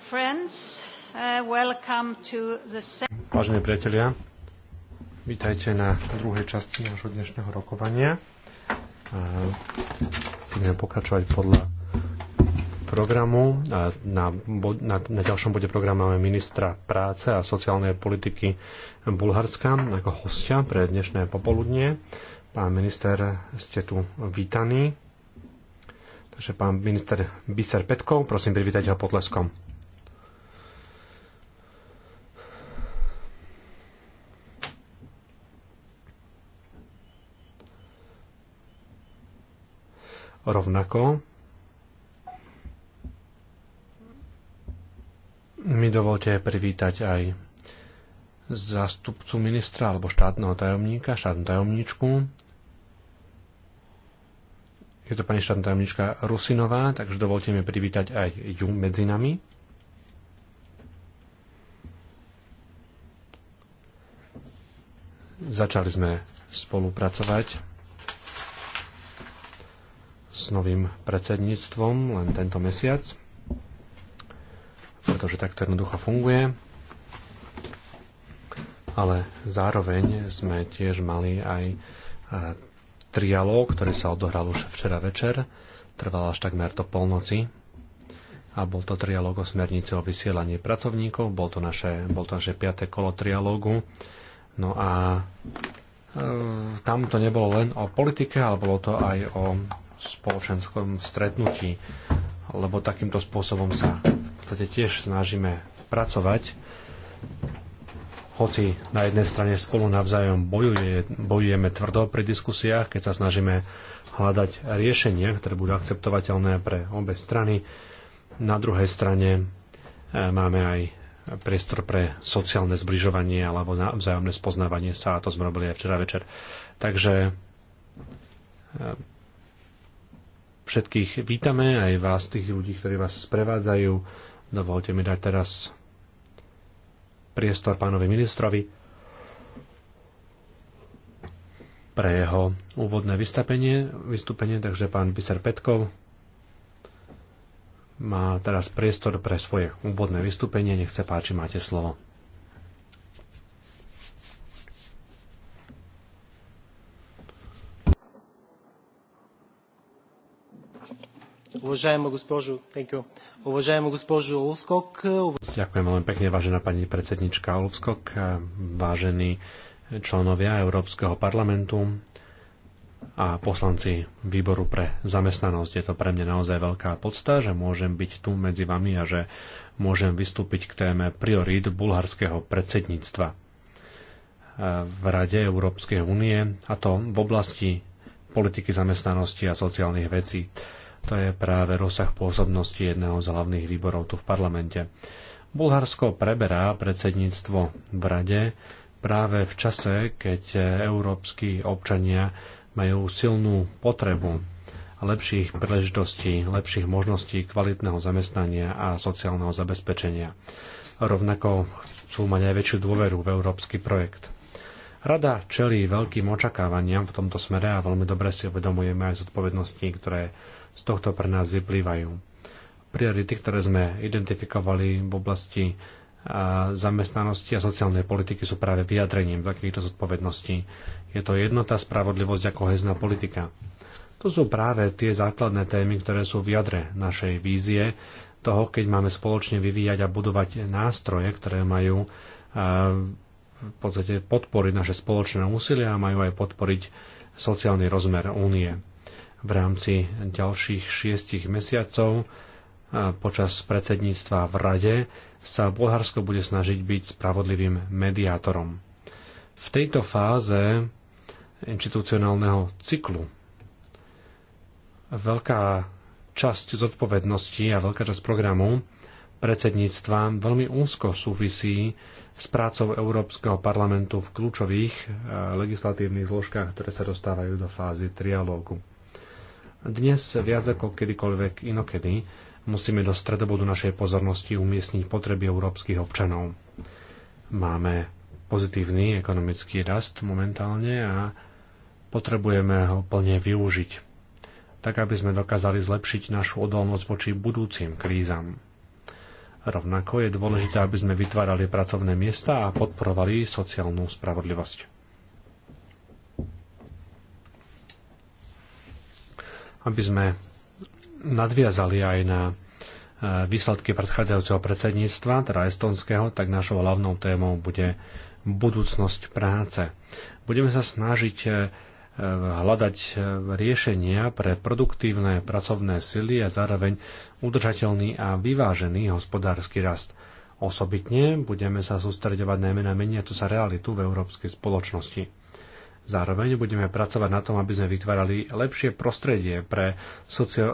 Friends, uh, welcome to the... Vážení priatelia, vítajte na druhej časti nášho dnešného rokovania. Uh, budeme pokračovať podľa programu. A na, na, na ďalšom bode programu máme ministra práce a sociálnej politiky Bulharska ako hostia pre dnešné popoludnie. Pán minister, ste tu vítaní. Takže pán minister Biser Petkov, prosím, privítajte ho potleskom. Rovnako mi dovolte privítať aj zástupcu ministra alebo štátneho tajomníka, štátnu tajomníčku. Je to pani štátna tajomníčka Rusinová, takže dovolte mi privítať aj ju medzi nami. Začali sme spolupracovať s novým predsedníctvom len tento mesiac pretože takto jednoducho funguje. Ale zároveň sme tiež mali aj e, trialóg, ktorý sa odohral už včera večer. Trval až takmer do polnoci. A bol to trialóg o smernice o vysielaní pracovníkov. Bol to naše, bol to naše piaté kolo trialógu. No a e, tam to nebolo len o politike, ale bolo to aj o spoločenskom stretnutí, lebo takýmto spôsobom sa podstate tiež snažíme pracovať. Hoci na jednej strane spolu navzájom bojuje, bojujeme tvrdo pri diskusiách, keď sa snažíme hľadať riešenia, ktoré budú akceptovateľné pre obe strany, na druhej strane e, máme aj priestor pre sociálne zbližovanie alebo na vzájomné spoznávanie sa a to sme robili aj včera večer. Takže e, všetkých vítame, aj vás, tých ľudí, ktorí vás sprevádzajú Dovolte mi dať teraz priestor pánovi ministrovi pre jeho úvodné vystúpenie, vystúpenie takže pán Biser Petkov má teraz priestor pre svoje úvodné vystúpenie. Nech sa páči, máte slovo. Уважаема госпожо, thank you. Уважаема госпожо Олскок. Ďakujem veľmi pekne, vážená pani predsednička Olskok, vážení členovia Európskeho parlamentu a poslanci výboru pre zamestnanosť. Je to pre mňa naozaj veľká podsta, že môžem byť tu medzi vami a že môžem vystúpiť k téme priorít bulharského predsedníctva v Rade Európskej únie, a to v oblasti politiky zamestnanosti a sociálnych vecí. To je práve rozsah pôsobnosti jedného z hlavných výborov tu v parlamente. Bulharsko preberá predsedníctvo v rade práve v čase, keď európsky občania majú silnú potrebu lepších príležitostí, lepších možností kvalitného zamestnania a sociálneho zabezpečenia. Rovnako chcú mať aj väčšiu dôveru v európsky projekt. Rada čelí veľkým očakávaniam v tomto smere a veľmi dobre si uvedomujeme aj zodpovednosti, ktoré z tohto pre nás vyplývajú. Priority, ktoré sme identifikovali v oblasti a zamestnanosti a sociálnej politiky sú práve vyjadrením takýchto zodpovedností. Je to jednota, spravodlivosť a kohezná politika. To sú práve tie základné témy, ktoré sú v jadre našej vízie toho, keď máme spoločne vyvíjať a budovať nástroje, ktoré majú v podstate podporiť naše spoločné úsilie a majú aj podporiť sociálny rozmer únie v rámci ďalších šiestich mesiacov počas predsedníctva v Rade sa Bulharsko bude snažiť byť spravodlivým mediátorom. V tejto fáze inštitucionálneho cyklu veľká časť zodpovednosti a veľká časť programu predsedníctva veľmi úzko súvisí s prácou Európskeho parlamentu v kľúčových e, legislatívnych zložkách, ktoré sa dostávajú do fázy trialógu. Dnes viac ako kedykoľvek inokedy musíme do stredobodu našej pozornosti umiestniť potreby európskych občanov. Máme pozitívny ekonomický rast momentálne a potrebujeme ho plne využiť, tak aby sme dokázali zlepšiť našu odolnosť voči budúcim krízam. Rovnako je dôležité, aby sme vytvárali pracovné miesta a podporovali sociálnu spravodlivosť. aby sme nadviazali aj na e, výsledky predchádzajúceho predsedníctva, teda estonského, tak našou hlavnou témou bude budúcnosť práce. Budeme sa snažiť e, hľadať e, riešenia pre produktívne pracovné sily a zároveň udržateľný a vyvážený hospodársky rast. Osobitne budeme sa sústredovať najmä na meniacu sa realitu v európskej spoločnosti. Zároveň budeme pracovať na tom, aby sme vytvárali lepšie prostredie pre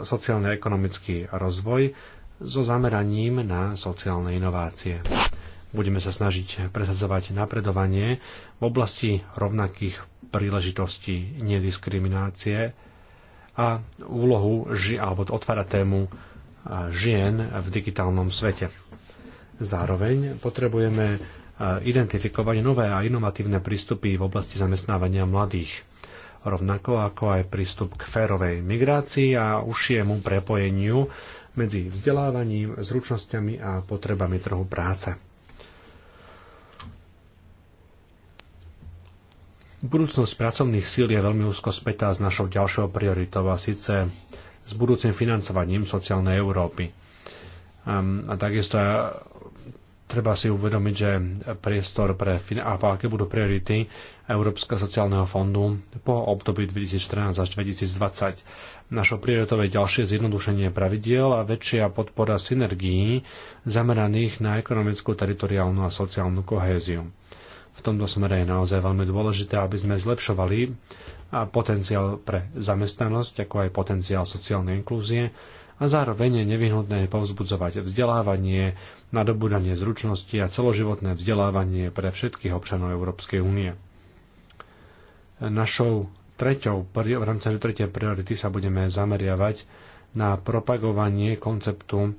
sociálne-ekonomický rozvoj so zameraním na sociálne inovácie. Budeme sa snažiť presadzovať napredovanie v oblasti rovnakých príležitostí nediskriminácie a úlohu ži, alebo otvára tému žien v digitálnom svete. Zároveň potrebujeme identifikovať nové a inovatívne prístupy v oblasti zamestnávania mladých rovnako ako aj prístup k férovej migrácii a užšiemu prepojeniu medzi vzdelávaním, zručnosťami a potrebami trhu práce. Budúcnosť pracovných síl je veľmi úzko spätá s našou ďalšou prioritou a síce s budúcim financovaním sociálnej Európy. Ehm, a takisto treba si uvedomiť, že priestor pre a aké budú priority Európskeho sociálneho fondu po období 2014 až 2020. Našou prioritou je ďalšie zjednodušenie pravidiel a väčšia podpora synergií zameraných na ekonomickú, teritoriálnu a sociálnu kohéziu. V tomto smere je naozaj veľmi dôležité, aby sme zlepšovali potenciál pre zamestnanosť, ako aj potenciál sociálnej inklúzie, a zároveň je nevyhnutné povzbudzovať vzdelávanie, nadobúdanie zručnosti a celoživotné vzdelávanie pre všetkých občanov Európskej únie. Našou treťou, v rámci našej tretej priority sa budeme zameriavať na propagovanie konceptu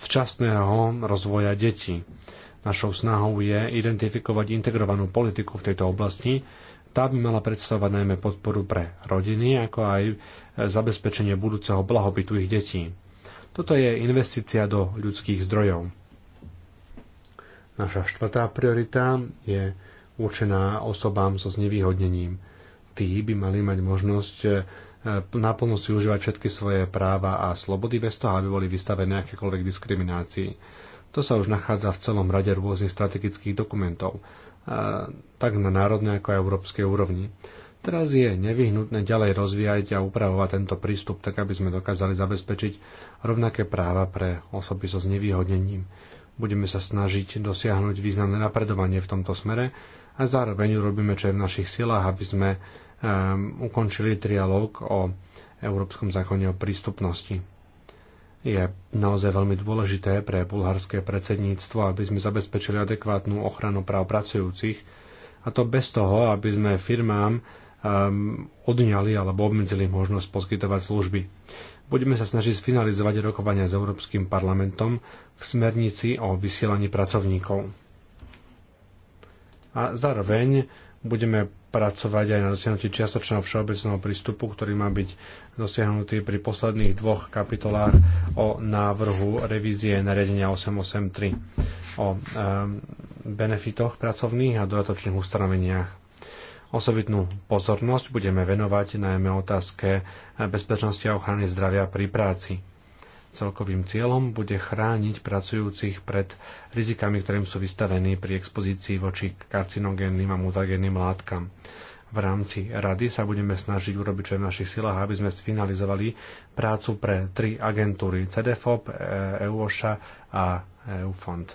včasného rozvoja detí. Našou snahou je identifikovať integrovanú politiku v tejto oblasti, tá by mala predstavovať najmä podporu pre rodiny, ako aj e, zabezpečenie budúceho blahobytu ich detí. Toto je investícia do ľudských zdrojov. Naša štvrtá priorita je určená osobám so znevýhodnením. Tí by mali mať možnosť e, naplno si užívať všetky svoje práva a slobody bez toho, aby boli vystavené akékoľvek diskriminácii. To sa už nachádza v celom rade rôznych strategických dokumentov, tak na národnej ako aj európskej úrovni. Teraz je nevyhnutné ďalej rozvíjať a upravovať tento prístup tak, aby sme dokázali zabezpečiť rovnaké práva pre osoby so znevýhodnením. Budeme sa snažiť dosiahnuť významné napredovanie v tomto smere a zároveň urobíme, čo je v našich silách, aby sme um, ukončili trialóg o Európskom zákone o prístupnosti je naozaj veľmi dôležité pre bulharské predsedníctvo, aby sme zabezpečili adekvátnu ochranu práv pracujúcich a to bez toho, aby sme firmám um, odňali alebo obmedzili možnosť poskytovať služby. Budeme sa snažiť sfinalizovať rokovania s Európskym parlamentom v smernici o vysielaní pracovníkov. A zároveň budeme pracovať aj na dosiahnutí čiastočného všeobecného prístupu, ktorý má byť dosiahnutý pri posledných dvoch kapitolách o návrhu revízie nariadenia 883 o benefitoch pracovných a dodatočných ustanoveniach. Osobitnú pozornosť budeme venovať najmä otázke bezpečnosti a ochrany zdravia pri práci. Celkovým cieľom bude chrániť pracujúcich pred rizikami, ktorým sú vystavení pri expozícii voči karcinogénnym a mutagénnym látkam v rámci rady sa budeme snažiť urobiť čo je v našich silách, aby sme sfinalizovali prácu pre tri agentúry CDFOP, EUOŠA e a EUFond. E,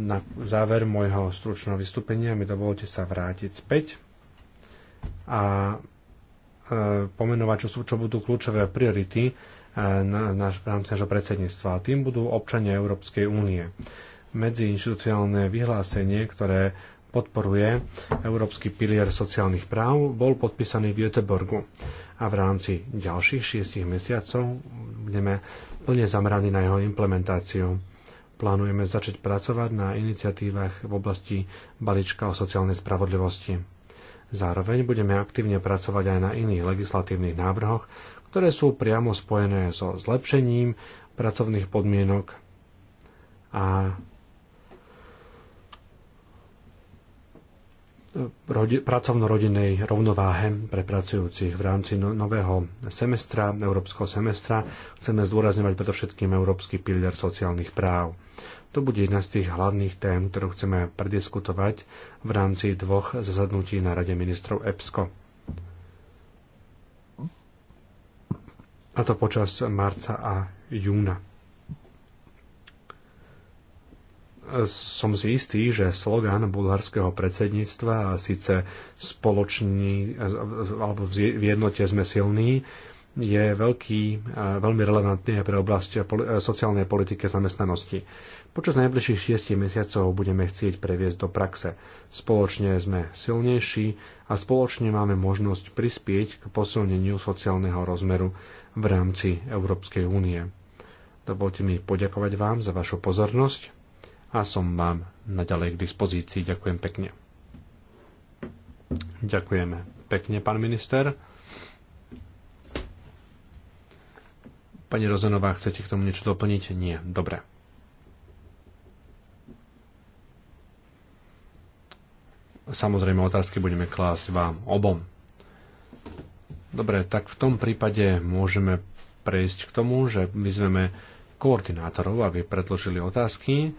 na záver môjho stručného vystúpenia mi dovolte sa vrátiť späť a e, pomenovať, čo, sú, čo budú kľúčové priority na, na, v rámci nášho predsedníctva. Tým budú občania Európskej únie medziinštitucionálne vyhlásenie, ktoré podporuje Európsky pilier sociálnych práv, bol podpísaný v Göteborgu. A v rámci ďalších šiestich mesiacov budeme plne zameraní na jeho implementáciu. Plánujeme začať pracovať na iniciatívach v oblasti balíčka o sociálnej spravodlivosti. Zároveň budeme aktívne pracovať aj na iných legislatívnych návrhoch, ktoré sú priamo spojené so zlepšením pracovných podmienok a rodi, pracovno-rodinnej rovnováhe pre pracujúcich v rámci no, nového semestra, európskeho semestra. Chceme zdôrazňovať predovšetkým európsky pilier sociálnych práv. To bude jedna z tých hlavných tém, ktorú chceme prediskutovať v rámci dvoch zasadnutí na Rade ministrov EPSCO. A to počas marca a júna. som si istý, že slogan bulharského predsedníctva, a síce spoločný, alebo v jednote sme silní, je veľký, veľmi relevantný aj pre oblasti sociálnej politike zamestnanosti. Počas najbližších 6 mesiacov budeme chcieť previesť do praxe. Spoločne sme silnejší a spoločne máme možnosť prispieť k posilneniu sociálneho rozmeru v rámci Európskej únie. Dovolte mi poďakovať vám za vašu pozornosť a som vám naďalej k dispozícii. Ďakujem pekne. Ďakujeme pekne, pán minister. Pani Rozenová, chcete k tomu niečo doplniť? Nie. Dobre. Samozrejme, otázky budeme klásť vám obom. Dobre, tak v tom prípade môžeme prejsť k tomu, že vyzveme koordinátorov, aby predložili otázky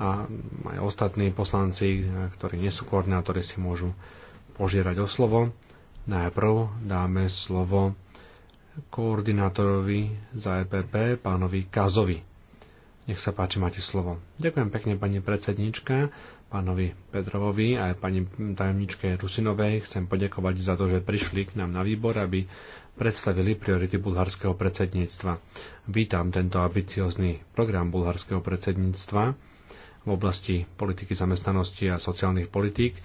a aj ostatní poslanci, ktorí nie sú koordinátori, si môžu požierať o slovo. Najprv dáme slovo koordinátorovi za EPP, pánovi Kazovi. Nech sa páči, máte slovo. Ďakujem pekne pani predsednička, pánovi Petrovovi a aj pani tajomničke Rusinovej. Chcem poďakovať za to, že prišli k nám na výbor, aby predstavili priority bulharského predsedníctva. Vítam tento ambiciózny program bulharského predsedníctva v oblasti politiky zamestnanosti a sociálnych politík.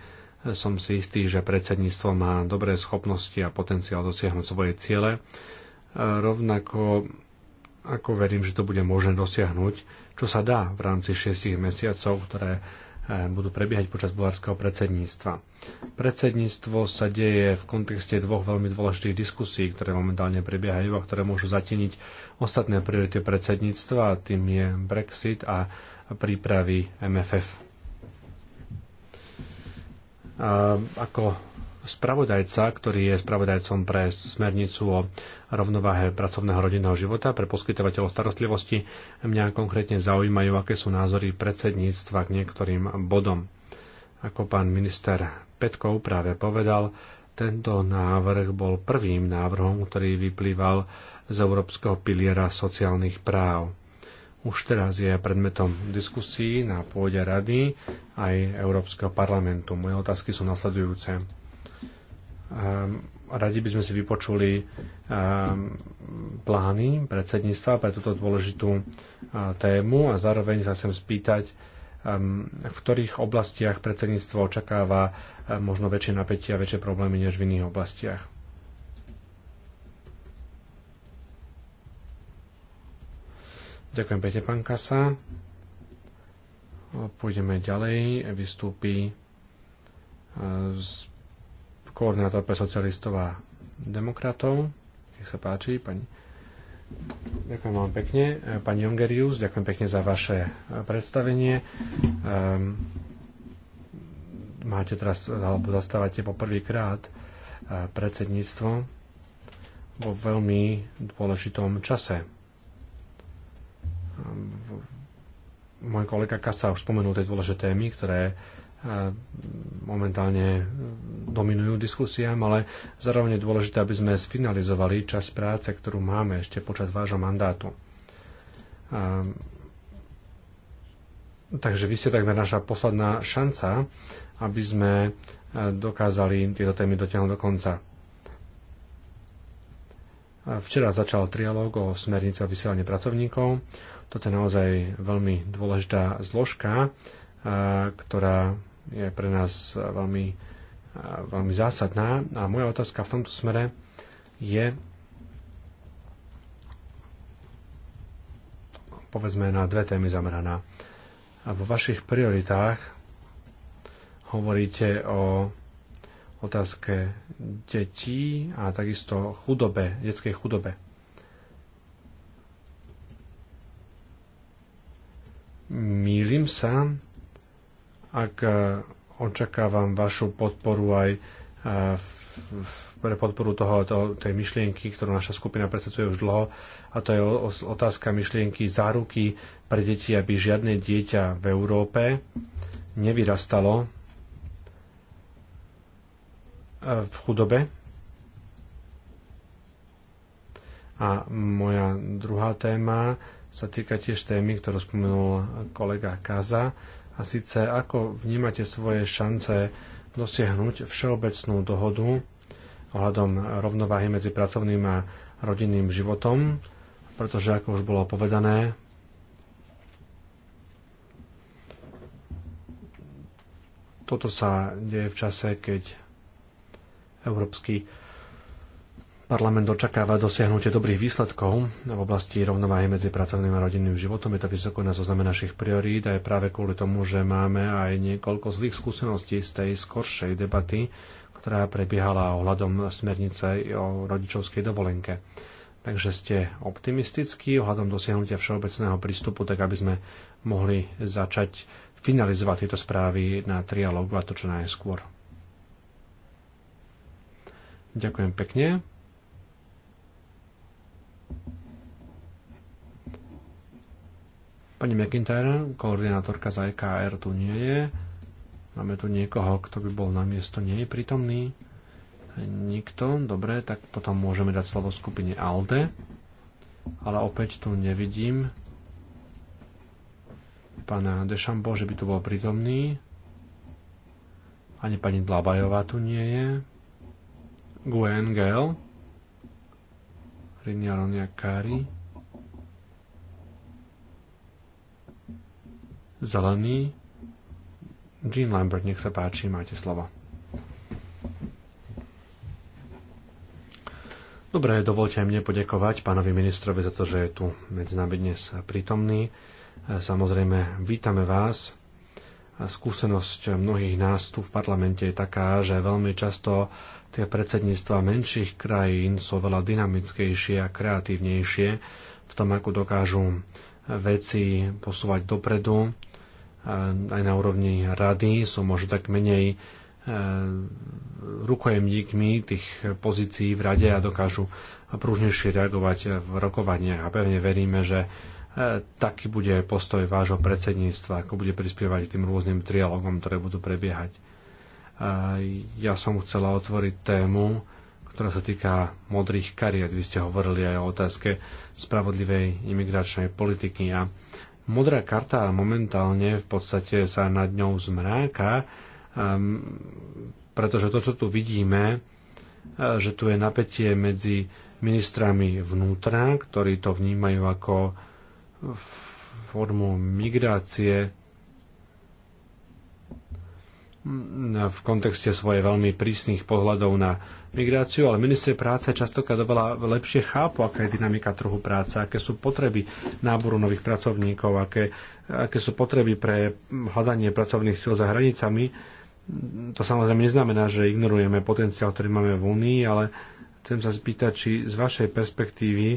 Som si istý, že predsedníctvo má dobré schopnosti a potenciál dosiahnuť svoje ciele. Rovnako ako verím, že to bude možné dosiahnuť, čo sa dá v rámci 6 mesiacov, ktoré eh, budú prebiehať počas bulharského predsedníctva. Predsedníctvo sa deje v kontexte dvoch veľmi dôležitých diskusí, ktoré momentálne prebiehajú a ktoré môžu zateniť ostatné priority predsedníctva, a tým je Brexit a prípravy MFF. A ako spravodajca, ktorý je spravodajcom pre smernicu o rovnováhe pracovného rodinného života pre poskytovateľov starostlivosti. Mňa konkrétne zaujímajú, aké sú názory predsedníctva k niektorým bodom. Ako pán minister Petkov práve povedal, tento návrh bol prvým návrhom, ktorý vyplýval z Európskeho piliera sociálnych práv už teraz je predmetom diskusí na pôde Rady aj Európskeho parlamentu. Moje otázky sú nasledujúce. Ehm, radi by sme si vypočuli ehm, plány predsedníctva pre túto dôležitú ehm, tému a zároveň sa chcem spýtať, v ktorých oblastiach predsedníctvo očakáva možno väčšie napätie a väčšie problémy než v iných oblastiach. Ďakujem pekne, pán Kasa. Pôjdeme ďalej. Vystúpi e, koordinátor pre socialistov a demokratov. Nech sa páči, pani. Ďakujem vám pekne. Pani Jongerius, ďakujem pekne za vaše e, predstavenie. Ehm, máte teraz, alebo zastávate poprvýkrát e, predsedníctvo vo veľmi dôležitom čase môj kolega Kasa už spomenul tie dôležité témy, ktoré eh, momentálne eh, dominujú diskusiám, ale zároveň je dôležité, aby sme sfinalizovali časť práce, ktorú máme ešte počas vášho mandátu. Ehm, takže vy ste takmer naša posledná šanca, aby sme eh, dokázali tieto témy dotiahnuť do konca. Včera začal trialóg o smernici o vysielaní pracovníkov toto je naozaj veľmi dôležitá zložka, ktorá je pre nás veľmi, veľmi zásadná. A moja otázka v tomto smere je, povedzme, na dve témy zameraná. A vo vašich prioritách hovoríte o otázke detí a takisto chudobe, detskej chudobe. Mýlim sa, ak e, očakávam vašu podporu aj e, pre podporu toho, to, tej myšlienky, ktorú naša skupina predstavuje už dlho, a to je otázka myšlienky záruky pre deti, aby žiadne dieťa v Európe nevyrastalo e, v chudobe. A moja druhá téma sa týka tiež témy, ktorú spomenul kolega Kaza, a síce ako vnímate svoje šance dosiahnuť všeobecnú dohodu ohľadom rovnováhy medzi pracovným a rodinným životom, pretože ako už bolo povedané, toto sa deje v čase, keď Európsky Parlament očakáva dosiahnutie dobrých výsledkov v oblasti rovnováhy medzi pracovným a rodinným životom. Je to vysoko na zozname našich priorít je práve kvôli tomu, že máme aj niekoľko zlých skúseností z tej skoršej debaty, ktorá prebiehala ohľadom smernice o rodičovskej dovolenke. Takže ste optimistickí ohľadom dosiahnutia všeobecného prístupu, tak aby sme mohli začať finalizovať tieto správy na trialógu a to čo najskôr. Ďakujem pekne. Pani McIntyre, koordinátorka za EKR, tu nie je. Máme tu niekoho, kto by bol na miesto, nie je prítomný. Nikto, dobre, tak potom môžeme dať slovo skupine ALDE. Ale opäť tu nevidím pána Dešambo, že by tu bol prítomný. Ani pani Dlabajová tu nie je. Gwen Gale. Rinia Ronia Kari. zelený. Jean Lambert, nech sa páči, máte slovo. Dobre, dovolte aj mne poďakovať pánovi ministrovi za to, že je tu medzi nami dnes prítomný. Samozrejme, vítame vás. Skúsenosť mnohých nás tu v parlamente je taká, že veľmi často tie predsedníctva menších krajín sú veľa dynamickejšie a kreatívnejšie v tom, ako dokážu veci posúvať dopredu. E, aj na úrovni rady sú možno tak menej e, rukojemníkmi tých pozícií v rade a dokážu prúžnejšie reagovať v rokovaniach. A pevne veríme, že e, taký bude postoj vášho predsedníctva, ako bude prispievať tým rôznym trialogom, ktoré budú prebiehať. Ja som chcela otvoriť tému, ktorá sa týka modrých kariet. Vy ste hovorili aj o otázke spravodlivej imigračnej politiky a modrá karta momentálne v podstate sa nad ňou zmráka, ehm, pretože to, čo tu vidíme, e, že tu je napätie medzi ministrami vnútra, ktorí to vnímajú ako formu migrácie v kontexte svojej veľmi prísnych pohľadov na migráciu, ale ministri práce častokrát oveľa lepšie chápu, aká je dynamika trhu práce, aké sú potreby náboru nových pracovníkov, aké, aké sú potreby pre hľadanie pracovných síl za hranicami. To samozrejme neznamená, že ignorujeme potenciál, ktorý máme v Únii, ale chcem sa spýtať, či z vašej perspektívy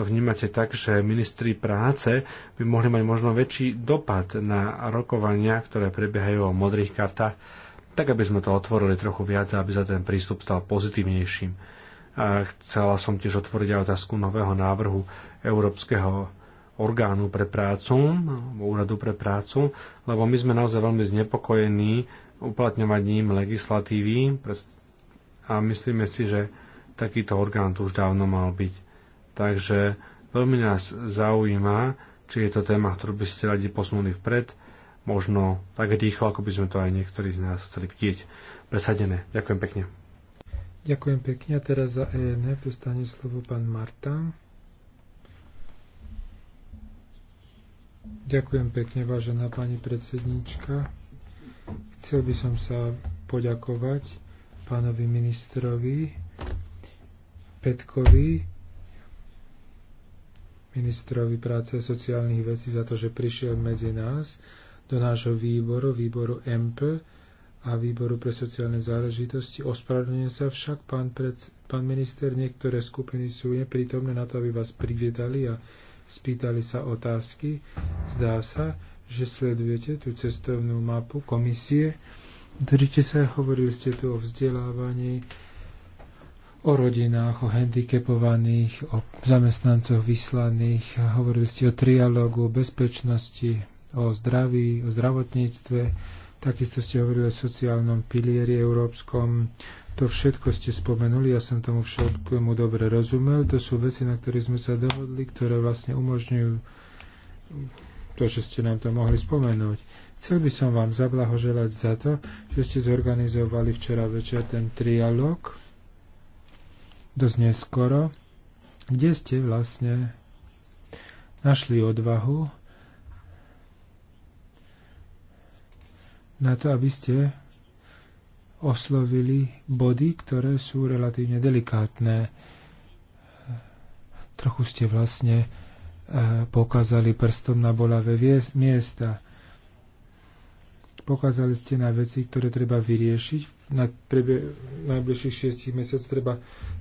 to vnímate tak, že ministri práce by mohli mať možno väčší dopad na rokovania, ktoré prebiehajú o modrých kartách, tak aby sme to otvorili trochu viac aby sa ten prístup stal pozitívnejším. A chcela som tiež otvoriť aj otázku nového návrhu Európskeho orgánu pre prácu, úradu pre prácu, lebo my sme naozaj veľmi znepokojení uplatňovaním legislatívy a myslíme si, že takýto orgán tu už dávno mal byť. Takže veľmi nás zaujíma, či je to téma, ktorú by ste radi posunuli vpred, možno tak rýchlo, ako by sme to aj niektorí z nás chceli vidieť presadené. Ďakujem pekne. Ďakujem pekne. A teraz za ENF dostane slovo pán Marta. Ďakujem pekne, vážená pani predsednička. Chcel by som sa poďakovať pánovi ministrovi Petkovi ministrovi práce a sociálnych vecí za to, že prišiel medzi nás do nášho výboru, výboru MP a výboru pre sociálne záležitosti. Ospravedlňujem sa však, pán, pred, pán minister, niektoré skupiny sú neprítomné na to, aby vás privietali a spýtali sa otázky. Zdá sa, že sledujete tú cestovnú mapu komisie. Držite sa, hovorili ste tu o vzdelávaní, o rodinách, o handicapovaných, o zamestnancoch vyslaných, hovorili ste o trialógu, o bezpečnosti, o zdraví, o zdravotníctve, takisto ste hovorili o sociálnom pilieri európskom, to všetko ste spomenuli, ja som tomu všetkému dobre rozumel. To sú veci, na ktorých sme sa dohodli, ktoré vlastne umožňujú to, že ste nám to mohli spomenúť. Chcel by som vám zablahoželať za to, že ste zorganizovali včera večer ten trialóg dosť neskoro, kde ste vlastne našli odvahu na to, aby ste oslovili body, ktoré sú relatívne delikátne. Trochu ste vlastne eh, pokázali prstom na bolavé miesta. Pokázali ste na veci, ktoré treba vyriešiť. Na prebie- najbližších 6 mesiacov treba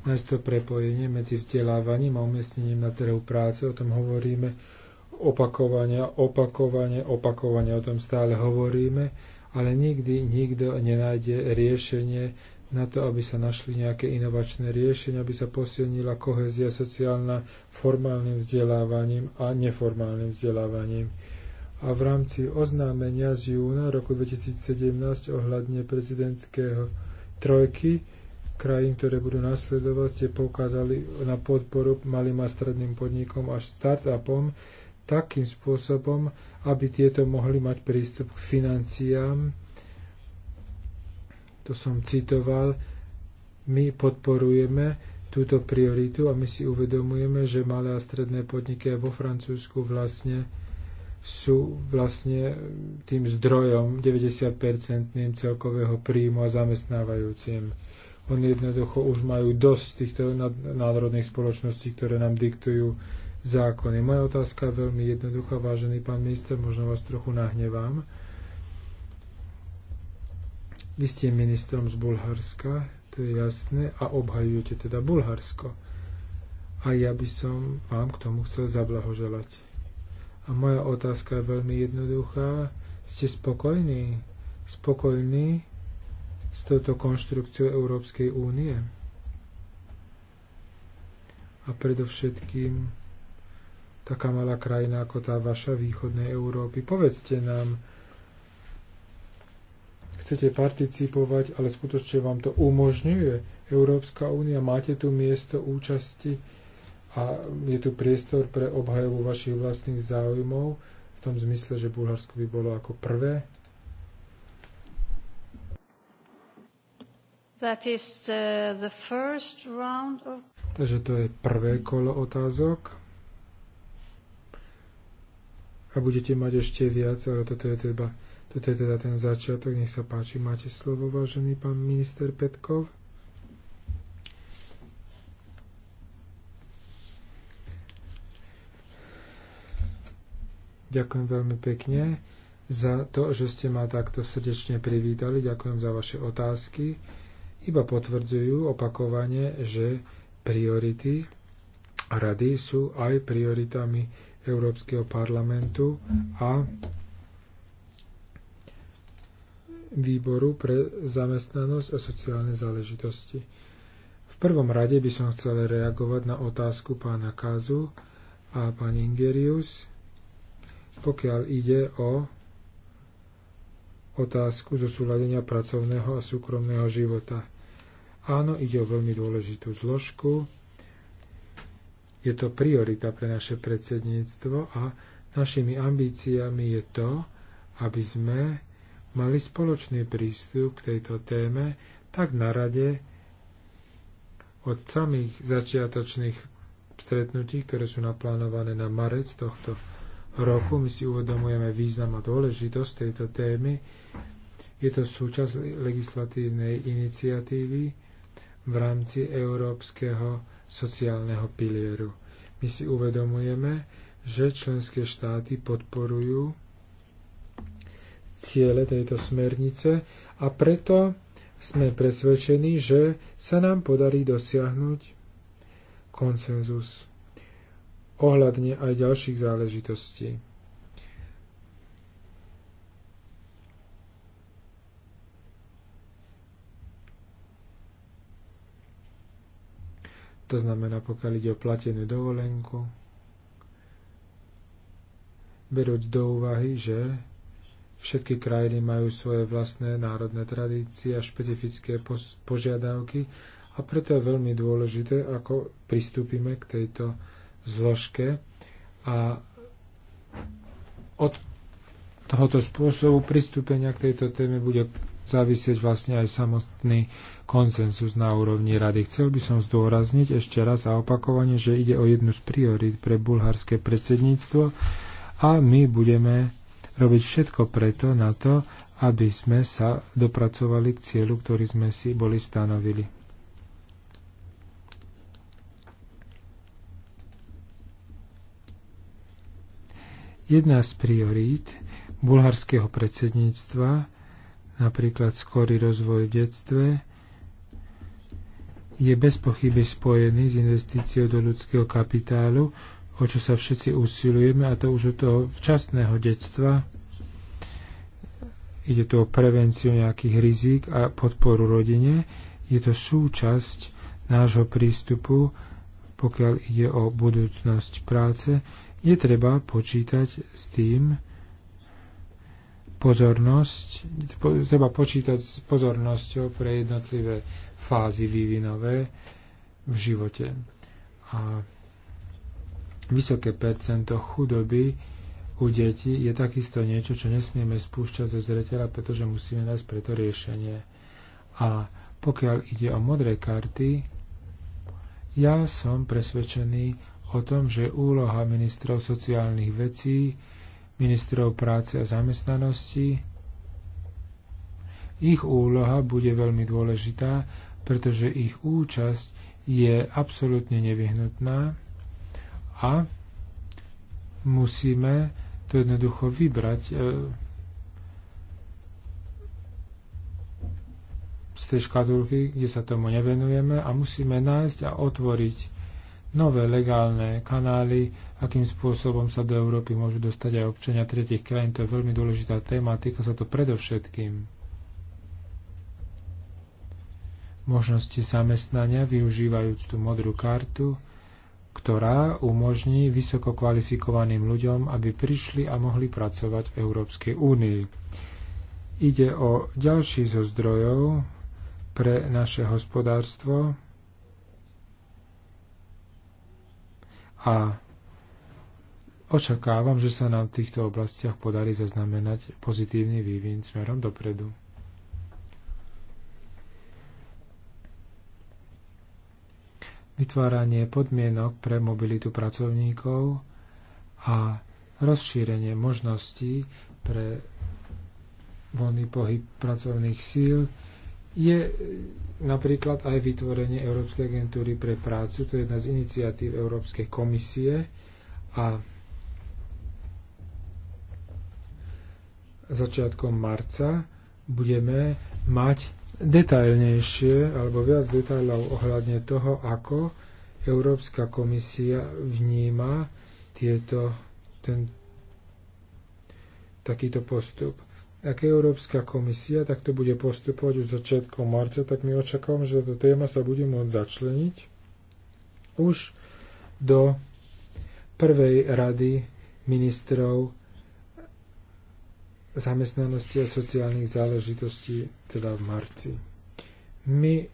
nájsť to prepojenie medzi vzdelávaním a umiestnením na trhu práce. O tom hovoríme opakovania, opakovanie, opakovania, o tom stále hovoríme, ale nikdy nikto nenájde riešenie na to, aby sa našli nejaké inovačné riešenia, aby sa posilnila kohezia sociálna formálnym vzdelávaním a neformálnym vzdelávaním a v rámci oznámenia z júna roku 2017 ohľadne prezidentského trojky krajín, ktoré budú nasledovať, ste poukázali na podporu malým a stredným podnikom a startupom takým spôsobom, aby tieto mohli mať prístup k financiám. To som citoval. My podporujeme túto prioritu a my si uvedomujeme, že malé a stredné podniky vo Francúzsku vlastne sú vlastne tým zdrojom 90-percentným celkového príjmu a zamestnávajúcim. Oni jednoducho už majú dosť týchto národných spoločností, ktoré nám diktujú zákony. Moja otázka je veľmi jednoduchá, vážený pán minister, možno vás trochu nahnevám. Vy ste ministrom z Bulharska, to je jasné, a obhajujete teda Bulharsko. A ja by som vám k tomu chcel zablahoželať. A moja otázka je veľmi jednoduchá. Ste spokojní? Spokojní s touto konštrukciou Európskej únie? A predovšetkým taká malá krajina ako tá vaša východnej Európy. Povedzte nám, chcete participovať, ale skutočne vám to umožňuje Európska únia, máte tu miesto účasti a je tu priestor pre obhajovu vašich vlastných záujmov v tom zmysle, že Bulharsko by bolo ako prvé? That is uh, the first round of... Takže to je prvé kolo otázok. A budete mať ešte viac, ale toto je teda, toto je teda ten začiatok. Nech sa páči, máte slovo, vážený pán minister Petkov. Ďakujem veľmi pekne za to, že ste ma takto srdečne privítali. Ďakujem za vaše otázky. Iba potvrdzujú opakovane, že priority rady sú aj prioritami Európskeho parlamentu a výboru pre zamestnanosť a sociálne záležitosti. V prvom rade by som chcel reagovať na otázku pána Kazu a pani Ingerius pokiaľ ide o otázku zosúladenia pracovného a súkromného života. Áno, ide o veľmi dôležitú zložku. Je to priorita pre naše predsedníctvo a našimi ambíciami je to, aby sme mali spoločný prístup k tejto téme tak na rade od samých začiatočných stretnutí, ktoré sú naplánované na marec tohto roku. My si uvedomujeme význam a dôležitosť tejto témy. Je to súčasť legislatívnej iniciatívy v rámci Európskeho sociálneho pilieru. My si uvedomujeme, že členské štáty podporujú ciele tejto smernice a preto sme presvedčení, že sa nám podarí dosiahnuť konsenzus ohľadne aj ďalších záležitostí. To znamená, pokiaľ ide o platenú dovolenku, berúc do úvahy, že všetky krajiny majú svoje vlastné národné tradície a špecifické požiadavky a preto je veľmi dôležité, ako pristúpime k tejto zložke a od tohoto spôsobu pristúpenia k tejto téme bude závisieť vlastne aj samotný konsensus na úrovni rady. Chcel by som zdôrazniť ešte raz a opakovane, že ide o jednu z priorít pre bulharské predsedníctvo a my budeme robiť všetko preto na to, aby sme sa dopracovali k cieľu, ktorý sme si boli stanovili. Jedna z priorít bulharského predsedníctva, napríklad skorý rozvoj v detstve, je bez pochyby spojený s investíciou do ľudského kapitálu, o čo sa všetci usilujeme, a to už od toho včasného detstva. Ide tu o prevenciu nejakých rizik a podporu rodine. Je to súčasť nášho prístupu, pokiaľ ide o budúcnosť práce, je treba počítať s tým pozornosť, po, treba počítať s pozornosťou pre jednotlivé fázy vývinové v živote. A vysoké percento chudoby u detí je takisto niečo, čo nesmieme spúšťať zo zreteľa, pretože musíme nájsť preto riešenie. A pokiaľ ide o modré karty, ja som presvedčený o tom, že úloha ministrov sociálnych vecí, ministrov práce a zamestnanosti, ich úloha bude veľmi dôležitá, pretože ich účasť je absolútne nevyhnutná a musíme to jednoducho vybrať e, z tej škatulky, kde sa tomu nevenujeme a musíme nájsť a otvoriť nové legálne kanály, akým spôsobom sa do Európy môžu dostať aj občania tretich krajín. To je veľmi dôležitá téma týka sa to predovšetkým možnosti zamestnania využívajúc tú modrú kartu, ktorá umožní vysoko kvalifikovaným ľuďom, aby prišli a mohli pracovať v Európskej únii. Ide o ďalší zo zdrojov pre naše hospodárstvo, a očakávam, že sa nám v týchto oblastiach podarí zaznamenať pozitívny vývin smerom dopredu. Vytváranie podmienok pre mobilitu pracovníkov a rozšírenie možností pre voľný pohyb pracovných síl je e, napríklad aj vytvorenie Európskej agentúry pre prácu. To je jedna z iniciatív Európskej komisie a začiatkom marca budeme mať detailnejšie alebo viac detailov ohľadne toho, ako Európska komisia vníma tieto, ten, takýto postup ak Európska komisia takto bude postupovať už začiatkom marca, tak my očakávame, že táto téma sa bude môcť začleniť už do prvej rady ministrov zamestnanosti a sociálnych záležitostí, teda v marci. My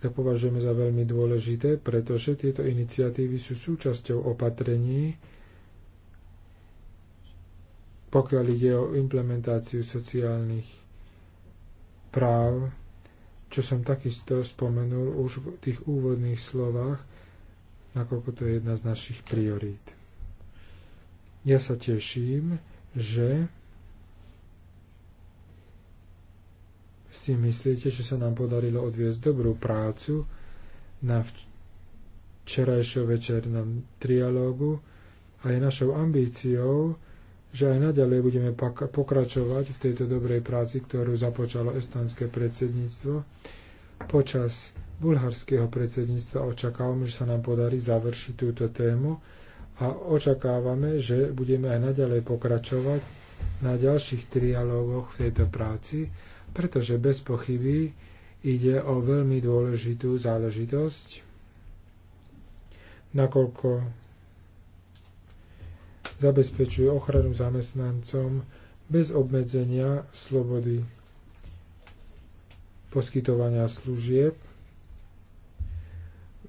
to považujeme za veľmi dôležité, pretože tieto iniciatívy sú súčasťou opatrení, pokiaľ ide o implementáciu sociálnych práv, čo som takisto spomenul už v tých úvodných slovách, nakoľko to je jedna z našich priorít. Ja sa teším, že si myslíte, že sa nám podarilo odviesť dobrú prácu na včerajšom večernom trialógu a je našou ambíciou, že aj naďalej budeme pokračovať v tejto dobrej práci, ktorú započalo estonské predsedníctvo. Počas bulharského predsedníctva očakávame, že sa nám podarí završiť túto tému a očakávame, že budeme aj naďalej pokračovať na ďalších trialógoch v tejto práci, pretože bez pochyby ide o veľmi dôležitú záležitosť, nakoľko zabezpečuje ochranu zamestnancom bez obmedzenia slobody poskytovania služieb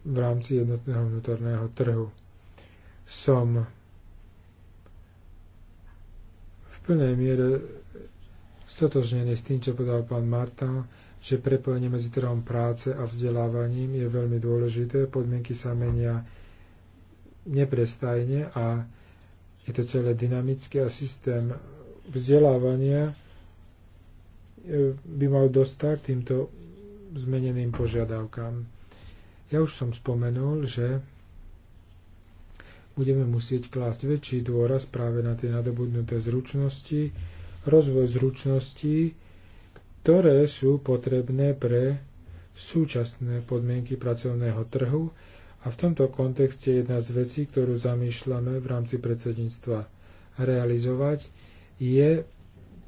v rámci jednotného vnútorného trhu. Som v plnej miere stotožnený s tým, čo podal pán Martin, že prepojenie medzi trhom práce a vzdelávaním je veľmi dôležité. Podmienky sa menia neprestajne a je to celé dynamické a systém vzdelávania e, by mal dostať týmto zmeneným požiadavkám. Ja už som spomenul, že budeme musieť klásť väčší dôraz práve na tie nadobudnuté zručnosti, rozvoj zručností, ktoré sú potrebné pre súčasné podmienky pracovného trhu a v tomto kontexte jedna z vecí, ktorú zamýšľame v rámci predsedníctva realizovať, je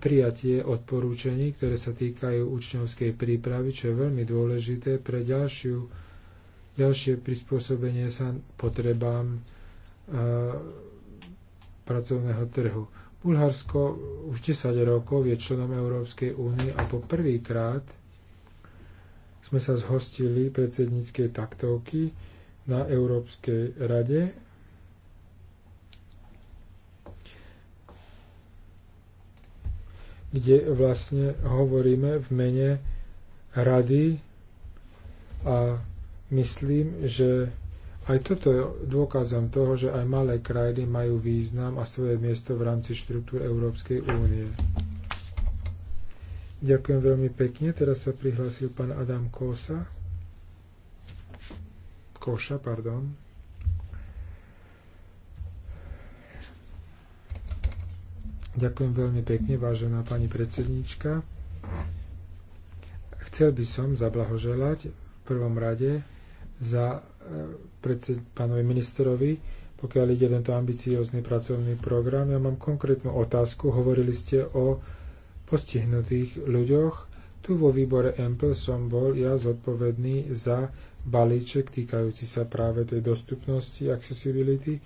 prijatie odporúčení, ktoré sa týkajú učňovskej prípravy, čo je veľmi dôležité pre ďalšiu, ďalšie prispôsobenie sa potrebám e, pracovného trhu. Bulharsko už 10 rokov je členom Európskej únie a po prvýkrát sme sa zhostili predsedníckej taktovky, na Európskej rade. kde vlastne hovoríme v mene rady a myslím, že aj toto je dôkazom toho, že aj malé krajiny majú význam a svoje miesto v rámci štruktúr Európskej únie. Ďakujem veľmi pekne. Teraz sa prihlásil pán Adam Kosa. Koša, pardon. Ďakujem veľmi pekne, vážená pani predsedníčka. Chcel by som zablahoželať v prvom rade za e, predsed, pánovi ministerovi, pokiaľ ide tento ambiciózny pracovný program. Ja mám konkrétnu otázku. Hovorili ste o postihnutých ľuďoch. Tu vo výbore EMPL som bol ja zodpovedný za balíček týkajúci sa práve tej dostupnosti, accessibility.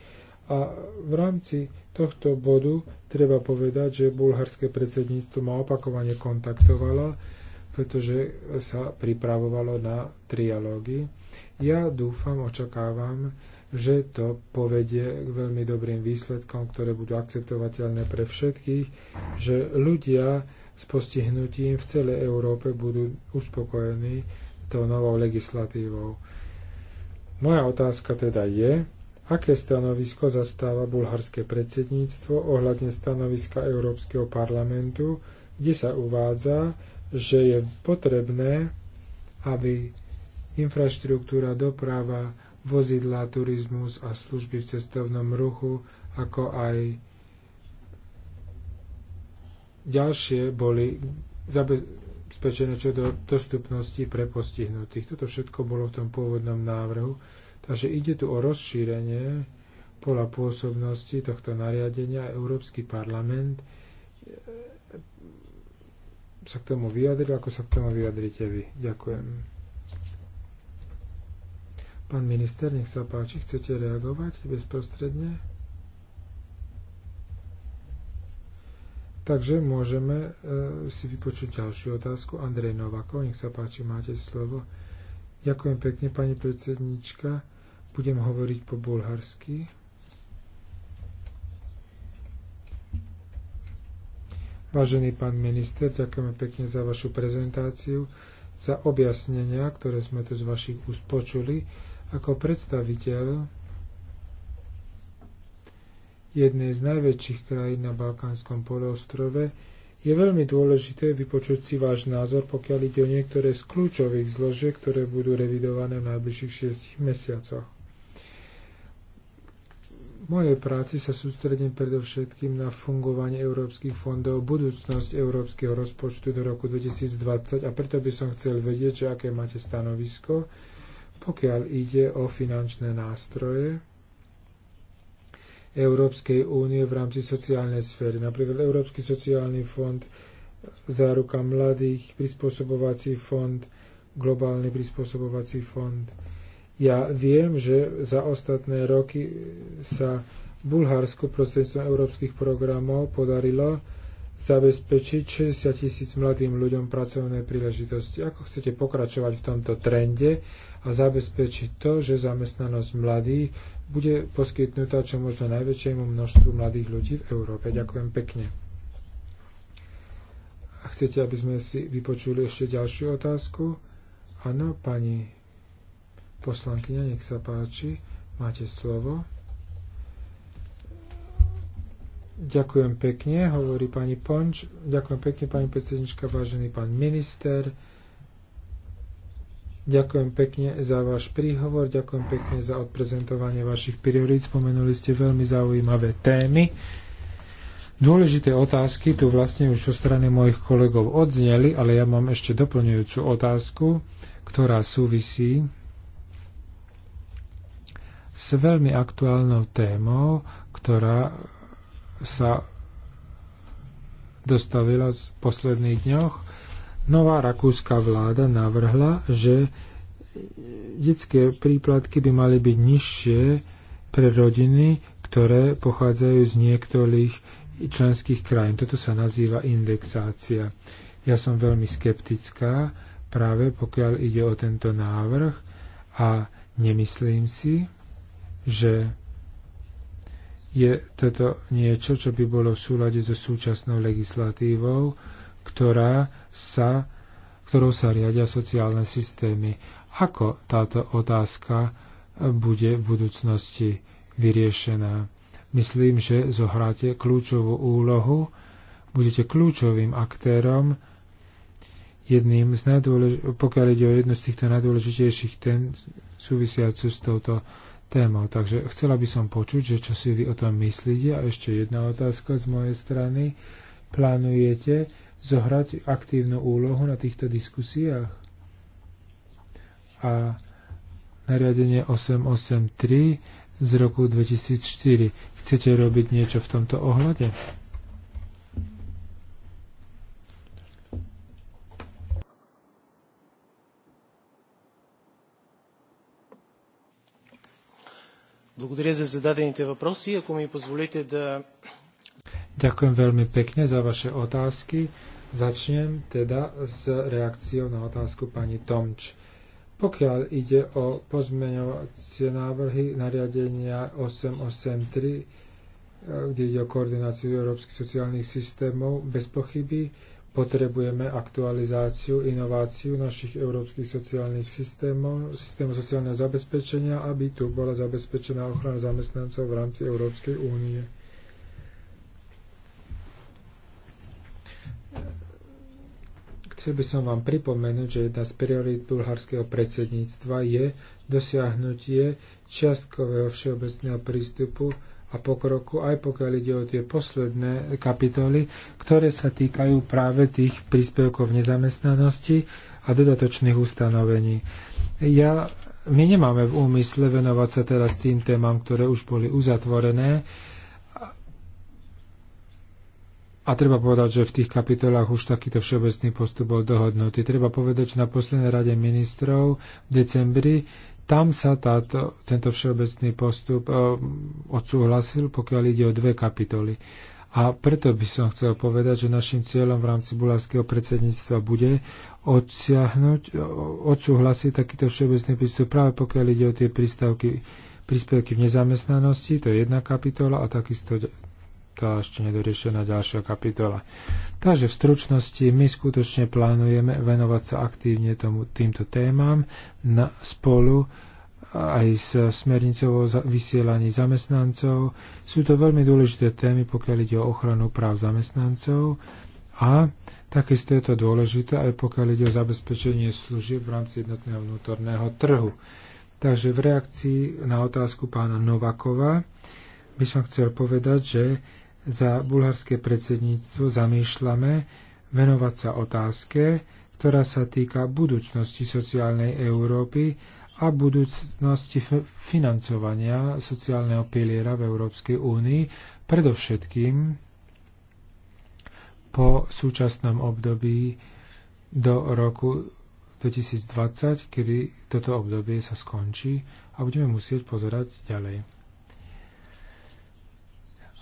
A v rámci tohto bodu treba povedať, že bulharské predsedníctvo ma opakovane kontaktovalo, pretože sa pripravovalo na trialógy. Ja dúfam, očakávam, že to povedie k veľmi dobrým výsledkom, ktoré budú akceptovateľné pre všetkých, že ľudia s postihnutím v celej Európe budú uspokojení tou novou legislatívou. Moja otázka teda je, aké stanovisko zastáva bulharské predsedníctvo ohľadne stanoviska Európskeho parlamentu, kde sa uvádza, že je potrebné, aby infraštruktúra, doprava, vozidla, turizmus a služby v cestovnom ruchu, ako aj ďalšie boli zabezpečené čo do dostupnosti pre postihnutých. Toto všetko bolo v tom pôvodnom návrhu. Takže ide tu o rozšírenie pola pôsobnosti tohto nariadenia. Európsky parlament eh, sa k tomu vyjadril, ako sa k tomu vyjadrite vy. Ďakujem. Pán minister, nech sa páči, chcete reagovať bezprostredne? Takže môžeme eh, si vypočuť ďalšiu otázku. Andrej Novakov, nech sa páči, máte slovo. Ďakujem pekne, pani predsednička. Budem hovoriť po bulharsky. Vážený pán minister, ďakujeme pekne za vašu prezentáciu, za objasnenia, ktoré sme tu z vašich úst počuli. Ako predstaviteľ jednej z najväčších krajín na Balkánskom polostrove, je veľmi dôležité vypočuť si váš názor, pokiaľ ide o niektoré z kľúčových zložiek, ktoré budú revidované v najbližších 6 mesiacoch. V mojej práci sa sústredím predovšetkým na fungovanie európskych fondov, budúcnosť európskeho rozpočtu do roku 2020 a preto by som chcel vedieť, že aké máte stanovisko, pokiaľ ide o finančné nástroje, Európskej únie v rámci sociálnej sféry. Napríklad Európsky sociálny fond, záruka mladých, prispôsobovací fond, globálny prispôsobovací fond. Ja viem, že za ostatné roky sa Bulharsku prostredstvom európskych programov podarilo zabezpečiť 60 tisíc mladým ľuďom pracovné príležitosti. Ako chcete pokračovať v tomto trende a zabezpečiť to, že zamestnanosť mladých bude poskytnutá čo možno najväčšiemu množstvu mladých ľudí v Európe. Ďakujem pekne. A chcete, aby sme si vypočuli ešte ďalšiu otázku? Áno, pani poslankyňa, nech sa páči, máte slovo. Ďakujem pekne, hovorí pani Ponč. Ďakujem pekne, pani predsednička, vážený pán minister. Ďakujem pekne za váš príhovor, ďakujem pekne za odprezentovanie vašich priorít. Spomenuli ste veľmi zaujímavé témy. Dôležité otázky tu vlastne už zo strany mojich kolegov odzneli, ale ja mám ešte doplňujúcu otázku, ktorá súvisí s veľmi aktuálnou témou, ktorá sa dostavila v posledných dňoch Nová rakúska vláda navrhla, že detské príplatky by mali byť nižšie pre rodiny, ktoré pochádzajú z niektorých členských krajín. Toto sa nazýva indexácia. Ja som veľmi skeptická práve pokiaľ ide o tento návrh a nemyslím si, že je toto niečo, čo by bolo v súlade so súčasnou legislatívou, ktorá sa, ktorou sa riadia sociálne systémy. Ako táto otázka e, bude v budúcnosti vyriešená? Myslím, že zohráte kľúčovú úlohu, budete kľúčovým aktérom, jedným z najdôlež- pokiaľ ide o jednu z týchto najdôležitejších tém súvisiacu s touto témou. Takže chcela by som počuť, že čo si vy o tom myslíte. A ešte jedna otázka z mojej strany. Plánujete zohrať aktívnu úlohu na týchto diskusiách. A nariadenie 883 z roku 2004. Chcete robiť niečo v tomto ohľade? Благодаря за зададените въпроси. Ако ми позволите да Ďakujem veľmi pekne za vaše otázky. Začnem teda s reakciou na otázku pani Tomč. Pokiaľ ide o pozmeňovacie návrhy nariadenia 883, eh, kde ide o koordináciu európskych sociálnych systémov, bez pochyby potrebujeme aktualizáciu, inováciu našich európskych sociálnych systémov, systému sociálneho zabezpečenia, aby tu bola zabezpečená ochrana zamestnancov v rámci Európskej únie. Chcel by som vám pripomenúť, že jedna z priorít bulharského predsedníctva je dosiahnutie čiastkového všeobecného prístupu a pokroku, aj pokiaľ ide o tie posledné kapitoly, ktoré sa týkajú práve tých príspevkov nezamestnanosti a dodatočných ustanovení. Ja, my nemáme v úmysle venovať sa teraz tým témam, ktoré už boli uzatvorené, a treba povedať, že v tých kapitolách už takýto všeobecný postup bol dohodnutý. Treba povedať, že na poslednej rade ministrov v decembri tam sa táto, tento všeobecný postup e, odsúhlasil, pokiaľ ide o dve kapitoly. A preto by som chcel povedať, že našim cieľom v rámci bulárskeho predsedníctva bude odsiahnuť, e, odsúhlasiť takýto všeobecný prístup práve pokiaľ ide o tie prístavky, príspevky v nezamestnanosti, to je jedna kapitola a takisto tá ešte nedoriešená ďalšia kapitola. Takže v stručnosti my skutočne plánujeme venovať sa aktívne tomu, týmto témam na, spolu aj s smernicou o vysielaní zamestnancov. Sú to veľmi dôležité témy, pokiaľ ide o ochranu práv zamestnancov a takisto je to dôležité aj pokiaľ ide o zabezpečenie služieb v rámci jednotného vnútorného trhu. Takže v reakcii na otázku pána Novakova by som chcel povedať, že za bulharské predsedníctvo zamýšľame venovať sa otázke, ktorá sa týka budúcnosti sociálnej Európy a budúcnosti financovania sociálneho piliera v Európskej únii, predovšetkým po súčasnom období do roku 2020, kedy toto obdobie sa skončí a budeme musieť pozerať ďalej.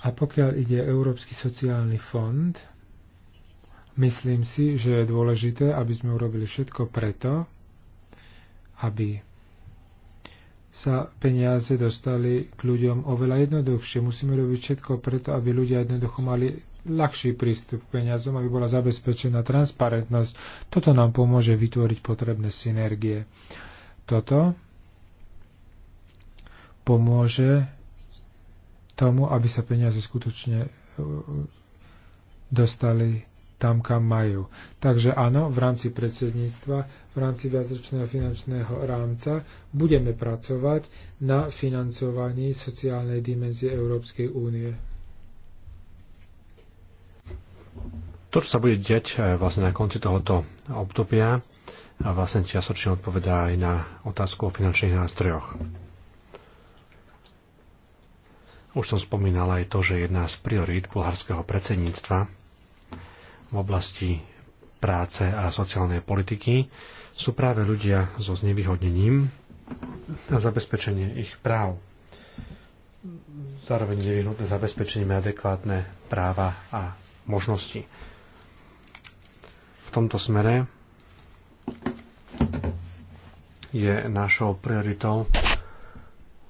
A pokiaľ ide Európsky sociálny fond, myslím si, že je dôležité, aby sme urobili všetko preto, aby sa peniaze dostali k ľuďom oveľa jednoduchšie. Musíme robiť všetko preto, aby ľudia jednoducho mali ľahší prístup k peniazom, aby bola zabezpečená transparentnosť. Toto nám pomôže vytvoriť potrebné synergie. Toto pomôže tomu, aby sa peniaze skutočne e, dostali tam, kam majú. Takže áno, v rámci predsedníctva, v rámci viacročného finančného rámca budeme pracovať na financovaní sociálnej dimenzie Európskej únie. To, čo sa bude diať e, vlastne na konci tohoto obdobia, vlastne čiastočne odpovedá aj na otázku o finančných nástrojoch. Už som spomínal aj to, že jedna z priorít bulharského predsedníctva v oblasti práce a sociálnej politiky sú práve ľudia so znevýhodnením a zabezpečenie ich práv. Zároveň je nevyhnutné zabezpečenie adekvátne práva a možnosti. V tomto smere je našou prioritou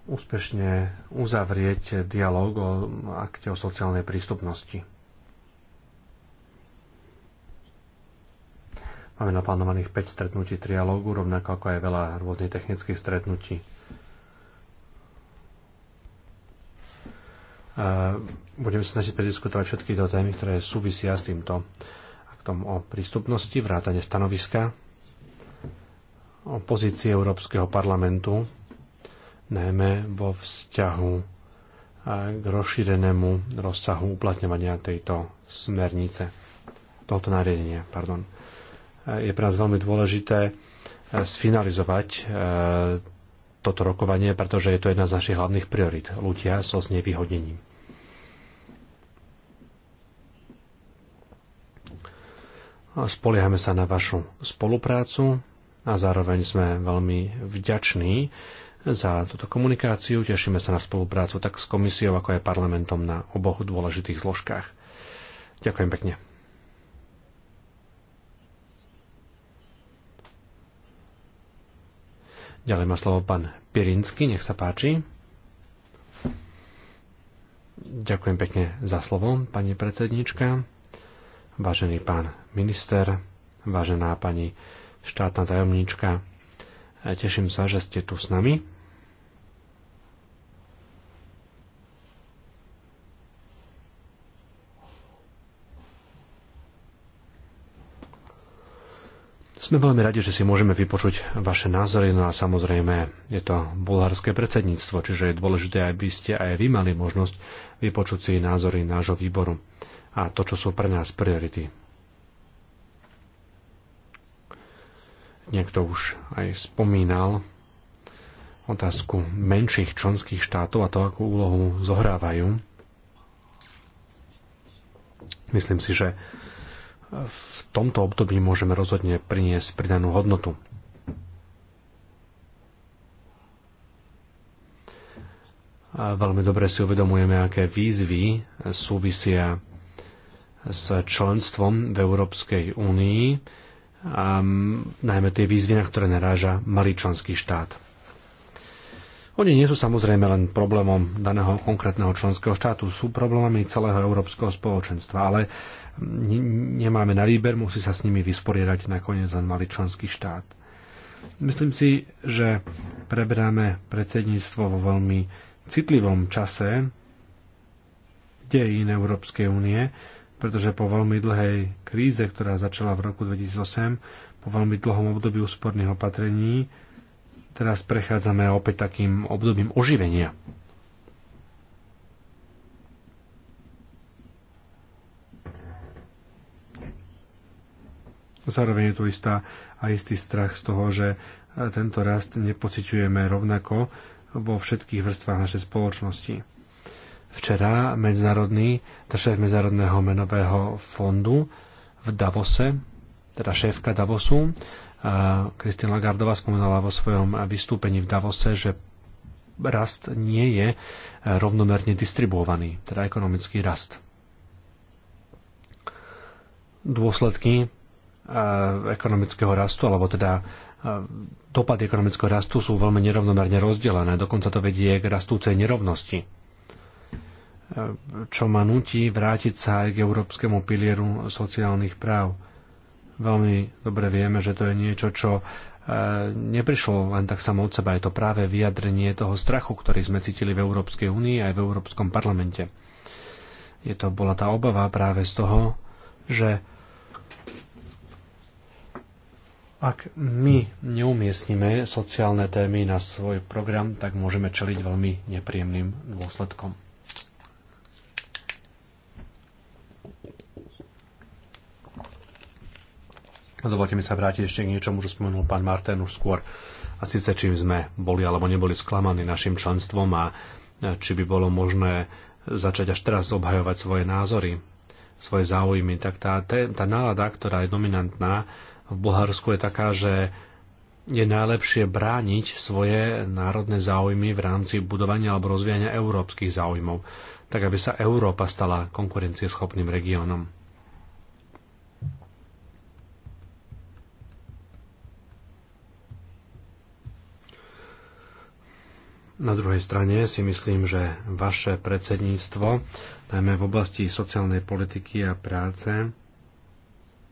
úspešne uzavrieť dialog o akte o sociálnej prístupnosti. Máme naplánovaných 5 stretnutí trialógu, rovnako ako aj veľa rôznych technických stretnutí. Budeme sa snažiť prediskutovať všetky do témy, ktoré súvisia s týmto aktom o prístupnosti, vrátane stanoviska, o pozícii Európskeho parlamentu najmä vo vzťahu k rozšírenému rozsahu uplatňovania tejto smernice, tohoto nariadenia. Pardon. Je pre nás veľmi dôležité e, sfinalizovať e, toto rokovanie, pretože je to jedna z našich hlavných priorit. Ľudia so znevýhodnením. Spoliehame sa na vašu spoluprácu a zároveň sme veľmi vďační za túto komunikáciu. Tešíme sa na spoluprácu tak s komisiou, ako aj parlamentom na oboch dôležitých zložkách. Ďakujem pekne. Ďalej má slovo pán Pirinsky, nech sa páči. Ďakujem pekne za slovo, pani predsednička, vážený pán minister, vážená pani štátna tajomníčka. Teším sa, že ste tu s nami Sme veľmi radi, že si môžeme vypočuť vaše názory, no a samozrejme je to bulharské predsedníctvo, čiže je dôležité, aby ste aj vy mali možnosť vypočuť si názory nášho výboru a to, čo sú pre nás priority. Niekto už aj spomínal otázku menších členských štátov a to, akú úlohu zohrávajú. Myslím si, že v tomto období môžeme rozhodne priniesť pridanú hodnotu. A veľmi dobre si uvedomujeme, aké výzvy súvisia s členstvom v Európskej únii, najmä tie výzvy, na ktoré naráža malý členský štát. Oni nie sú samozrejme len problémom daného konkrétneho členského štátu, sú problémami celého európskeho spoločenstva, ale nemáme na výber, musí sa s nimi vysporiadať nakoniec len malý členský štát. Myslím si, že preberáme predsedníctvo vo veľmi citlivom čase dejín Európskej únie, pretože po veľmi dlhej kríze, ktorá začala v roku 2008, po veľmi dlhom období úsporných opatrení, teraz prechádzame opäť takým obdobím oživenia Zároveň je tu istá a istý strach z toho, že e, tento rast nepociťujeme rovnako vo všetkých vrstvách našej spoločnosti. Včera medzinárodný, teda šéf Medzinárodného menového fondu v Davose, teda šéfka Davosu, Kristina e, Lagardová spomenala vo svojom vystúpení v Davose, že rast nie je e, rovnomerne distribuovaný, teda ekonomický rast. Dôsledky Eh, ekonomického rastu, alebo teda eh, dopady ekonomického rastu sú veľmi nerovnomerne rozdelené. Dokonca to vedie k rastúcej nerovnosti eh, čo ma nutí vrátiť sa aj k európskemu pilieru sociálnych práv. Veľmi dobre vieme, že to je niečo, čo neprišlo len tak samo od seba. Je to práve vyjadrenie toho strachu, ktorý sme cítili v Európskej únii aj v Európskom parlamente. Je to bola tá obava práve z toho, že ak my neumiestnime sociálne témy na svoj program, tak môžeme čeliť veľmi nepríjemným dôsledkom. Dovolte mi sa vrátiť ešte k niečomu, čo spomenul pán Martin už skôr. A síce, čím sme boli alebo neboli sklamaní našim členstvom a či by bolo možné začať až teraz obhajovať svoje názory, svoje záujmy, tak tá, tá nálada, ktorá je dominantná, v Bulharsku je taká, že je najlepšie brániť svoje národné záujmy v rámci budovania alebo rozvíjania európskych záujmov, tak aby sa Európa stala konkurencieschopným regiónom. Na druhej strane si myslím, že vaše predsedníctvo, najmä v oblasti sociálnej politiky a práce,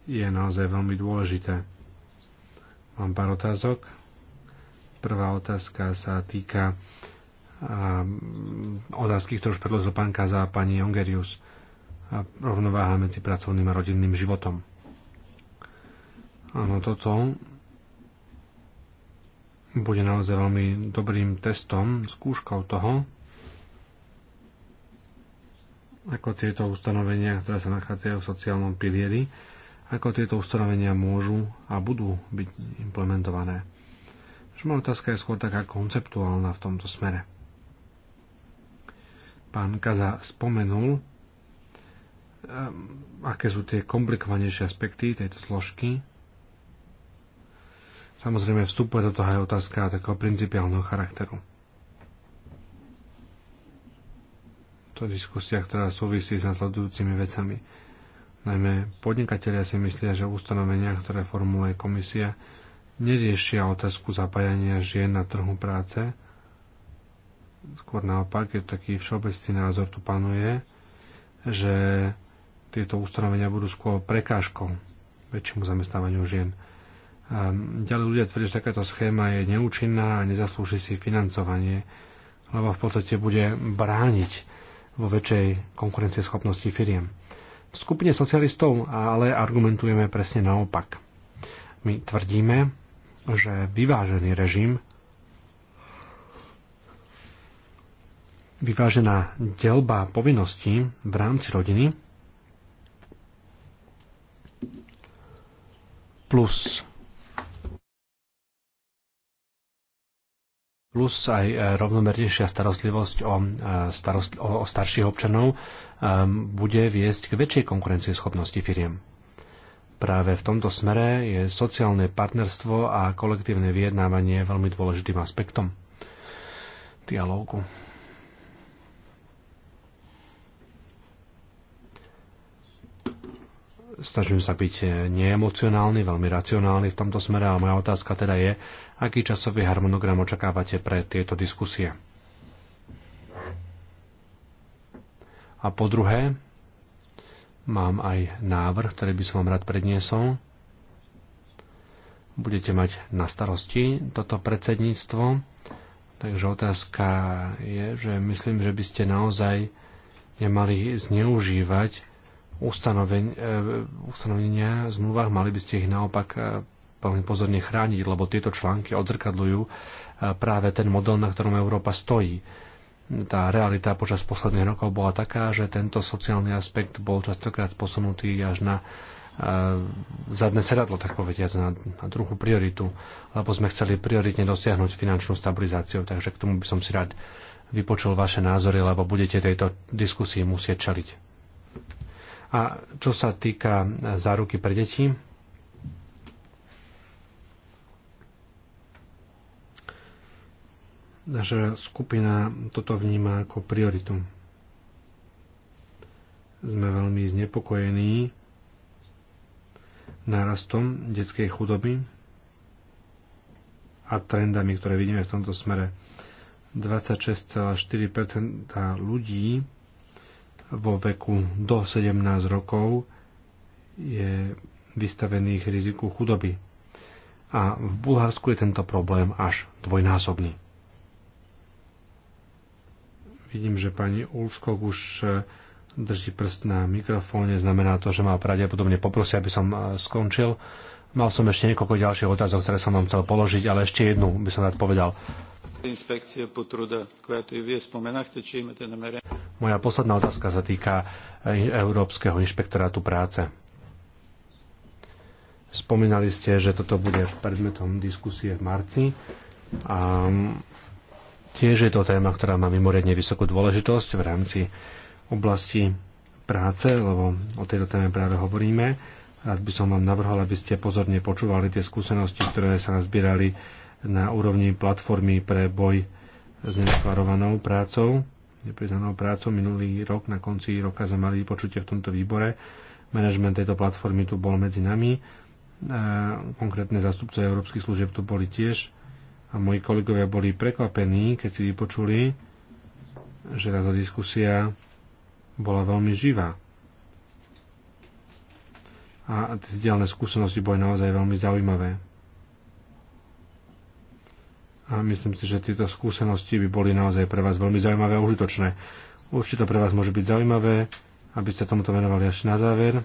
je naozaj veľmi dôležité. Mám pár otázok. Prvá otázka sa týka mm, otázky, ktorú už predložil pán Kaza a pani Jongerius. Rovnováha medzi pracovným a rodinným životom. Áno, toto bude naozaj veľmi dobrým testom, skúškou toho, ako tieto ustanovenia, ktoré sa nachádzajú v sociálnom pilieri, ako tieto ustanovenia môžu a budú byť implementované. Čo moja otázka je skôr taká konceptuálna v tomto smere. Pán Kaza spomenul, ehm, aké sú tie komplikovanejšie aspekty tejto zložky. Samozrejme, vstupuje do toho aj otázka takého principiálneho charakteru. To diskusia, ktorá súvisí s nasledujúcimi vecami. Najmä podnikatelia si myslia, že ustanovenia, ktoré formuluje komisia, neriešia otázku zapájania žien na trhu práce. Skôr naopak, je taký všeobecný názor tu panuje, že tieto ustanovenia budú skôr prekážkou väčšiemu zamestnávaniu žien. Ďalej ľudia tvrdia, že takáto schéma je neúčinná a nezaslúži si financovanie, lebo v podstate bude brániť vo väčšej konkurencieschopnosti firiem. V skupine socialistov ale argumentujeme presne naopak. My tvrdíme, že vyvážený režim, vyvážená delba povinností v rámci rodiny plus plus aj eh, rovnomernejšia starostlivosť o, eh, starost, o, o starších občanov bude viesť k väčšej konkurencieschopnosti firiem. Práve v tomto smere je sociálne partnerstvo a kolektívne vyjednávanie veľmi dôležitým aspektom dialógu. Snažím sa byť neemocionálny, veľmi racionálny v tomto smere, ale moja otázka teda je, aký časový harmonogram očakávate pre tieto diskusie A po druhé, mám aj návrh, ktorý by som vám rád predniesol. Budete mať na starosti toto predsedníctvo, takže otázka je, že myslím, že by ste naozaj nemali zneužívať ustanoven- e, ustanovenia v zmluvách, mali by ste ich naopak e, veľmi pozorne chrániť, lebo tieto články odzrkadľujú e, práve ten model, na ktorom Európa stojí tá realita počas posledných rokov bola taká, že tento sociálny aspekt bol častokrát posunutý až na e, zadné sedadlo, tak povediať, na, na druhú prioritu, lebo sme chceli prioritne dosiahnuť finančnú stabilizáciu, takže k tomu by som si rád vypočul vaše názory, lebo budete tejto diskusii musieť čeliť. A čo sa týka záruky pre deti, Naša skupina toto vníma ako prioritu. Sme veľmi znepokojení nárastom detskej chudoby a trendami, ktoré vidíme v tomto smere. 26,4 ľudí vo veku do 17 rokov je vystavených riziku chudoby. A v Bulharsku je tento problém až dvojnásobný. Vidím, že pani Ulfskog už e, drží prst na mikrofóne, znamená to, že ma pravdepodobne poprosia, aby som e, skončil. Mal som ešte niekoľko ďalších otázok, ktoré som vám chcel položiť, ale ešte jednu by som rád povedal. Inspekcia potruda, ktorá tu vy spomenáte, či ten namere... Moja posledná otázka sa týka e, Európskeho inšpektorátu práce. Spomínali ste, že toto bude predmetom diskusie v marci. A Tiež je to téma, ktorá má mimoriadne vysokú dôležitosť v rámci oblasti práce, lebo o tejto téme práve hovoríme. Rád by som vám navrhol, aby ste pozorne počúvali tie skúsenosti, ktoré sa nazbierali na úrovni platformy pre boj s nedeklarovanou prácou, nepriznanou prácou. Minulý rok, na konci roka sme mali počutie v tomto výbore. Manažment tejto platformy tu bol medzi nami. E, konkrétne zastupce európskych služieb tu boli tiež a moji kolegovia boli prekvapení, keď si vypočuli, že táto diskusia bola veľmi živá. A tie vzdialené skúsenosti boli naozaj veľmi zaujímavé. A myslím si, že tieto skúsenosti by boli naozaj pre vás veľmi zaujímavé a užitočné. Určite to pre vás môže byť zaujímavé, aby ste tomuto venovali až na záver.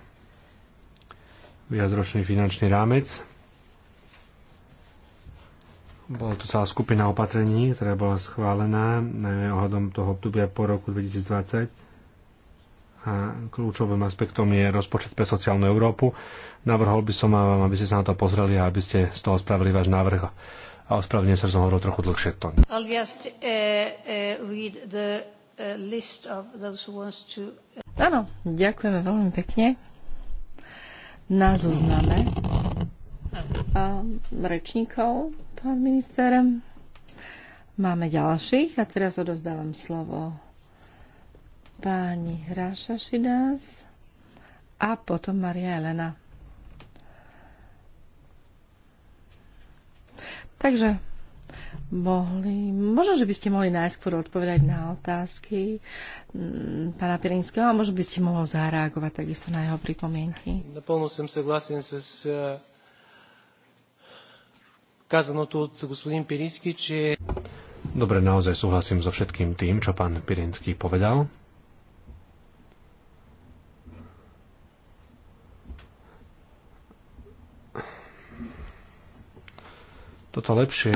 Viacročný finančný rámec bola tu celá skupina opatrení, ktorá bola schválená, najmä ohľadom toho obdobia po roku 2020. A kľúčovým aspektom je rozpočet pre sociálnu Európu. Navrhol by som vám, aby ste sa na to pozreli a aby ste z toho spravili váš návrh. A ospravedlňujem sa, že som hovoril trochu dlhšie uh, uh, uh, to. Áno, ďakujeme veľmi pekne. Na zozname um, rečníkov pán minister. Máme ďalších a teraz odovzdávam slovo páni Hráša Šidás a potom Maria Elena. Takže mohli, možno, že by ste mohli najskôr odpovedať na otázky mm, pána Pirinského a možno by ste mohli zareagovať takisto na jeho pripomienky. Naplno som súhlasím s казаното от господин Пирински, че... Dobre, naozaj súhlasím so všetkým tým, čo pán Pirinský povedal. Toto lepšie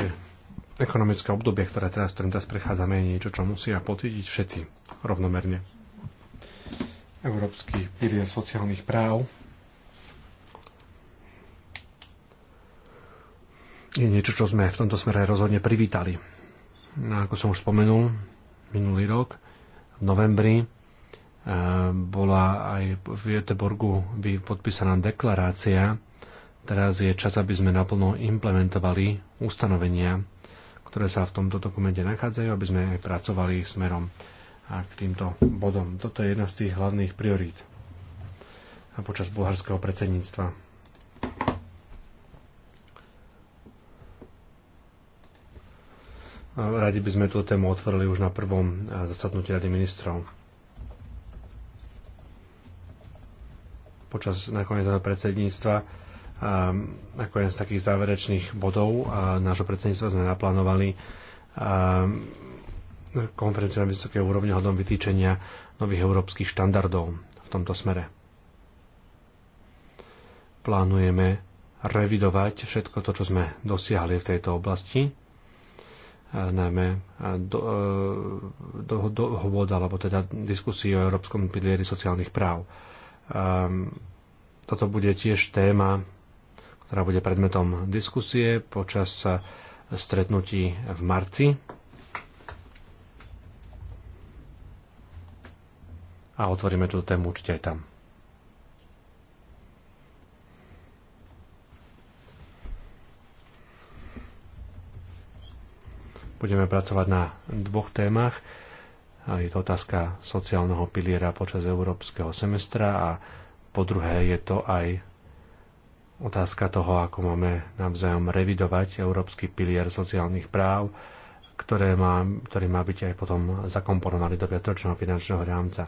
ekonomické obdobie, ktoré teraz, ktorým teraz prechádzame, je niečo, čo musia pocítiť všetci rovnomerne. Európsky pilier sociálnych práv je niečo, čo sme v tomto smere rozhodne privítali. No, ako som už spomenul, minulý rok, v novembri, e, bola aj v Göteborgu podpísaná deklarácia. Teraz je čas, aby sme naplno implementovali ustanovenia, ktoré sa v tomto dokumente nachádzajú, aby sme aj pracovali smerom a k týmto bodom. Toto je jedna z tých hlavných priorít a počas bulharského predsedníctva. Radi by sme tú tému otvorili už na prvom eh, zasadnutí Rady ministrov. Počas nakoniec predsedníctva ako jeden z takých záverečných bodov eh, nášho predsedníctva sme naplánovali eh, konferenciu na vysokej úrovni hodom vytýčenia nových európskych štandardov v tomto smere. Plánujeme revidovať všetko to, čo sme dosiahli v tejto oblasti najmä dohod e, do, do, alebo teda diskusii o Európskom pilieri sociálnych práv. Um, toto bude tiež téma, ktorá bude predmetom diskusie počas e, stretnutí v marci. A otvoríme tú tému určite aj tam. Budeme pracovať na dvoch témach. Je to otázka sociálneho piliera počas európskeho semestra a po druhé je to aj otázka toho, ako máme navzájom revidovať európsky pilier sociálnych práv, ktoré má, ktorý má byť aj potom zakomponovaný do viatročného finančného rámca.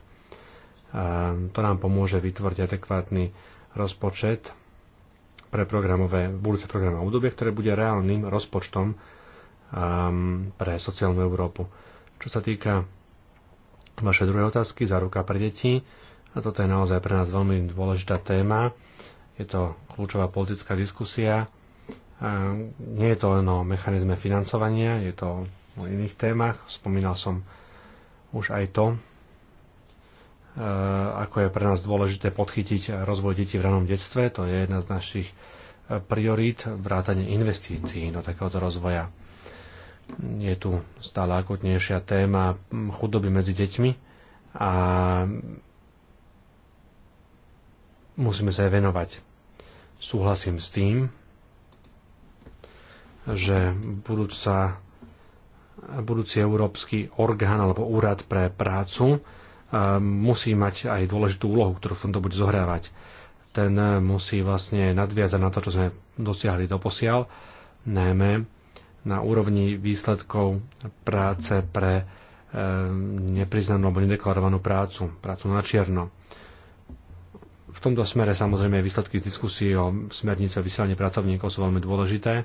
To nám pomôže vytvoriť adekvátny rozpočet pre programové, budúce programové obdobie, ktoré bude reálnym rozpočtom Um, pre sociálnu Európu. Čo sa týka vaše druhé otázky, záruka pre deti, a toto je naozaj pre nás veľmi dôležitá téma. Je to kľúčová politická diskusia. Nie je to len o mechanizme financovania, je to o iných témach. Spomínal som už aj to, uh, ako je pre nás dôležité podchytiť rozvoj detí v ranom detstve. To je jedna z našich uh, priorít vrátanie investícií do takéhoto rozvoja. Je tu stále akutnejšia téma chudoby medzi deťmi a musíme sa aj venovať. Súhlasím s tým, že budúca, budúci európsky orgán alebo úrad pre prácu e, musí mať aj dôležitú úlohu, ktorú fond bude zohrávať. Ten musí vlastne nadviazať na to, čo sme dosiahli doposiaľ, najmä na úrovni výsledkov práce pre e, nepriznanú alebo nedeklarovanú prácu, prácu na čierno. V tomto smere samozrejme výsledky z diskusí o smernice o pracovníkov sú veľmi dôležité. e,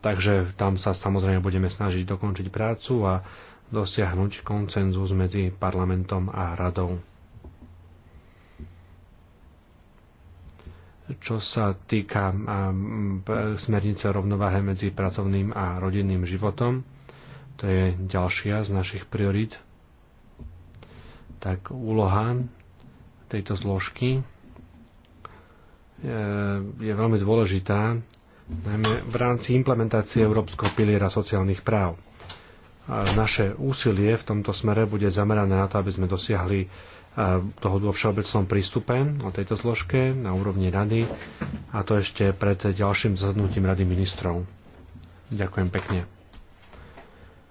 takže tam sa samozrejme budeme snažiť dokončiť prácu a dosiahnuť koncenzus medzi parlamentom a radou. čo sa týka smernice rovnováhe medzi pracovným a rodinným životom. To je ďalšia z našich priorít. Tak úloha tejto zložky e, je veľmi dôležitá, najmä v rámci implementácie Európskeho piliera sociálnych práv. Naše úsilie v tomto smere bude zamerané na to, aby sme dosiahli dohodu o všeobecnom prístupe o tejto zložke na úrovni rady a to ešte pred ďalším zaznutím rady ministrov. Ďakujem pekne.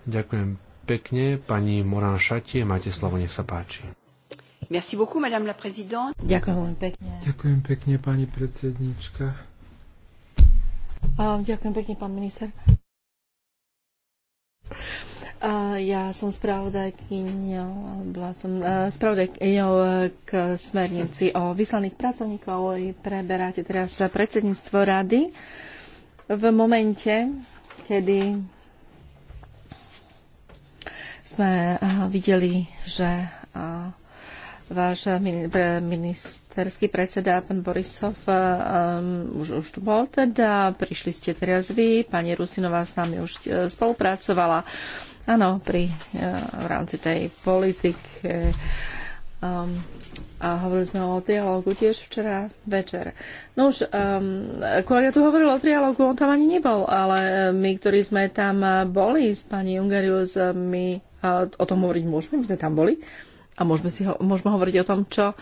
Ďakujem pekne. Pani Morán Šatie, máte slovo, nech sa páči. Merci beaucoup, madame la présidente. Ďakujem pekne. Ďakujem pekne, pani predsednička. Ďakujem pekne, pán minister. Ja som spravodajkyňou, bola som e, spravodajkyňou e, k smernici o vyslaných pracovníkov. Preberáte teraz predsedníctvo rady v momente, kedy sme e, videli, že váš ministerský predseda, pán Borisov, um, už, už tu bol teda, prišli ste teraz vy, pani Rusinová s nami už spolupracovala. Áno, pri, e, v rámci tej politik um, a hovorili sme o trialógu tiež včera večer. No už, um, kolega tu hovoril o trialógu, on tam ani nebol, ale e, my, ktorí sme tam e, boli s pani Ungarius, my uh, o tom hovoriť môžeme, my sme tam boli a môžeme, si ho, môžeme hovoriť o tom, čo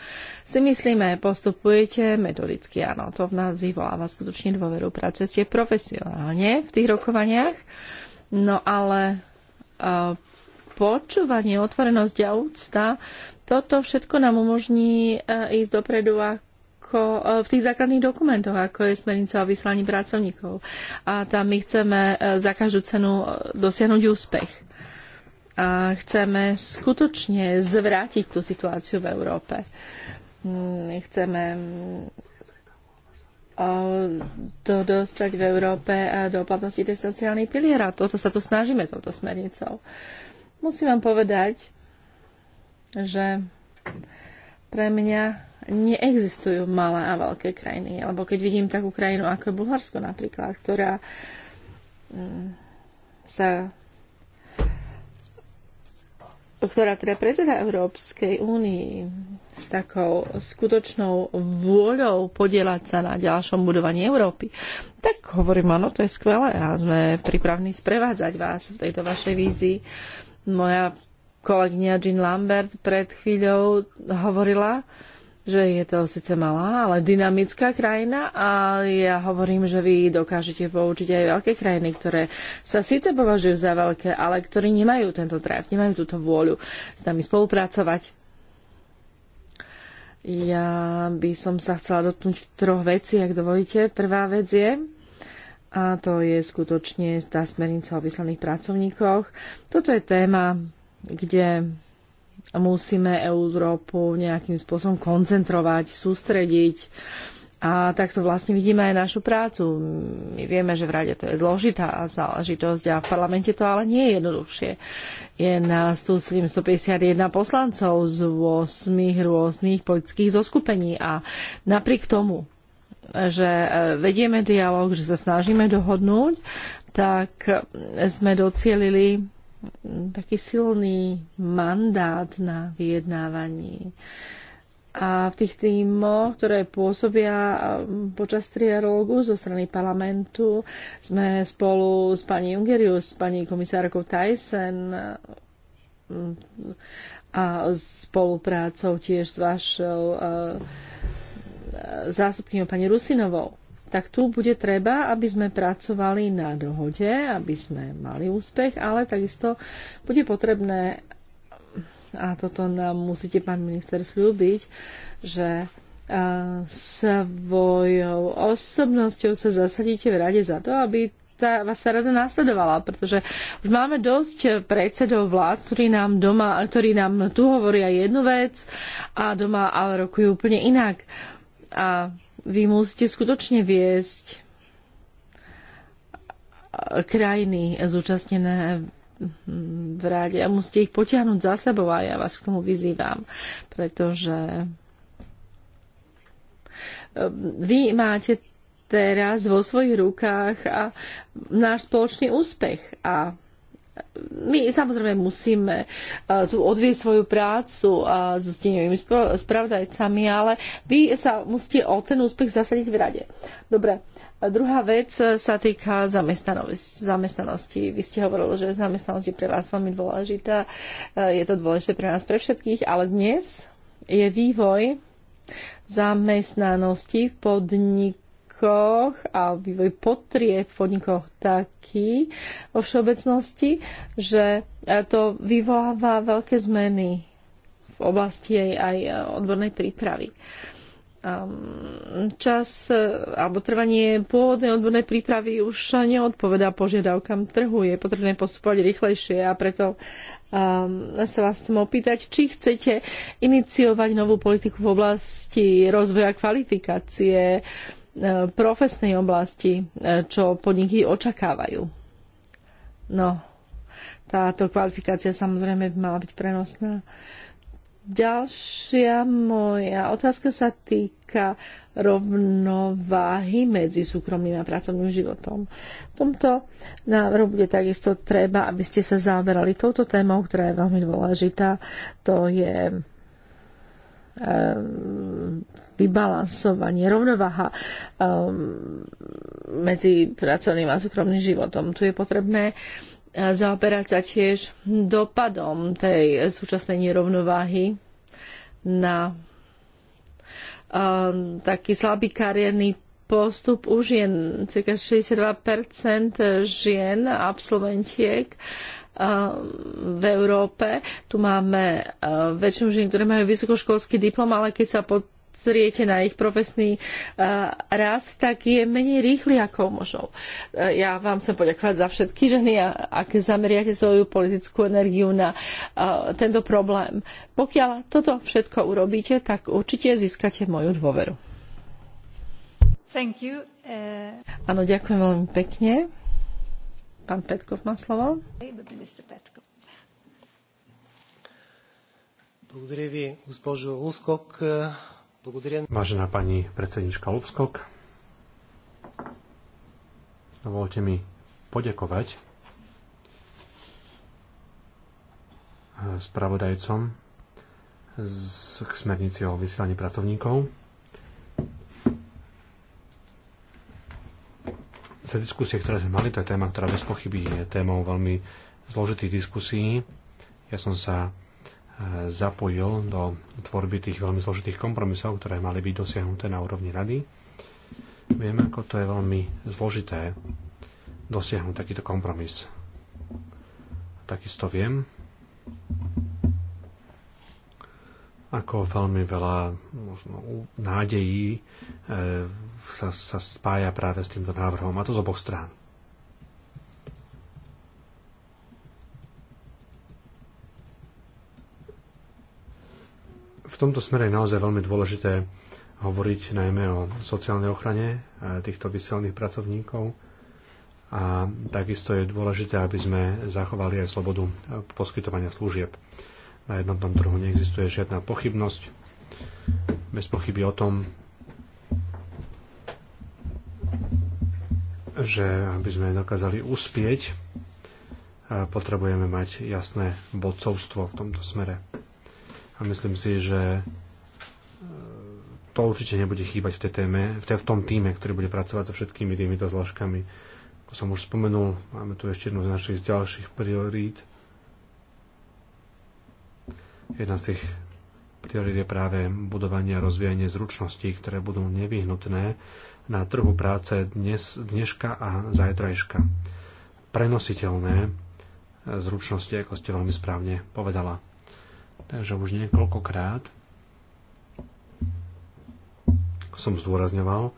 si myslíme. Postupujete metodicky, áno, to v nás vyvoláva skutočne dôveru. Pracujete profesionálne v tých rokovaniach, no ale počúvanie, otvorenosť a úcta, toto všetko nám umožní e, ísť dopredu a ako e, v tých základných dokumentoch, ako je smernica o vyslaní pracovníkov. A tam my chceme e, za každú cenu dosiahnuť úspech. A chceme skutočne zvrátiť tú situáciu v Európe. Mm, chceme to dostať v Európe do platnosti tej sociálnej piliera. Toto sa tu snažíme touto smernicou. Musím vám povedať, že pre mňa neexistujú malé a veľké krajiny. Lebo keď vidím takú krajinu ako je Bulharsko napríklad, ktorá mm, sa ktorá teda predseda Európskej únii s takou skutočnou vôľou podielať sa na ďalšom budovaní Európy, tak hovorím, áno, to je skvelé a sme pripravní sprevádzať vás v tejto vašej vízii. Moja kolegyňa Jean Lambert pred chvíľou hovorila, že je to síce malá, ale dynamická krajina a ja hovorím, že vy dokážete poučiť aj veľké krajiny, ktoré sa síce považujú za veľké, ale ktorí nemajú tento drive, nemajú túto vôľu s nami spolupracovať. Ja by som sa chcela dotknúť troch vecí, ak dovolíte. Prvá vec je, a to je skutočne tá smernica o vyslaných pracovníkoch. Toto je téma, kde musíme Európu nejakým spôsobom koncentrovať, sústrediť. A takto vlastne vidíme aj našu prácu. My vieme, že v rade to je zložitá záležitosť a v parlamente to ale nie je jednoduchšie. Je nás tu 751 poslancov z 8 rôznych politických zoskupení a napriek tomu, že e, vedieme dialog, že sa snažíme dohodnúť, tak sme docielili taký silný mandát na vyjednávanie. A v tých týmoch, ktoré pôsobia um, počas triarógu zo strany parlamentu, sme spolu s pani Jungerius, s pani komisárkou Tyson a spoluprácou tiež s vašou uh, uh, zástupkyňou pani Rusinovou tak tu bude treba, aby sme pracovali na dohode, aby sme mali úspech, ale takisto bude potrebné, a toto nám musíte pán minister slúbiť, že svojou osobnosťou sa zasadíte v rade za to, aby tá, vás tá rada následovala, pretože už máme dosť predsedov vlád, ktorí nám, doma, ktorí nám tu hovoria jednu vec a doma ale rokujú úplne inak. A vy musíte skutočne viesť krajiny zúčastnené v ráde a musíte ich potiahnuť za sebou a ja vás k tomu vyzývam, pretože ehm, vy máte teraz vo svojich rukách a náš spoločný úspech a my samozrejme musíme e, tu odvieť svoju prácu a so steňovými spravodajcami, ale vy sa musíte o ten úspech zasadiť v rade. Dobre, a druhá vec sa týka zamestnanosti. Vy ste hovorili, že zamestnanosť je pre vás veľmi dôležitá. E, je to dôležité pre nás, pre všetkých, ale dnes je vývoj zamestnanosti v podnik podnikoch a vývoj potrieb v podnikoch taký vo všeobecnosti, že e, to vyvoláva veľké zmeny v oblasti aj, aj e, odbornej prípravy. Čas e, alebo trvanie pôvodnej odbornej prípravy už neodpovedá požiadavkám trhu. Je potrebné postupovať rýchlejšie a preto um, sa vás chcem opýtať, či chcete iniciovať novú politiku v oblasti rozvoja kvalifikácie, E, profesnej oblasti, e, čo podniky očakávajú. No, táto kvalifikácia samozrejme by mala byť prenosná. Ďalšia moja otázka sa týka rovnováhy medzi súkromným a pracovným životom. V tomto návrhu bude takisto treba, aby ste sa zaoberali touto témou, ktorá je veľmi dôležitá. To je Eh, vybalansovanie, rovnováha eh, medzi pracovným a súkromným životom. Tu je potrebné eh, zaoperať sa tiež dopadom tej súčasnej nerovnováhy na taký slabý kariérny postup už je Cirka 62% žien, absolventiek, v Európe. Tu máme e, väčšinu žien, ktoré majú vysokoškolský diplom, ale keď sa zriete na ich profesný e, rast, tak je menej rýchly ako mužov. E, ja vám chcem poďakovať za všetky ženy, ak zameriate svoju politickú energiu na tento problém. Pokiaľ toto všetko urobíte, tak určite získate moju dôveru. Áno, ďakujem veľmi pekne. Pán Petkov má slovo. Vážená pani predsednička Luvskok, dovolte mi poďakovať spravodajcom k smernici o vysielaní pracovníkov za diskusie, ktoré sme mali, to je téma, ktorá bez pochyby je témou veľmi zložitých diskusí. Ja som sa e, zapojil do tvorby tých veľmi zložitých kompromisov, ktoré mali byť dosiahnuté na úrovni rady. Viem, ako to je veľmi zložité dosiahnuť takýto kompromis. Takisto viem, ako veľmi veľa možno nádejí e, sa, sa spája práve s týmto návrhom, a to z oboch strán. V tomto smere je naozaj veľmi dôležité hovoriť najmä o sociálnej ochrane e, týchto vyselných pracovníkov a takisto je dôležité, aby sme zachovali aj slobodu e, poskytovania služieb na jednotnom trhu neexistuje žiadna pochybnosť. Bez pochyby o tom, že aby sme dokázali uspieť, potrebujeme mať jasné bodcovstvo v tomto smere. A myslím si, že e, to určite nebude chýbať v tej téme, v, tej, v tom týme, ktorý bude pracovať so všetkými týmito zložkami. Ako som už spomenul, máme tu ešte jednu z našich ďalších priorít – Jedna z tých priorít je práve budovanie a rozvíjanie zručností, ktoré budú nevyhnutné na trhu práce dnes, dneška a zajtrajška. Prenositeľné zručnosti, ako ste veľmi správne povedala. Takže už niekoľkokrát som zdôrazňoval,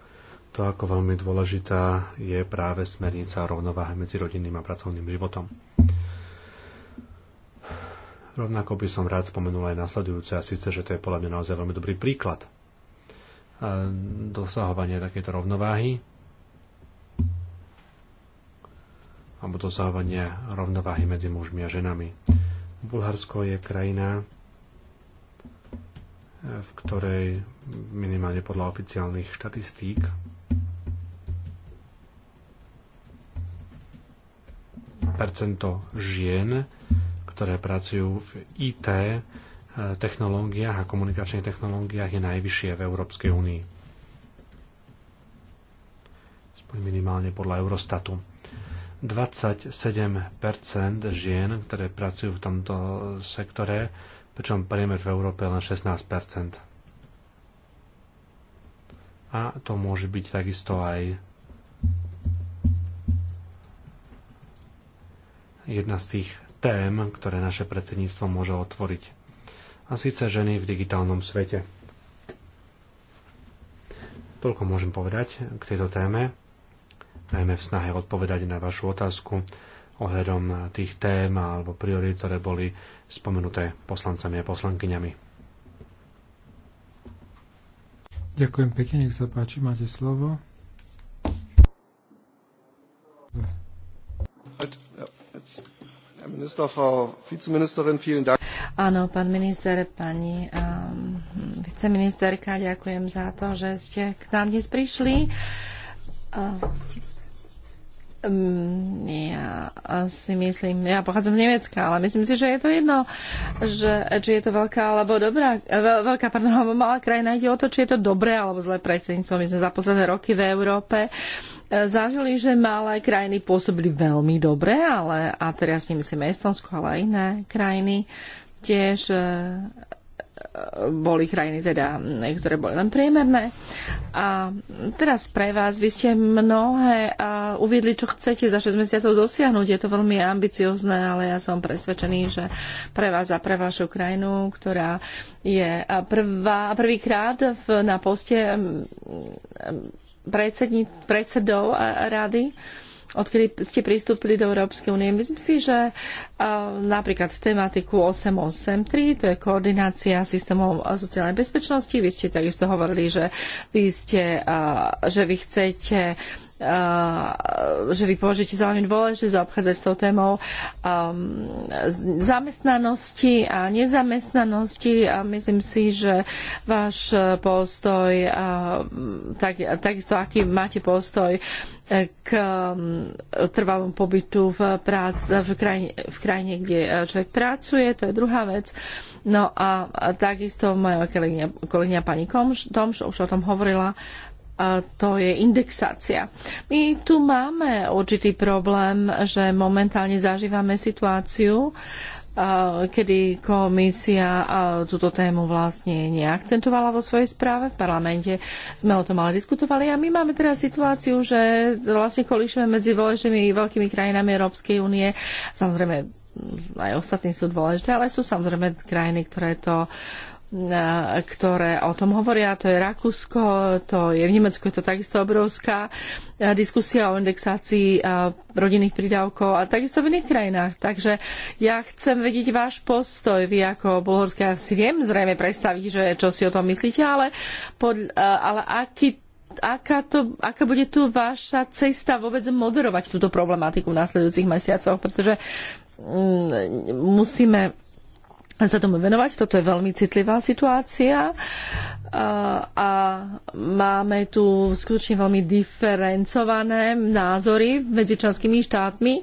to, ako veľmi dôležitá je práve smernica rovnováhy medzi rodinným a pracovným životom. Rovnako by som rád spomenul aj nasledujúce, a síce, že to je podľa mňa naozaj veľmi dobrý príklad e, dosahovania takéto rovnováhy alebo dosahovania rovnováhy medzi mužmi a ženami. Bulharsko je krajina, e, v ktorej minimálne podľa oficiálnych štatistík percento žien ktoré pracujú v IT eh, technológiách a komunikačných technológiách je najvyššie v Európskej únii. Aspoň minimálne podľa Eurostatu. 27 žien, ktoré pracujú v tomto sektore, pričom priemer v Európe je len 16 A to môže byť takisto aj jedna z tých tém, ktoré naše predsedníctvo môže otvoriť. A síce ženy v digitálnom svete. Toľko môžem povedať k tejto téme, najmä v snahe odpovedať na vašu otázku ohľadom tých tém alebo priorít, ktoré boli spomenuté poslancami a poslankyňami. Ďakujem pekne, nech sa páči, máte slovo. Minister, Frau Vizeministerin, vielen Dank. Áno, pán minister, pani um, viceministerka, ďakujem za to, že ste k nám dnes prišli. Uh, Mm, ja si myslím, ja pochádzam z Nemecka, ale myslím si, že je to jedno, že, či je to veľká alebo dobrá, veľká, pardon, alebo malá krajina, ide o to, či je to dobré alebo zlé predsedníctvo. My sme za posledné roky v Európe e, zažili, že malé krajiny pôsobili veľmi dobre, ale, a teraz nemyslím Estonsko, ale aj iné krajiny, tiež e, boli krajiny teda, ktoré boli len priemerné. A teraz pre vás, vy ste mnohé uviedli, čo chcete za 6 mesiacov dosiahnuť. Je to veľmi ambiciozne, ale ja som presvedčený, že pre vás a pre vašu krajinu, ktorá je prvá, prvýkrát na poste predsedni, predsedov rady odkedy ste pristúpili do Európskej únie. Myslím si, že e, napríklad tematiku 883, to je koordinácia systémov sociálnej bezpečnosti, vy ste takisto hovorili, že vy, ste, e, že vy chcete že vy považujete za veľmi dôležité zaobchádzať s tou témou um, zamestnanosti a nezamestnanosti a myslím si, že váš postoj, um, tak, takisto aký máte postoj k um, trvalom pobytu v, prác, v, krajine, v krajine, kde človek pracuje, to je druhá vec. No a takisto moja kolegyňa, kolegyňa pani Komš, Tomš už o tom hovorila, to je indexácia. My tu máme určitý problém, že momentálne zažívame situáciu, kedy komisia túto tému vlastne neakcentovala vo svojej správe. V parlamente sme o tom ale diskutovali a my máme teraz situáciu, že vlastne kolišujeme medzi dôležitými veľkými krajinami Európskej únie. Samozrejme, aj ostatní sú dôležité, ale sú samozrejme krajiny, ktoré to ktoré o tom hovoria, to je Rakúsko, to je v Nemecku, je to takisto obrovská eh, diskusia o indexácii eh, rodinných prídavkov a takisto v iných krajinách. Takže ja chcem vedieť váš postoj. Vy ako Bulhorská ja si viem zrejme predstaviť, že čo si o tom myslíte, ale, pod, eh, ale aký aká, to, aká bude tu vaša cesta vôbec moderovať túto problematiku v následujúcich mesiacoch, pretože mm, musíme sa tomu venovať. Toto je veľmi citlivá situácia a máme tu skutočne veľmi diferencované názory medzi členskými štátmi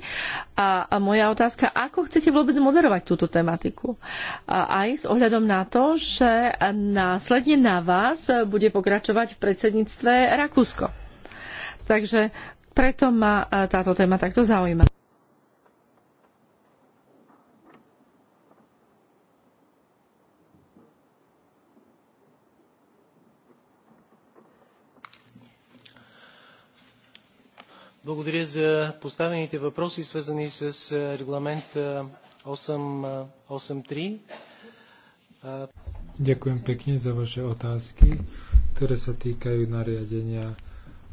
a moja otázka, ako chcete vôbec moderovať túto tematiku? A aj s ohľadom na to, že následne na vás bude pokračovať v predsedníctve Rakúsko. Takže preto ma táto téma takto zaujíma. Благодаря за поставените въпроси, свързани с регламент 883. Ďakujem pekne za vaše otázky, ktoré sa týkajú nariadenia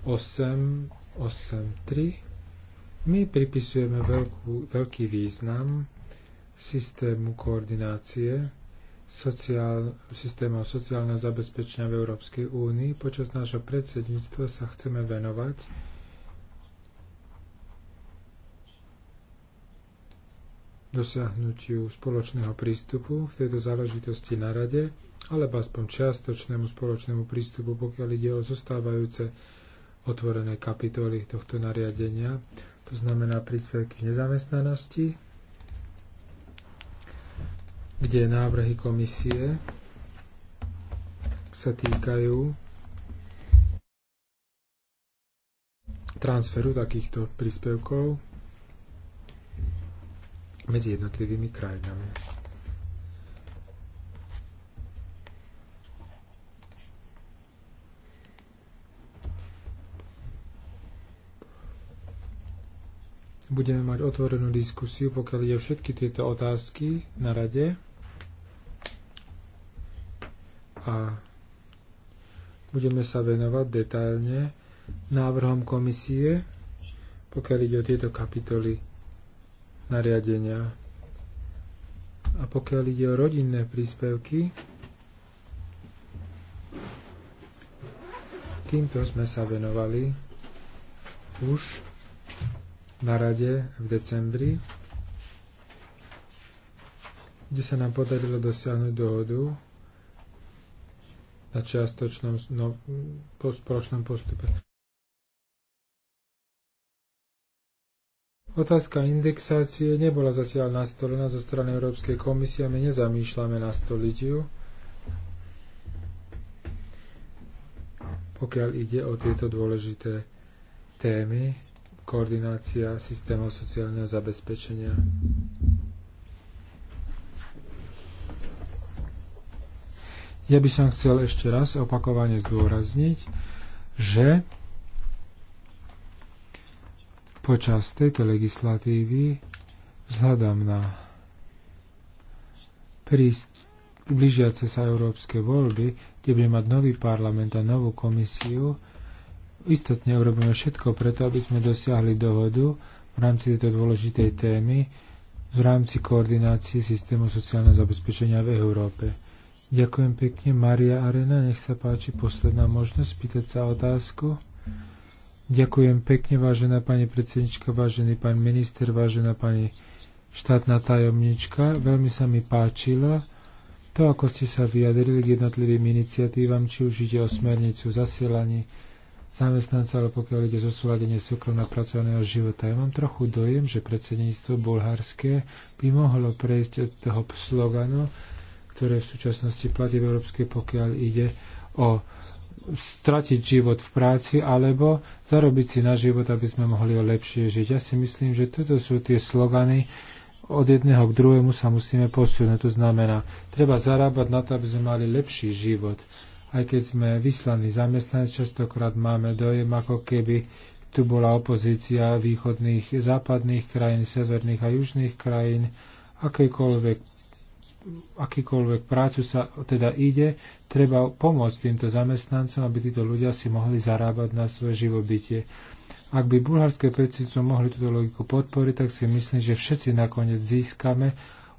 883. My pripisujeme veľkú, veľký význam systému koordinácie sociál, systémov sociálneho zabezpečenia v Európskej únii. Počas nášho predsedníctva sa chceme venovať dosiahnutiu spoločného prístupu v tejto záležitosti na rade, alebo aspoň čiastočnému spoločnému prístupu, pokiaľ ide o zostávajúce otvorené kapitoly tohto nariadenia, to znamená príspevky nezamestnanosti, kde návrhy komisie sa týkajú transferu takýchto príspevkov medzi jednotlivými krajinami. Budeme mať otvorenú diskusiu, pokiaľ ide všetky tieto otázky na rade. A budeme sa venovať detailne návrhom komisie, pokiaľ ide o tieto kapitoly nariadenia. A pokiaľ ide o rodinné príspevky, týmto sme sa venovali už na rade v decembri, kde sa nám podarilo dosiahnuť dohodu na čiastočnom no, spoločnom postupe. Otázka indexácie nebola zatiaľ nastolená zo strany Európskej komisie a my nezamýšľame nastoliť ju. Pokiaľ ide o tieto dôležité témy, koordinácia systémov sociálneho zabezpečenia. Ja by som chcel ešte raz opakovane zdôrazniť, že počas tejto legislatívy vzhľadom na blížiace sa európske voľby, kde bude mať nový parlament a novú komisiu, istotne urobíme všetko preto, aby sme dosiahli dohodu v rámci tejto dôležitej témy, v rámci koordinácie systému sociálneho zabezpečenia v Európe. Ďakujem pekne. Maria Arena, nech sa páči posledná možnosť pýtať sa otázku. Ďakujem pekne, vážená pani predsednička, vážený pán minister, vážená pani štátna tajomnička. Veľmi sa mi páčilo to, ako ste sa vyjadrili k jednotlivým iniciatívam, či už ide o smernicu zasielaní zamestnanca, ale pokiaľ ide zosúladenie súkromného pracovného života. Ja mám trochu dojem, že predsedníctvo bulharské by mohlo prejsť od toho sloganu, ktoré v súčasnosti platí v Európskej, pokiaľ ide o stratiť život v práci alebo zarobiť si na život, aby sme mohli lepšie žiť. Ja si myslím, že toto sú tie slogany, od jedného k druhému sa musíme posunúť. To znamená, treba zarábať na to, aby sme mali lepší život. Aj keď sme vyslaní zamestnanec, častokrát máme dojem, ako keby tu bola opozícia východných, západných krajín, severných a južných krajín, akékoľvek akýkoľvek prácu sa teda ide, treba pomôcť týmto zamestnancom, aby títo ľudia si mohli zarábať na svoje živobytie. Ak by bulharské predsedníctvo mohli túto logiku podporiť, tak si myslím, že všetci nakoniec získame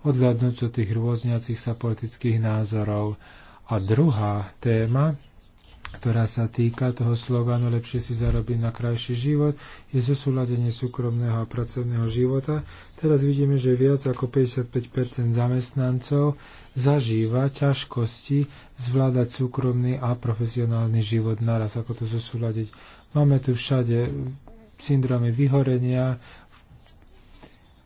odhľadnúť od tých rôzniacich sa politických názorov. A druhá téma, ktorá sa týka toho slogánu lepšie si zarobiť na krajší život, je zosúladenie súkromného a pracovného života. Teraz vidíme, že viac ako 55 zamestnancov zažíva ťažkosti zvládať súkromný a profesionálny život naraz, ako to zosúľadiť. Máme tu všade syndromy vyhorenia,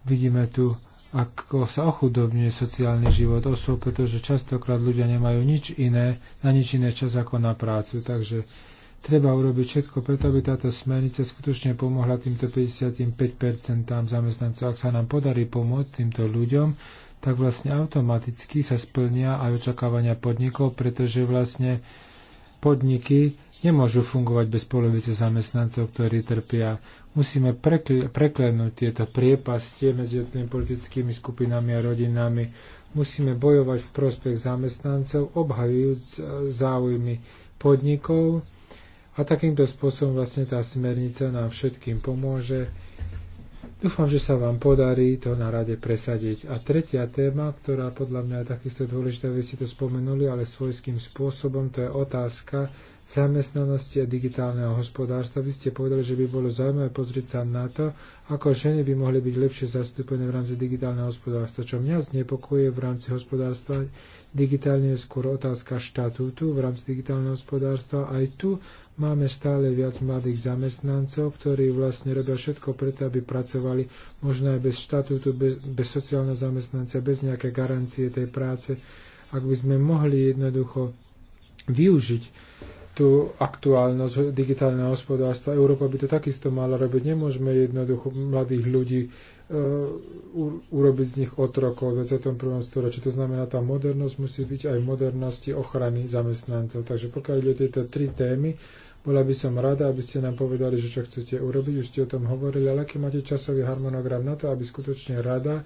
vidíme tu ako sa ochudobňuje sociálny život osôb, pretože častokrát ľudia nemajú nič iné, na nič iné čas ako na prácu. Takže treba urobiť všetko preto, aby táto smernica skutočne pomohla týmto 55% zamestnancov. Ak sa nám podarí pomôcť týmto ľuďom, tak vlastne automaticky sa splnia aj očakávania podnikov, pretože vlastne podniky nemôžu fungovať bez polovice zamestnancov, ktorí trpia Musíme prekl- preklenúť tieto priepastie medzi jednými politickými skupinami a rodinami. Musíme bojovať v prospech zamestnancov, obhajujúc e, záujmy podnikov a takýmto spôsobom vlastne tá smernica nám všetkým pomôže. Dúfam, že sa vám podarí to na rade presadiť. A tretia téma, ktorá podľa mňa je takisto dôležitá, vy ste to spomenuli, ale svojským spôsobom, to je otázka zamestnanosti a digitálneho hospodárstva. Vy ste povedali, že by bolo zaujímavé pozrieť sa na to, ako ženy by mohli byť lepšie zastúpené v rámci digitálneho hospodárstva. Čo mňa znepokojuje v rámci hospodárstva digitálne je skôr otázka štatútu v rámci digitálneho hospodárstva. Aj tu máme stále viac mladých zamestnancov, ktorí vlastne robia všetko preto, aby pracovali možno aj bez štatútu, bez, bez sociálneho zamestnanca, bez nejaké garancie tej práce. Ak by sme mohli jednoducho využiť tú aktuálnosť digitálneho hospodárstva. Európa by to takisto mala robiť. Nemôžeme jednoducho mladých ľudí e, urobiť z nich otrokov v 21. storočí. To znamená, tá modernosť musí byť aj modernosti ochrany zamestnancov. Takže pokiaľ ide o tieto tri témy, bola by som rada, aby ste nám povedali, že čo chcete urobiť. Už ste o tom hovorili, ale aký máte časový harmonogram na to, aby skutočne rada e,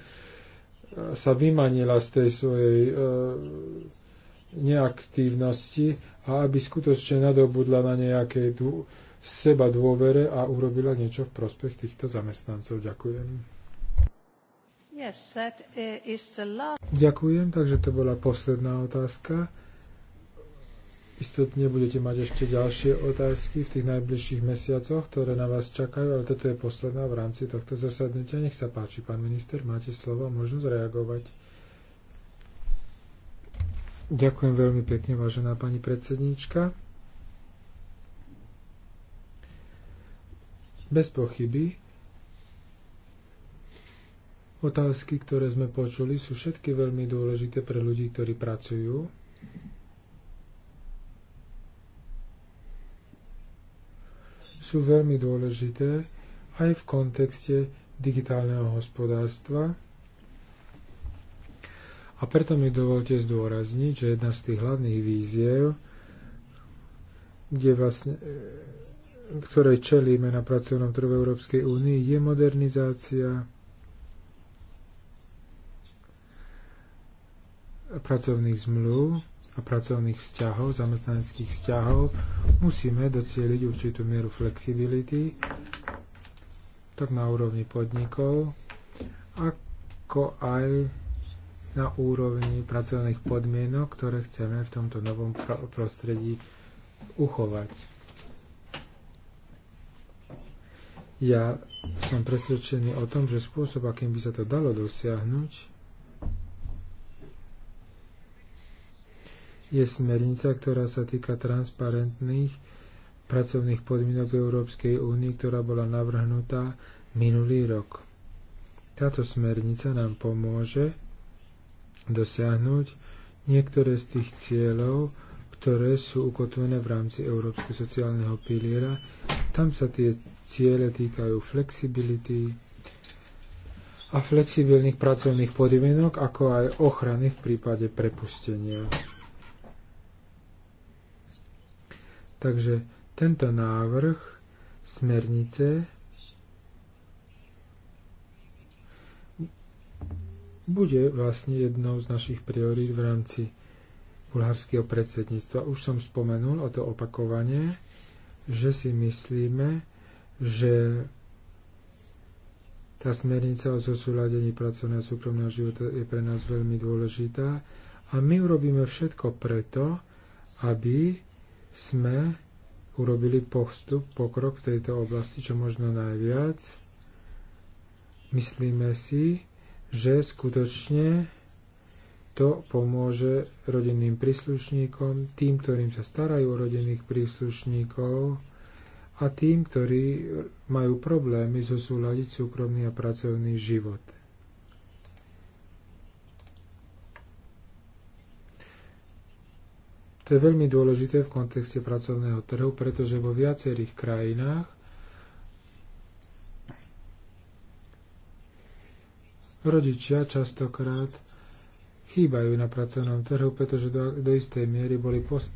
sa vymanila z tej svojej uh, neaktívnosti a aby skutočne nadobudla na nejakej dô, seba dôvere a urobila niečo v prospech týchto zamestnancov. Ďakujem. Yes, that eh, is the last... Ďakujem, takže to bola posledná otázka. Istotne budete mať ešte ďalšie otázky v tých najbližších mesiacoch, ktoré na vás čakajú, ale toto je posledná v rámci tohto zasadnutia. Nech sa páči, pán minister, máte slovo a možnosť reagovať. Ďakujem veľmi pekne, vážená pani predsedníčka. Bez pochyby otázky, ktoré sme počuli, sú všetky veľmi dôležité pre ľudí, ktorí pracujú. Sú veľmi dôležité aj v kontexte digitálneho hospodárstva, a preto mi dovolte zdôrazniť, že jedna z tých hlavných víziev, kde vlastne, e, ktorej čelíme na pracovnom trhu Európskej únii, je modernizácia pracovných zmluv a pracovných vzťahov, zamestnaneckých vzťahov, musíme docieliť určitú mieru flexibility, tak na úrovni podnikov, ako aj na úrovni pracovných podmienok, ktoré chceme v tomto novom prostredí uchovať. Ja som presvedčený o tom, že spôsob, akým by sa to dalo dosiahnuť, je smernica, ktorá sa týka transparentných pracovných podmienok v Európskej únii, ktorá bola navrhnutá minulý rok. Táto smernica nám pomôže dosiahnuť niektoré z tých cieľov, ktoré sú ukotvené v rámci Európskeho sociálneho piliera. Tam sa tie ciele týkajú flexibility a flexibilných pracovných podmienok, ako aj ochrany v prípade prepustenia. Takže tento návrh smernice bude vlastne jednou z našich priorít v rámci bulharského predsedníctva. Už som spomenul o to opakovanie, že si myslíme, že tá smernica o zosúladení pracovného a súkromného života je pre nás veľmi dôležitá a my urobíme všetko preto, aby sme urobili postup, pokrok v tejto oblasti, čo možno najviac. Myslíme si, že skutočne to pomôže rodinným príslušníkom, tým, ktorým sa starajú o rodinných príslušníkov a tým, ktorí majú problémy súľadiť súkromný a pracovný život. To je veľmi dôležité v kontexte pracovného trhu, pretože vo viacerých krajinách Rodičia častokrát chýbajú na pracovnom trhu, pretože do, do istej miery boli pos-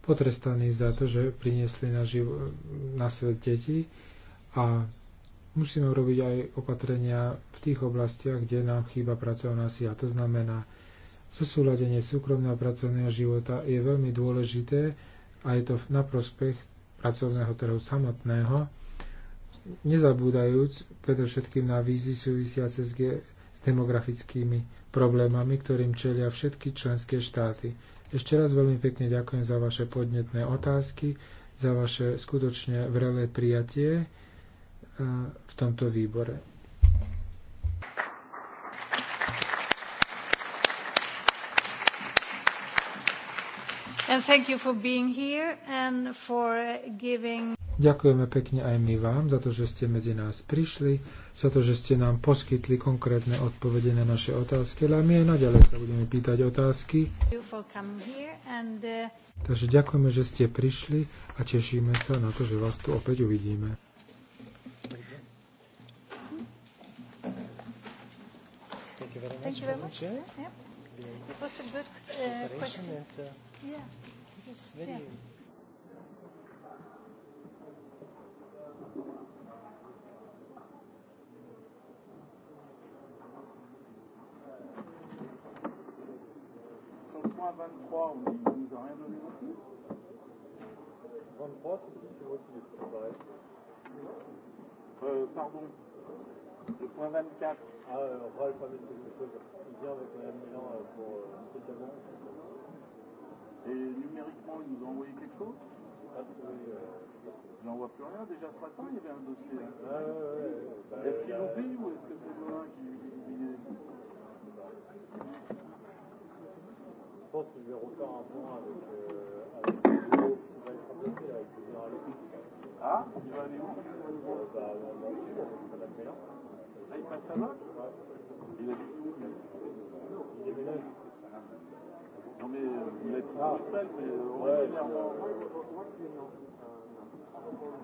potrestaní za to, že priniesli na, živ- na svet deti a musíme urobiť aj opatrenia v tých oblastiach, kde nám chýba pracovná sila. To znamená, zosúladenie súkromného pracovného života je veľmi dôležité a je to na prospech pracovného trhu samotného nezabúdajúc predovšetkým na vízi súvisiace s, s demografickými problémami, ktorým čelia všetky členské štáty. Ešte raz veľmi pekne ďakujem za vaše podnetné otázky, za vaše skutočne vrelé prijatie e, v tomto výbore. And thank you for being here and for giving Ďakujeme pekne aj my vám za to, že ste medzi nás prišli, za to, že ste nám poskytli konkrétne odpovede na naše otázky, ale my aj naďalej sa budeme pýtať otázky. Takže ďakujeme, že ste prišli a tešíme sa na to, že vás tu opäť uvidíme. Thank you very much. Yeah. It was a good uh, question. And, uh, yeah. yeah. mais Form, die diese Heimel Von Portugies Euh, pardon, le point 24. Ah, euh, Ralph a mis quelque chose. Il vient avec Mme Milan euh, pour euh, spécialement. Et numériquement, il nous a envoyé quelque chose Pas trouvé. Euh... J'en vois plus rien. Déjà ce matin, il y avait un dossier. ouais, ouais, ouais. est-ce qu'il oublie ou est-ce que c'est Melun qui oublie pense qu'il devait un point avec, euh, avec avec le Ah Il va aller où Bah, dans, dans le l'a fait là. il passe à Lodge Ouais. Il habite où lui Il déménage. Non, mais euh, il habite à Bruxelles, mais euh, ouais, originairement. Euh,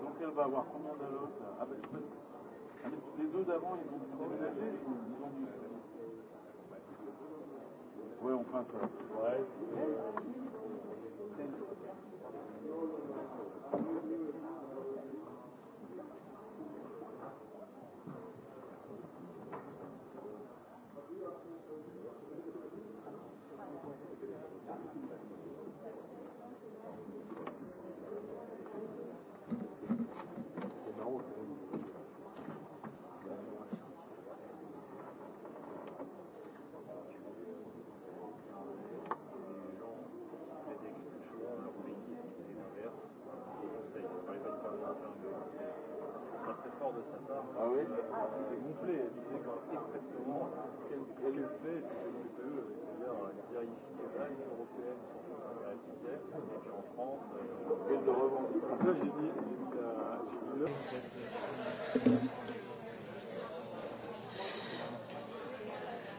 Donc, elle va avoir combien d'allocs ah, bah, je pas, ah, Les deux d'avant, ils vont déménager, Ouais, on craint ça. Ouais.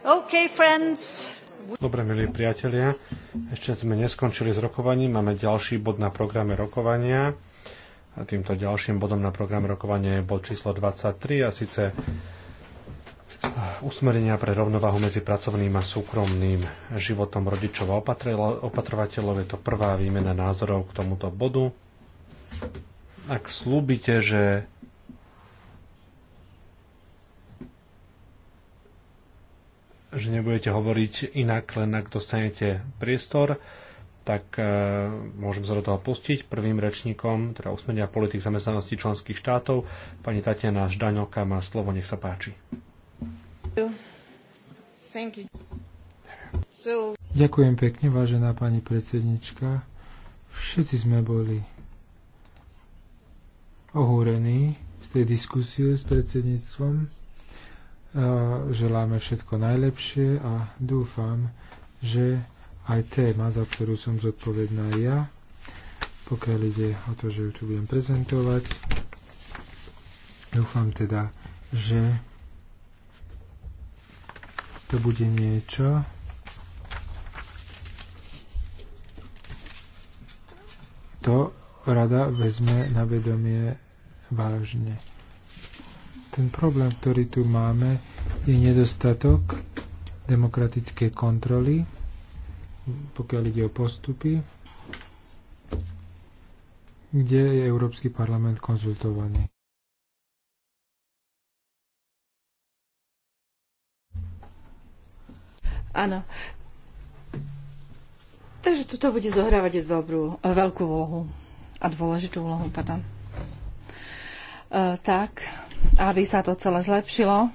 Okay, friends. Dobre, milí priatelia, ešte sme neskončili s rokovaním, máme ďalší bod na programe rokovania. A týmto ďalším bodom na program rokovania je bod číslo 23 a síce eh, usmerenia pre rovnováhu medzi pracovným a súkromným životom rodičov a opatrovateľov. Je to prvá výmena názorov k tomuto bodu. Ak slúbite, že že nebudete hovoriť inak, len ak dostanete priestor, tak e, môžem sa do toho pustiť. Prvým rečníkom, teda usmenia politik zamestnanosti členských štátov, pani Tatiana Ždaňoka má slovo, nech sa páči. Ďakujem pekne, vážená pani predsednička. Všetci sme boli ohúrení z tej diskusie s predsedníctvom Želáme všetko najlepšie a dúfam, že aj téma, za ktorú som zodpovedná ja, pokiaľ ide o to, že ju tu budem prezentovať, dúfam teda, že to bude niečo, to rada vezme na vedomie vážne. Ten problém, ktorý tu máme, je nedostatok demokratickej kontroly, pokiaľ ide o postupy, kde je Európsky parlament konzultovaný. Áno. Takže toto bude zohrávať dobrú, veľkú úlohu a dôležitú úlohu, pardon. E, tak, aby sa to celé zlepšilo.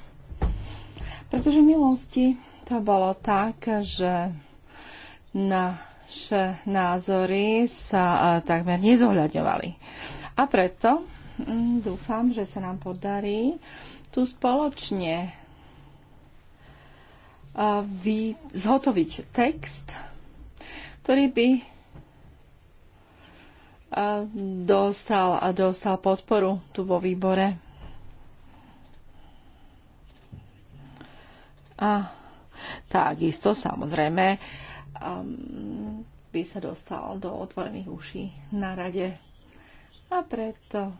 Pretože v minulosti to bolo tak, že naše názory sa e, takmer nezohľadňovali. A preto mm, dúfam, že sa nám podarí tu spoločne e, zhotoviť text, ktorý by e, dostal, dostal podporu tu vo výbore. A takisto samozrejme um, by sa dostal do otvorených uší na rade. A preto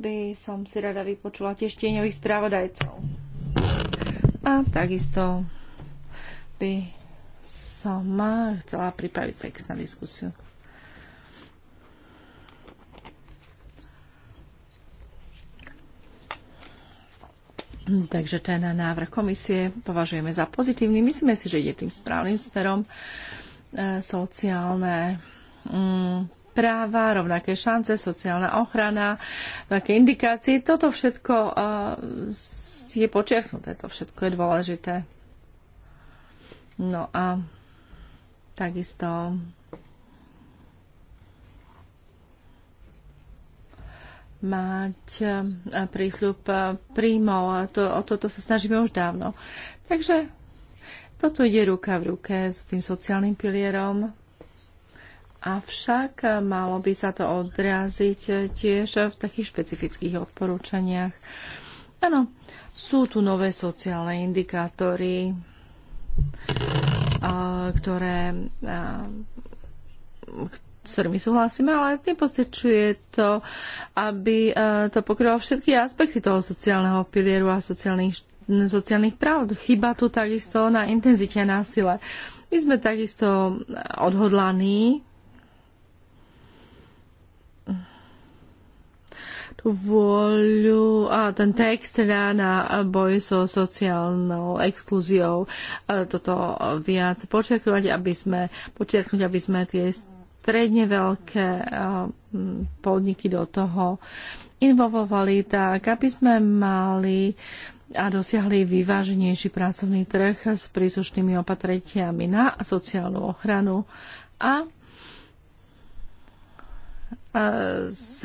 by som si rada vypočula tiež tieňových správodajcov. A takisto by som chcela pripraviť text na diskusiu. Takže ten návrh komisie považujeme za pozitívny. Myslíme si, že ide tým správnym smerom. E, sociálne mm, práva, rovnaké šance, sociálna ochrana, také indikácie. Toto všetko e, je počiarknuté, to všetko je dôležité. No a takisto mať eh, prísľub eh, príjmov. To, o toto sa snažíme už dávno. Takže toto ide ruka v ruke s tým sociálnym pilierom. Avšak eh, malo by sa to odraziť tiež v takých špecifických odporúčaniach. Áno, sú tu nové sociálne indikátory, ktoré s ktorými súhlasíme, ale nepostečuje to, aby e, to pokrylo všetky aspekty toho sociálneho pilieru a sociálnych, sociálnych práv. Chyba tu takisto na intenzite a násile. My sme takisto odhodlaní tú vôľu a ten text teda na boj so sociálnou exkluziou e, toto viac počiarkovať, aby sme počiarknúť, aby sme tie stredne veľké eh, podniky do toho involvovali tak, aby sme mali a dosiahli vyváženejší pracovný trh s príslušnými opatretiami na sociálnu ochranu a eh, s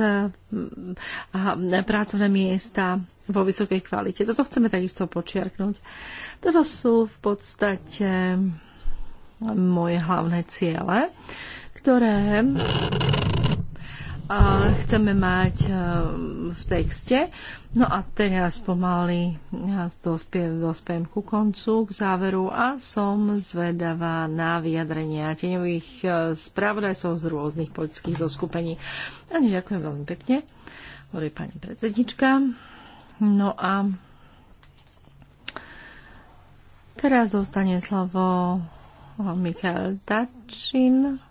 pracovné miesta vo vysokej kvalite. Toto chceme takisto počiarknúť. Toto sú v podstate moje hlavné ciele ktoré chceme mať e, v texte. No a teraz pomaly ja dospiem, dospiem ku koncu, k záveru a som zvedavá na vyjadrenia tieňových e, spravodajcov z rôznych politických zoskupení. A ďakujem veľmi pekne, hovorí pani predsednička. No a teraz dostane slovo Michael Tačin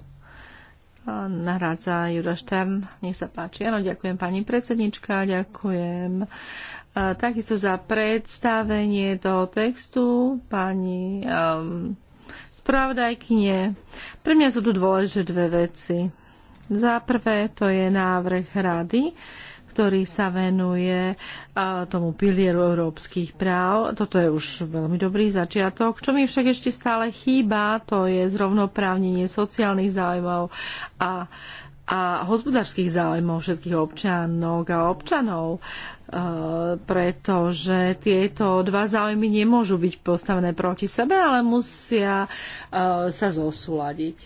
nahrádza Juda Štern. Nech sa páči. Áno, ďakujem pani predsednička, ďakujem e, takisto za predstavenie toho textu pani um, spravodajkyne. Pre mňa sú tu dôležité dve veci. Za prvé to je návrh rady, ktorý sa venuje tomu pilieru európskych práv. Toto je už veľmi dobrý začiatok. Čo mi však ešte stále chýba, to je zrovnoprávnenie sociálnych záujmov a a hospodárskych záujmov všetkých občanok a občanov, pretože tieto dva záujmy nemôžu byť postavené proti sebe, ale musia sa zosúladiť.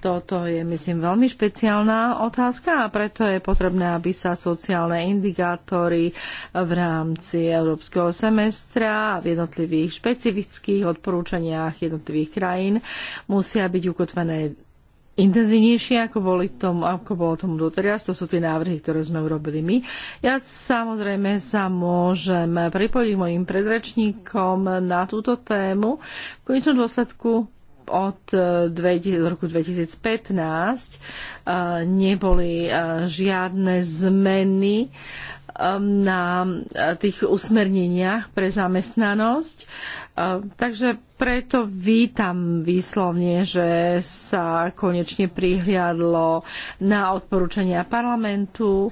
Toto je, myslím, veľmi špeciálna otázka a preto je potrebné, aby sa sociálne indikátory v rámci európskeho semestra a v jednotlivých špecifických odporúčaniach jednotlivých krajín musia byť ukotvené intenzívnejšie, ako, boli tomu, ako bolo tomu doteraz. To sú tie návrhy, ktoré sme urobili my. Ja samozrejme sa môžem pripojiť mojim predrečníkom na túto tému. V konečnom dôsledku E, od roku 2015 e, neboli e, žiadne zmeny na tých usmerneniach pre zamestnanosť. Takže preto vítam výslovne, že sa konečne prihliadlo na odporúčania parlamentu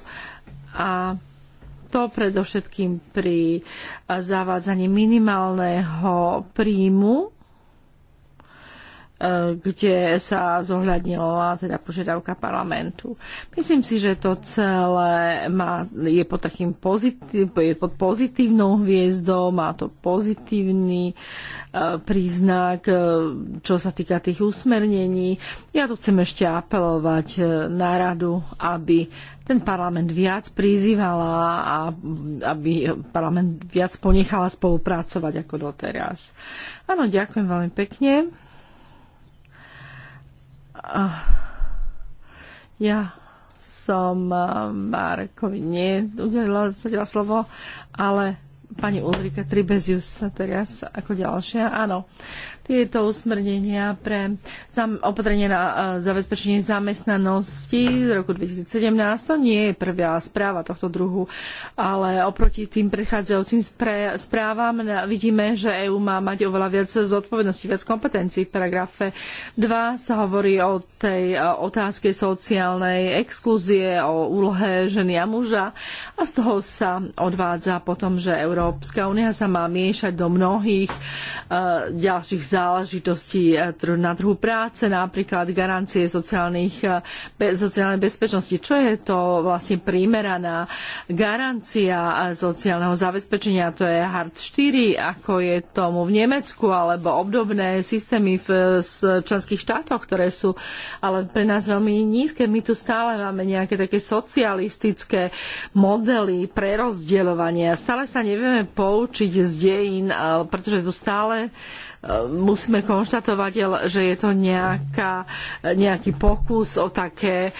a to predovšetkým pri zavádzaní minimálneho príjmu kde sa zohľadnila teda požiadavka parlamentu. Myslím si, že to celé má, je pod takým pozitív, je pod pozitívnou hviezdou, má to pozitívny e, príznak, e, čo sa týka tých usmernení. Ja tu chcem ešte apelovať e, na radu, aby ten parlament viac prizývala a aby parlament viac ponechala spolupracovať ako doteraz. Áno, ďakujem veľmi pekne. Ah. Ja som eh, Markovi neudelila zatiaľ slovo, ale pani Ulrika Tribezius teraz ako ďalšia. Áno, tieto usmernenia pre opatrenie na zabezpečenie zamestnanosti z roku 2017 to nie je prvá správa tohto druhu, ale oproti tým predchádzajúcim správam vidíme, že EÚ má mať oveľa viac zodpovedností, viac kompetencií. V paragrafe 2 sa hovorí o tej otázke sociálnej exkluzie, o úlohe ženy a muža a z toho sa odvádza potom, že Európska únia sa má miešať do mnohých uh, ďalších záležitosti e, na trhu práce, napríklad garancie sociálnych, e, sociálnej bezpečnosti. Čo je to vlastne primeraná garancia e, sociálneho zabezpečenia? To je Hard 4, ako je tomu v Nemecku, alebo obdobné systémy v členských štátoch, ktoré sú ale pre nás veľmi nízke. My tu stále máme nejaké také socialistické modely prerozdeľovania. Stále sa nevieme poučiť z dejín, pretože tu stále musíme konštatovať, že je to nejaká, nejaký pokus o také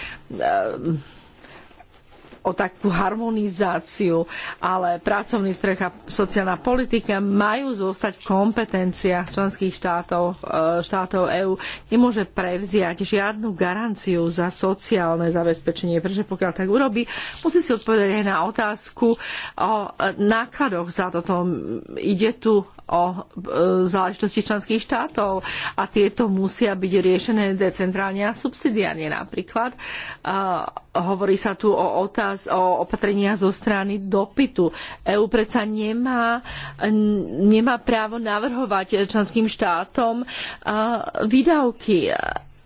o takú harmonizáciu, ale pracovný trh a sociálna politika majú zostať v kompetenciách členských štátov, e, štátov EÚ. Nemôže prevziať žiadnu garanciu za sociálne zabezpečenie, pretože pokiaľ tak urobí, musí si odpovedať aj na otázku o e, nákladoch za toto. Ide tu o e, záležitosti členských štátov a tieto musia byť riešené decentrálne a subsidiárne napríklad. Hovorí sa tu o otázku teraz o opatrenia zo strany dopytu. EÚ predsa nemá, nemá právo navrhovať členským štátom výdavky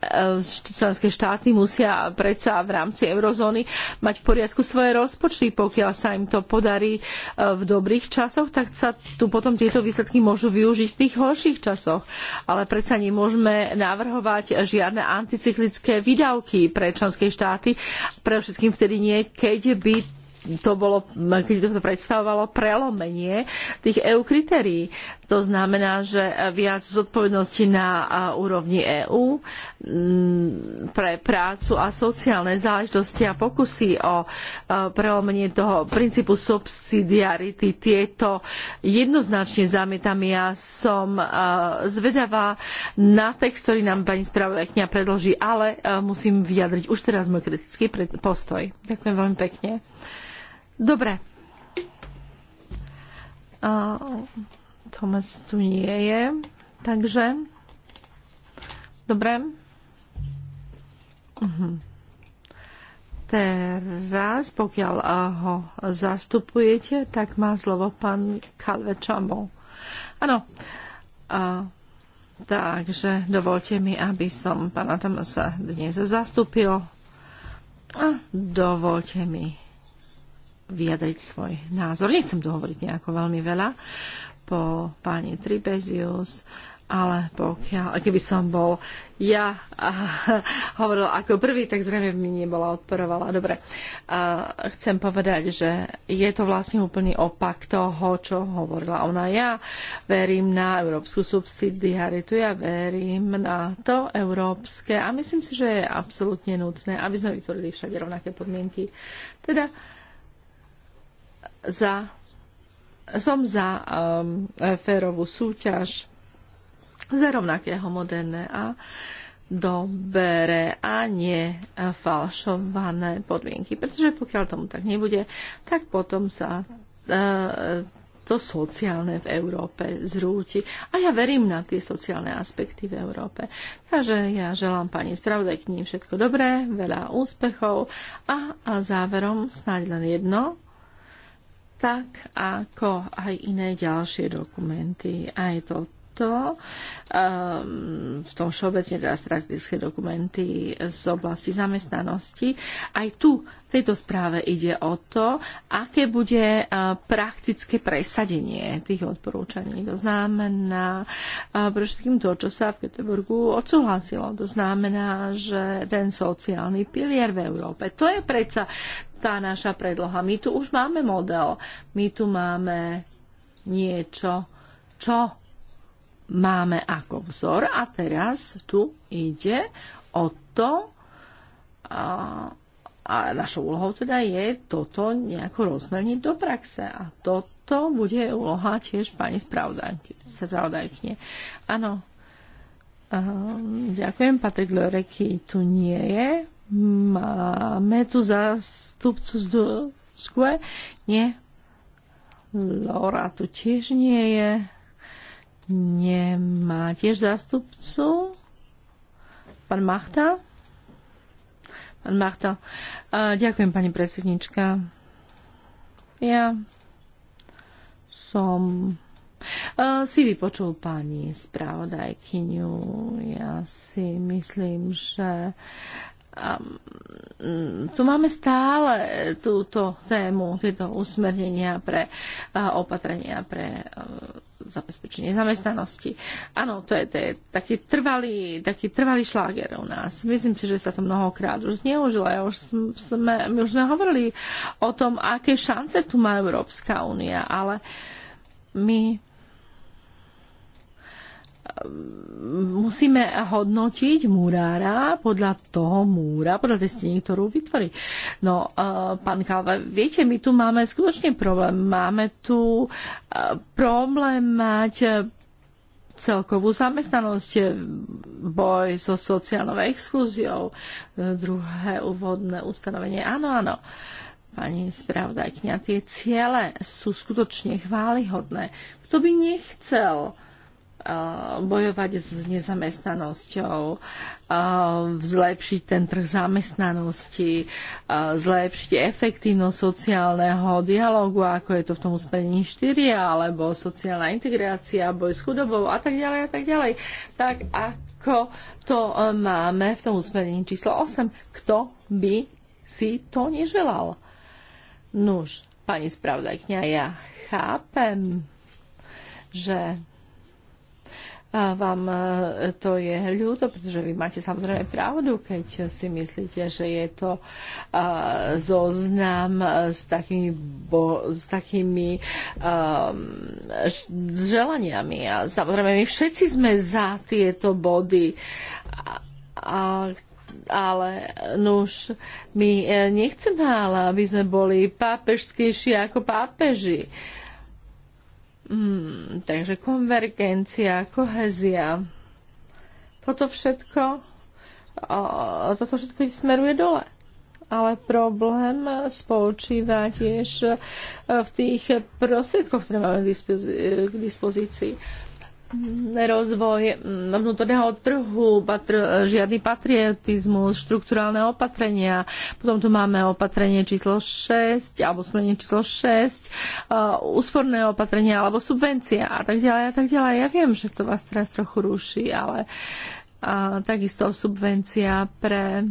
E, členské štáty musia predsa v rámci eurozóny mať v poriadku svoje rozpočty. Pokiaľ sa im to podarí e, v dobrých časoch, tak sa tu potom tieto výsledky môžu využiť v tých horších časoch. Ale predsa nemôžeme navrhovať žiadne anticyklické výdavky pre členské štáty, pre všetkým vtedy nie, keď by to bolo, keď to predstavovalo prelomenie tých EU kritérií. To znamená, že viac zodpovednosti na úrovni EÚ pre prácu a sociálne záležitosti a pokusy o prelomenie toho princípu subsidiarity tieto jednoznačne zamietam. Ja som zvedavá na text, ktorý nám pani spravodajkňa predloží, ale musím vyjadriť už teraz môj kritický postoj. Ďakujem veľmi pekne. Dobre. A, Thomas tu nie je, takže... Dobre. Uh-huh. Teraz, pokiaľ ho zastupujete, tak má slovo pán Kalve Čambo. Áno. takže dovolte mi, aby som pána Tomasa dnes zastúpil. A dovolte mi vyjadriť svoj názor. Nechcem tu hovoriť nejako veľmi veľa po páni Tribezius, ale pokiaľ, keby som bol ja a, hovoril ako prvý, tak zrejme by mi nebola odporovala. Dobre, a, chcem povedať, že je to vlastne úplný opak toho, čo hovorila ona. Ja verím na európsku subsidiaritu, ja verím na to európske a myslím si, že je absolútne nutné, aby sme vytvorili všade rovnaké podmienky. Teda za, som za um, férovú súťaž za rovnakého moderné a dobere a nie falšované podmienky. Pretože pokiaľ tomu tak nebude, tak potom sa e, to sociálne v Európe zrúti. A ja verím na tie sociálne aspekty v Európe. Takže ja želám pani spravodajkyni všetko dobré, veľa úspechov a, a záverom snáď len jedno tak ako aj iné ďalšie dokumenty. Aj to to ehm, v tom všeobecne teda strategické dokumenty z oblasti zamestnanosti. Aj tu v tejto správe ide o to, aké bude eh, praktické presadenie tých odporúčaní. To znamená eh, pre všetkým to, čo sa v Göteborgu odsúhlasilo. To znamená, že ten sociálny pilier v Európe, to je predsa tá naša predloha. My tu už máme model, my tu máme niečo, čo máme ako vzor a teraz tu ide o to, a, a našou úlohou teda je toto nejako rozmeniť do praxe a toto bude úloha tiež pani spravodajkne. Áno, ehm, ďakujem, Patrik Loreky tu nie je. Máme tu zastupcu z Skue? Nie. Laura tu tiež nie je nemá tiež zástupcu. Pán Machta? Pán Machta. Ďakujem, pani predsednička. Ja som si vypočul pani správodajkyňu. Ja si myslím, že tu máme stále túto tému, tieto usmernenia pre opatrenia pre e, zabezpečenie zamestnanosti. Áno, to je, to je taký, trvalý, taký trvalý šláger u nás. Myslím si, že sa to mnohokrát už zneužilo. Ja už sme, my už sme hovorili o tom, aké šance tu má Európska únia, ale my musíme hodnotiť murára podľa toho múra, podľa tej steny, ktorú vytvorí. No, pán Kalva, viete, my tu máme skutočný problém. Máme tu problém mať e, celkovú zamestnanosť, boj so sociálnou exkluziou, e, druhé úvodné ustanovenie. Áno, áno. Pani spravodajkňa, tie ciele sú skutočne chválihodné. Kto by nechcel uh, Uh, bojovať s nezamestnanosťou, uh, zlepšiť ten trh zamestnanosti, uh, zlepšiť efektívnosť sociálneho dialogu, ako je to v tom usmernení 4, alebo sociálna integrácia, boj s chudobou a tak ďalej a tak ďalej. Tak ako to máme v tom usmernení číslo 8, kto by si to neželal? Nuž, pani spravodajkňa, ja chápem, že vám e, to je ľúto, pretože vy máte samozrejme pravdu, keď si myslíte, že je to e, zoznam e, s takými, bo, s takými um, želaniami. A samozrejme, my všetci sme za tieto body, a, a, ale nuž, my nechceme, ale aby sme boli pápežskejší ako pápeži. Uh, Mm, takže konvergencia, kohezia, toto všetko, o, toto všetko smeruje dole. Ale problém spočíva tiež v tých prostriedkoch, ktoré máme k dispozícii rozvoj mm, vnútorného trhu, patr, žiadny patriotizmus, štruktúrálne opatrenia. Potom tu máme opatrenie číslo 6, alebo smerenie číslo 6, uh, úsporné opatrenia, alebo subvencia a tak ďalej a tak ďalej. Ja viem, že to vás teraz trochu ruší, ale uh, takisto subvencia pre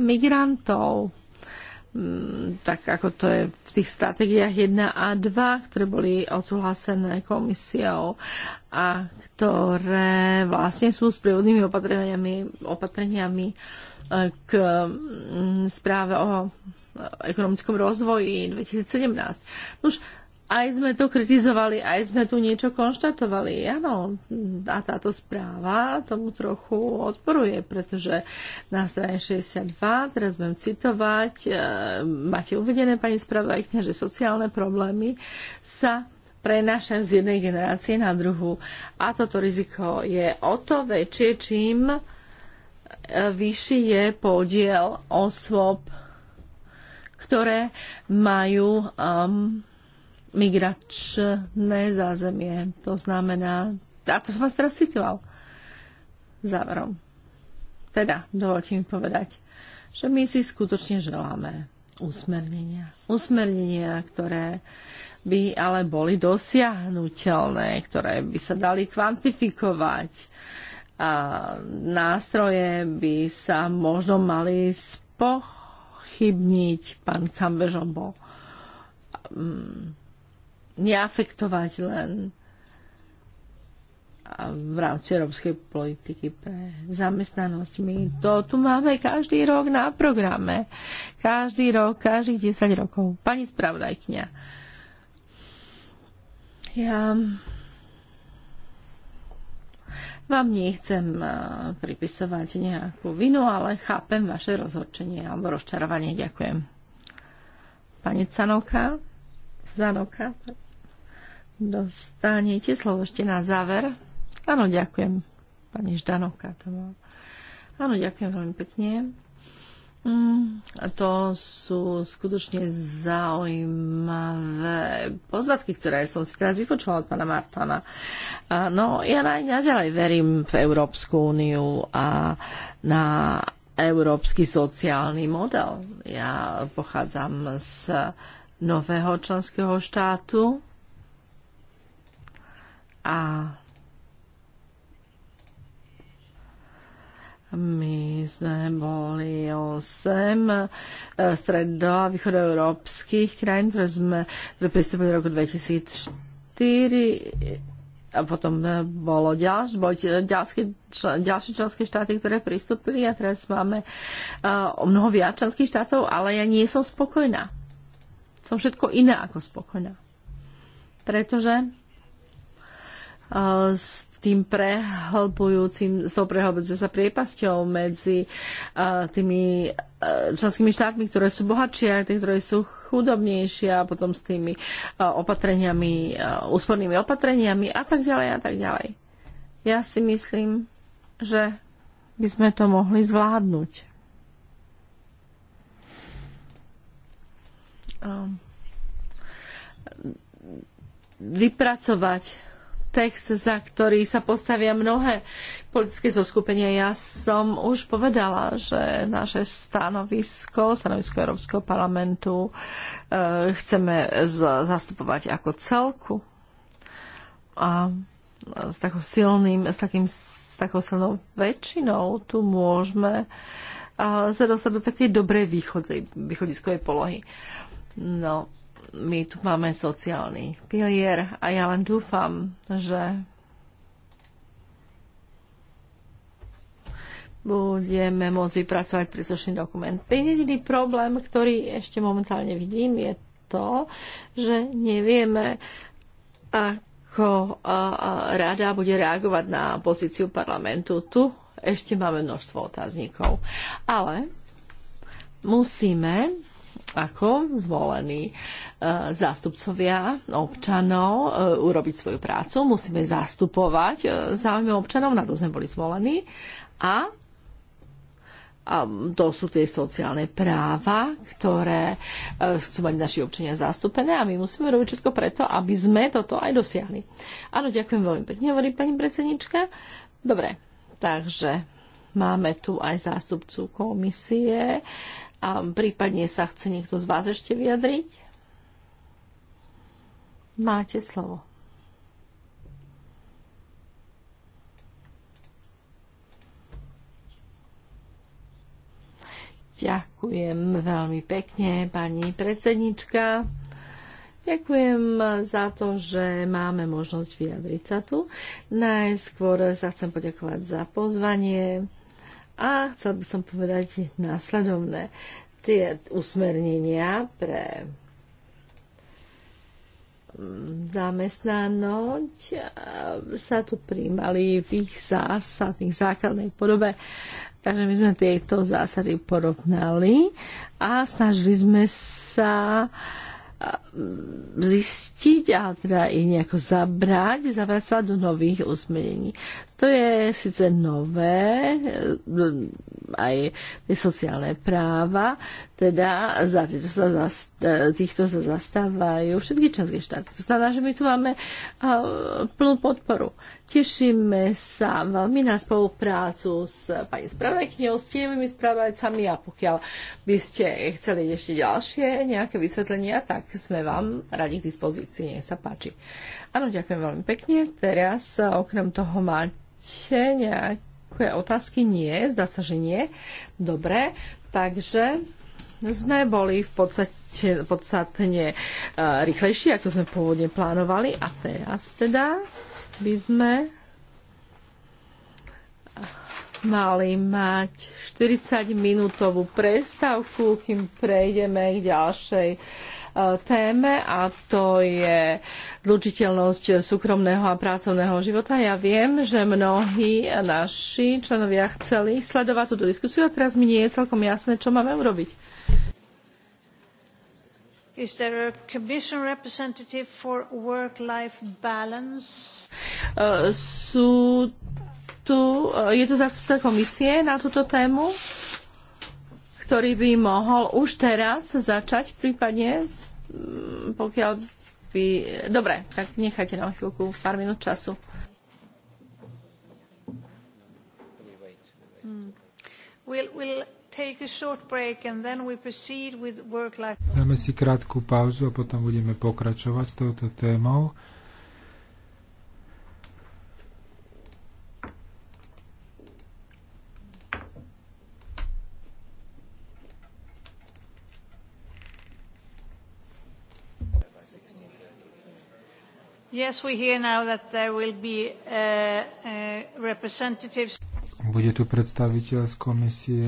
migrantov Mm, tak ako to je v tých stratégiách 1 a 2, ktoré boli odsúhlasené komisiou a ktoré vlastne sú s prírodnými opatreniami, opatreniami e, k mm, správe o ekonomickom rozvoji 2017. Nož, aj sme to kritizovali, aj sme tu niečo konštatovali. Áno, a táto správa tomu trochu odporuje, pretože na strane 62, teraz budem citovať, e, máte uvedené, pani spravodajkňa, že sociálne problémy sa prenášajú z jednej generácie na druhú. A toto riziko je o to väčšie, čím e, vyšší je podiel osôb, ktoré majú um, migračné zázemie. To znamená, a to som vás teraz citoval záverom. Teda, dovolte mi povedať, že my si skutočne želáme usmernenia. Usmernenia, ktoré by ale boli dosiahnutelné, ktoré by sa dali kvantifikovať. A nástroje by sa možno mali spochybniť, pán Kambežombo. Mm, neafektovať len v rámci európskej politiky pre zamestnanosť. My to tu máme každý rok na programe. Každý rok, každých 10 rokov. Pani spravodajkňa. Ja vám nechcem pripisovať nejakú vinu, ale chápem vaše rozhorčenie alebo rozčarovanie. Ďakujem. Pani Canoka? Zanoka? Dostanete slovo ešte na záver. Áno, ďakujem. Pani Ždanovka to má. Áno, ďakujem veľmi pekne. Mm, a to sú skutočne zaujímavé poznatky, ktoré som si teraz vypočula od pána Martana. A, no, ja aj naďalej verím v Európsku úniu a na európsky sociálny model. Ja pochádzam z nového členského štátu, a My sme boli osem eh, stredo- a východoeurópskych krajín, ktoré sme pristúpili v roku 2004 a potom eh, bolo ďalš, boli ďalšie, ďalšie členské štáty, ktoré pristúpili a teraz máme eh, o mnoho viac členských štátov, ale ja nie som spokojná. Som všetko iné ako spokojná. Pretože s tým prehlbujúcim, s tou prehlbujúcim sa priepasťou medzi tými členskými štátmi, ktoré sú bohatšie a tie, ktoré sú chudobnejšie a potom s tými opatreniami, úspornými opatreniami a tak ďalej a tak ďalej. Ja si myslím, že by sme to mohli zvládnuť. Vypracovať text, za ktorý sa postavia mnohé politické zoskupenia. Ja som už povedala, že naše stanovisko, stanovisko Európskeho parlamentu e, chceme z, zastupovať ako celku. A s, takou silným, s, takým, s takou silnou väčšinou tu môžeme e, sa dostať do takej dobrej východiskovej polohy. No, my tu máme sociálny pilier a ja len dúfam, že budeme môcť vypracovať príslušný dokument. Jediný problém, ktorý ešte momentálne vidím, je to, že nevieme, ako rada bude reagovať na pozíciu parlamentu. Tu ešte máme množstvo otáznikov. Ale musíme ako zvolení e, zástupcovia občanov e, urobiť svoju prácu. Musíme zastupovať e, záujmy občanov, na to sme boli zvolení. A a to sú tie sociálne práva, ktoré chcú mať naši občania zastúpené a my musíme robiť všetko preto, aby sme toto aj dosiahli. Áno, ďakujem veľmi pekne, hovorí pani predsednička. Dobre, takže máme tu aj zástupcu komisie. A prípadne sa chce niekto z vás ešte vyjadriť? Máte slovo. Ďakujem veľmi pekne, pani predsednička. Ďakujem za to, že máme možnosť vyjadriť sa tu. Najskôr sa chcem poďakovať za pozvanie a chcel by som povedať následovné. Tie usmernenia pre mm, zamestnanosť eh, sa tu príjmali v ich zásadných základnej podobe. Takže my sme tieto zásady porovnali a snažili sme sa uh, zistiť a teda i nejako zabrať, zavracovať do nových usmerení. To je síce nové, e, aj tie sociálne práva, teda za e, týchto sa, zast, týchto sa zastávajú všetky členské štáty. To znamená, že my tu máme e, plnú podporu. Tešíme sa veľmi na spoluprácu s pani spravodajkyňou, s tými spravodajcami a pokiaľ by ste chceli ešte ďalšie nejaké vysvetlenia, tak sme vám radi k dispozícii. Nech sa páči. Áno, ďakujem veľmi pekne. Teraz okrem toho máte nejaké otázky? Nie, zdá sa, že nie. Dobre, takže sme boli v podstate podstatne eh, rýchlejší, ako sme pôvodne plánovali a teraz teda by sme mali mať 40-minútovú prestávku, kým prejdeme k ďalšej e, téme a to je zlučiteľnosť súkromného a pracovného života. Ja viem, že mnohí naši členovia chceli sledovať túto diskusiu a teraz mi nie je celkom jasné, čo máme urobiť. Is there a commission representative for work-life balance? Uh, sú tu, uh, je tu zástupca komisie na túto tému, ktorý by mohol už teraz začať prípadne, mm, pokiaľ by... Dobre, tak nechajte nám chvíľku, pár minút času. Hmm. We'll, we'll Dáme si krátku pauzu a potom budeme pokračovať s touto témou. Yes, we hear now that there will be uh, uh, representatives. Bude tu predstaviteľ z komisie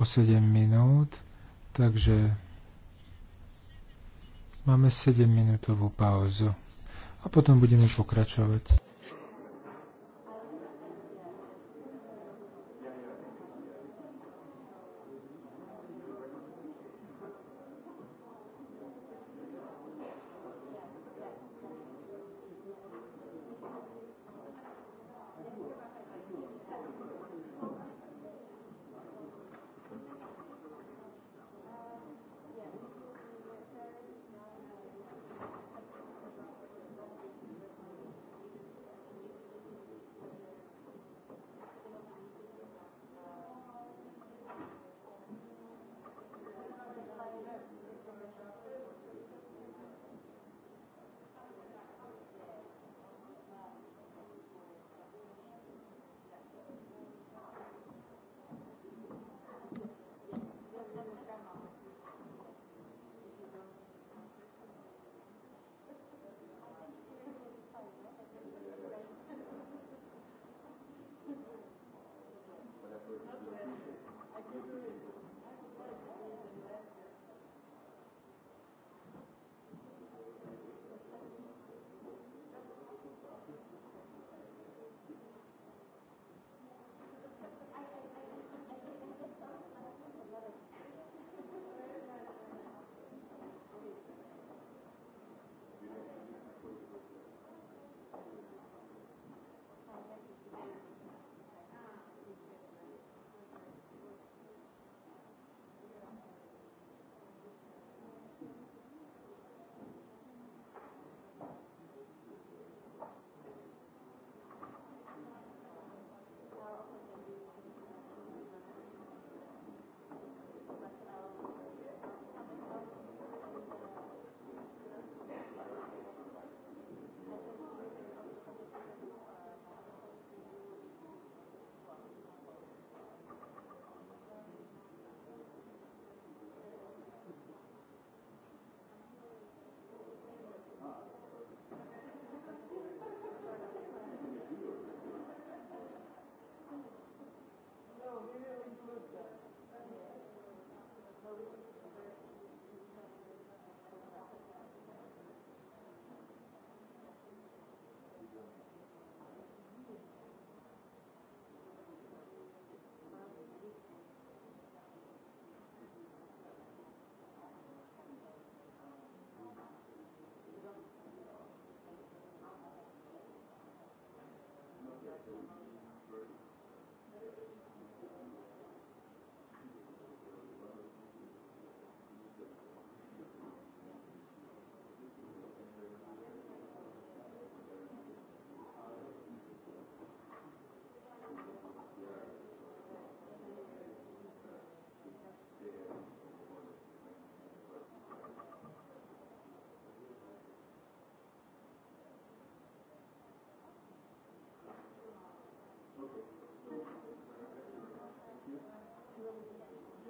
o 7 minút, takže máme 7 minútovú pauzu a potom budeme pokračovať.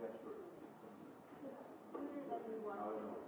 Yeah, sure.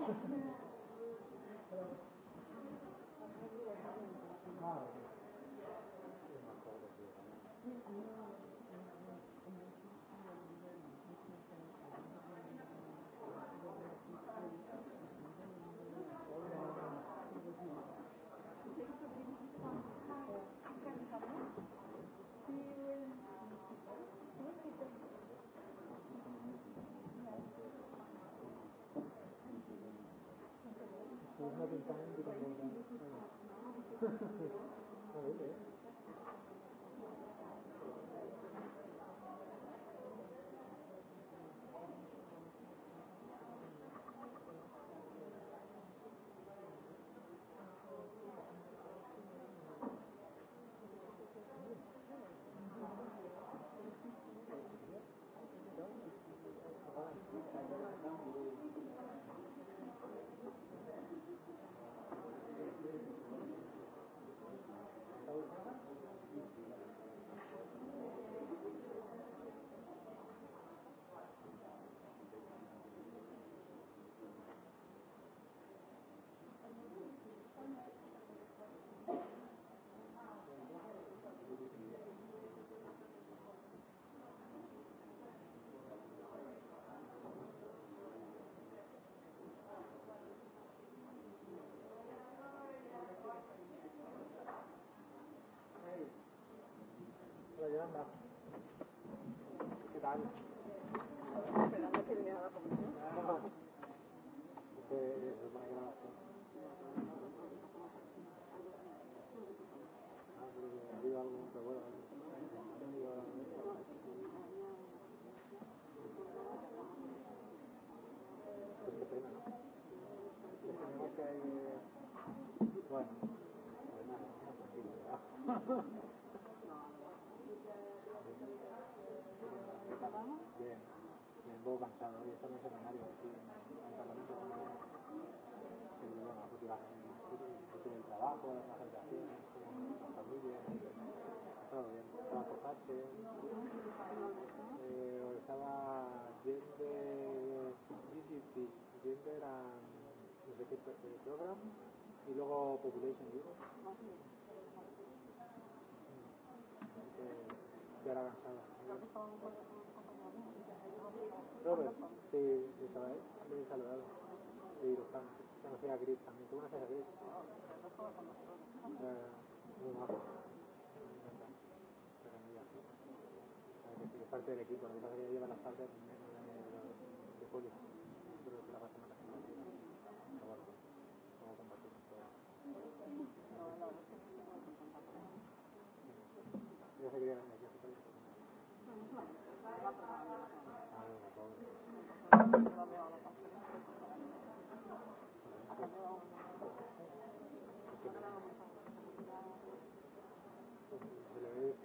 Thank you. esperando. ¿Qué Bien, bien, un poco cansado. en no Canarias, aquí en, el Parlamento. Pero bueno, pues la cuestión del trabajo, la familia, todo bien. Estaba por parte. Eh, estaba yendo GGP, yendo era no sé qué program y luego Population Europe. Mm. Ya era cansado. Robert, sí, estaba Sabadell, le he saludado. Conocí a Gris también. ¿Tú conoces a Gris? Eh, muy guapo. Pero Es parte del equipo. Lo lleva las partes de, de, de, de, de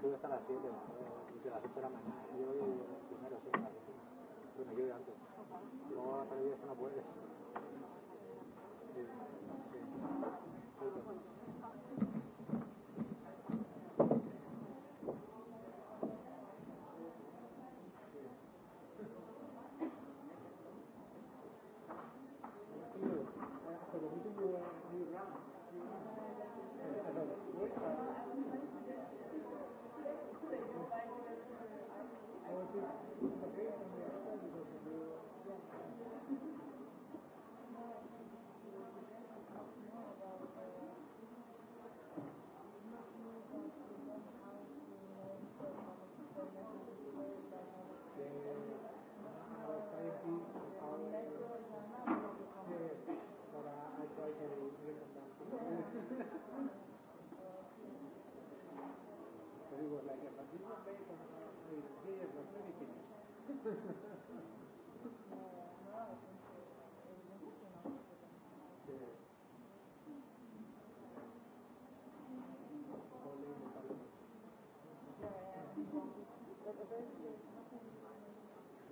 Estuve hasta las 7, desde las 8 de la mañana. Yo voy primero, sí, a la oficina. antes. Luego la tarde ya no puedes.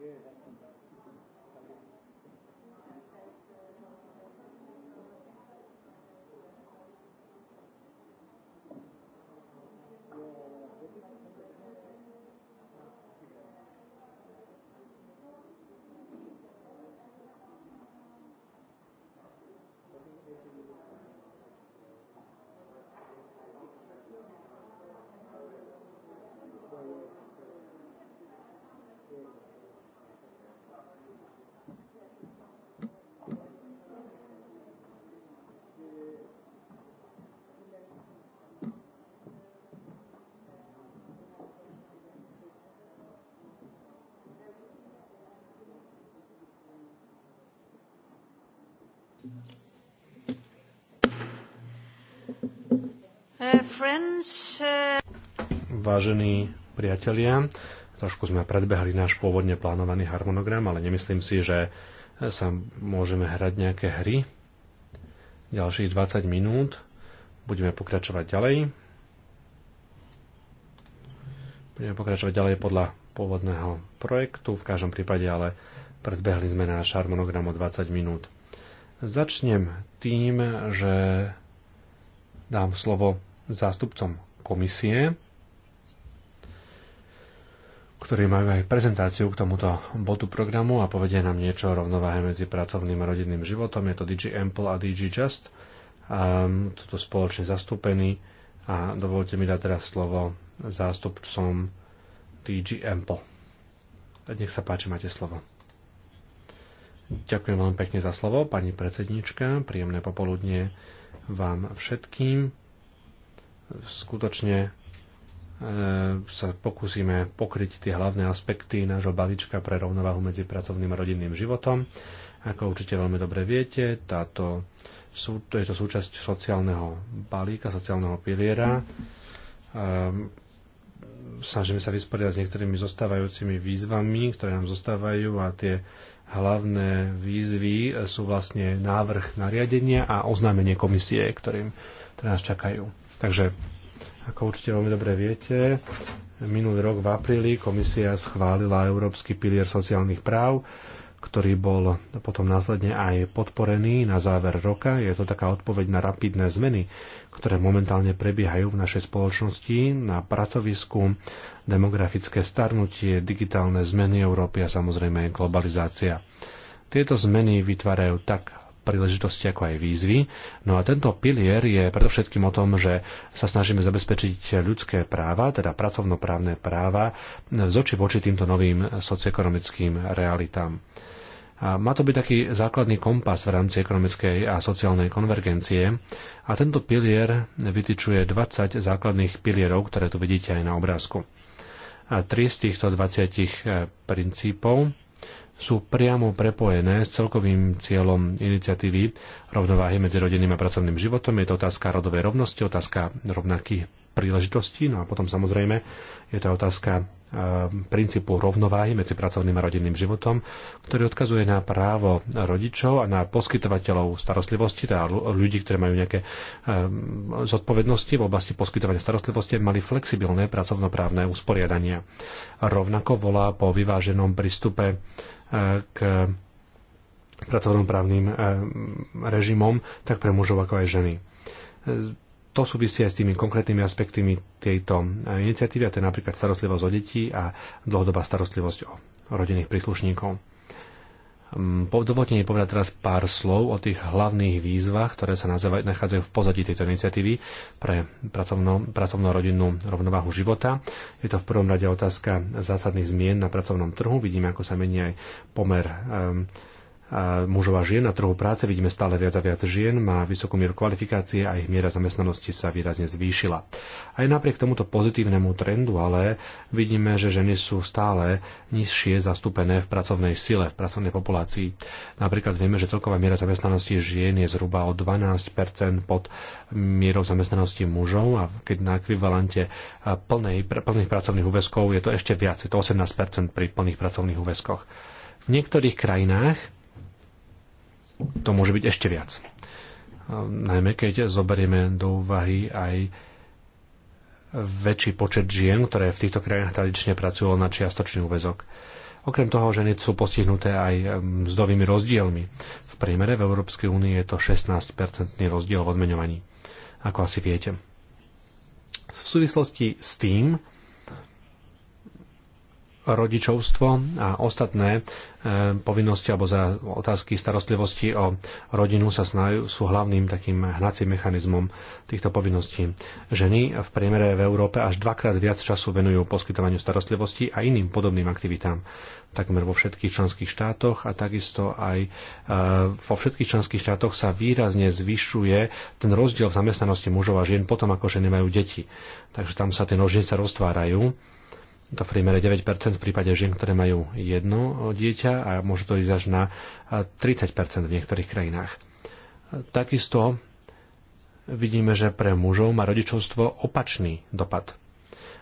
Yeah, that's Uh, uh, Vážení priatelia, trošku sme predbehli náš pôvodne plánovaný harmonogram, ale nemyslím si, že sa môžeme hrať nejaké hry. Ďalších 20 minút budeme pokračovať ďalej. Budeme pokračovať ďalej podľa pôvodného projektu, v každom prípade ale predbehli sme náš harmonogram o 20 minút. Začnem tým, že dám slovo zástupcom komisie, ktorí majú aj prezentáciu k tomuto bodu programu a povedia nám niečo o rovnováhe medzi pracovným a rodinným životom. Je to DG Ample a DG Just. Um, ehm, toto spoločne zastúpení a dovolte mi dať teraz slovo zástupcom DG Ample. Nech sa páči, máte slovo. Ďakujem veľmi pekne za slovo, pani predsednička. Príjemné popoludnie vám všetkým. Skutočne e, sa pokúsime pokryť tie hlavné aspekty nášho balíčka pre rovnováhu medzi pracovným a rodinným životom. Ako určite veľmi dobre viete, táto, sú, to je to súčasť sociálneho balíka, sociálneho piliera. E, snažíme sa vysporiadať s niektorými zostávajúcimi výzvami, ktoré nám zostávajú a tie Hlavné výzvy sú vlastne návrh nariadenia a oznámenie komisie, ktorým teraz čakajú. Takže, ako určite veľmi dobre viete, minulý rok v apríli komisia schválila Európsky pilier sociálnych práv, ktorý bol potom následne aj podporený na záver roka. Je to taká odpoveď na rapidné zmeny, ktoré momentálne prebiehajú v našej spoločnosti, na pracovisku, demografické starnutie, digitálne zmeny Európy a samozrejme globalizácia. Tieto zmeny vytvárajú tak príležitosti ako aj výzvy. No a tento pilier je predovšetkým o tom, že sa snažíme zabezpečiť ľudské práva, teda pracovnoprávne práva, z oči voči týmto novým socioekonomickým realitám. A má to byť taký základný kompas v rámci ekonomickej a sociálnej konvergencie a tento pilier vytyčuje 20 základných pilierov, ktoré tu vidíte aj na obrázku. Tri z týchto 20 e, princípov sú priamo prepojené s celkovým cieľom iniciatívy rovnováhy medzi rodinným a pracovným životom. Je to otázka rodovej rovnosti, otázka rovnakých príležitostí, no a potom samozrejme je to otázka Eh, princípu rovnováhy medzi pracovným a rodinným životom, ktorý odkazuje na právo rodičov a na poskytovateľov starostlivosti, teda ľudí, ktorí majú nejaké eh, zodpovednosti v oblasti poskytovania starostlivosti, mali flexibilné pracovnoprávne usporiadania. Rovnako volá po vyváženom prístupe eh, k pracovnoprávnym režimom, tak pre mužov ako aj ženy to súvisí aj s tými konkrétnymi aspektmi tejto e, iniciatívy, a to je napríklad starostlivosť o deti a dlhodobá starostlivosť o rodinných príslušníkov. Mm, dovolte mi povedať teraz pár slov o tých hlavných výzvach, ktoré sa nachádzajú v pozadí tejto iniciatívy pre pracovno, pracovno-rodinnú rovnováhu života. Je to v prvom rade otázka zásadných zmien na pracovnom trhu. Vidíme, ako sa mení aj pomer um, mužov a žien na trhu práce. Vidíme stále viac a viac žien, má vysokú mieru kvalifikácie a ich miera zamestnanosti sa výrazne zvýšila. Aj napriek tomuto pozitívnemu trendu ale vidíme, že ženy sú stále nižšie zastúpené v pracovnej sile, v pracovnej populácii. Napríklad vieme, že celková miera zamestnanosti žien je zhruba o 12 pod mierou zamestnanosti mužov a keď na ekvivalente plnej, plných pracovných úväzkov je to ešte viac, je to 18 pri plných pracovných úväzkoch. V niektorých krajinách to môže byť ešte viac. Ehm, najmä keď zoberieme do úvahy aj väčší počet žien, ktoré v týchto krajinách tradične pracujú na čiastočný úvezok. Okrem toho, ženy sú postihnuté aj ehm, mzdovými rozdielmi. V priemere v Európskej únii je to 16-percentný rozdiel v odmeňovaní, ako asi viete. V súvislosti s tým, rodičovstvo a ostatné e, povinnosti alebo za otázky starostlivosti o rodinu sa snajú, sú hlavným takým hnacím mechanizmom týchto povinností. Ženy v priemere v Európe až dvakrát viac času venujú poskytovaniu starostlivosti a iným podobným aktivitám takmer vo všetkých členských štátoch a takisto aj e, vo všetkých členských štátoch sa výrazne zvyšuje ten rozdiel v zamestnanosti mužov a žien potom, ako ženy majú deti. Takže tam sa tie nožnice roztvárajú to v priemere 9% v prípade žien, ktoré majú jedno dieťa a môže to ísť až na 30% v niektorých krajinách. Takisto vidíme, že pre mužov má rodičovstvo opačný dopad.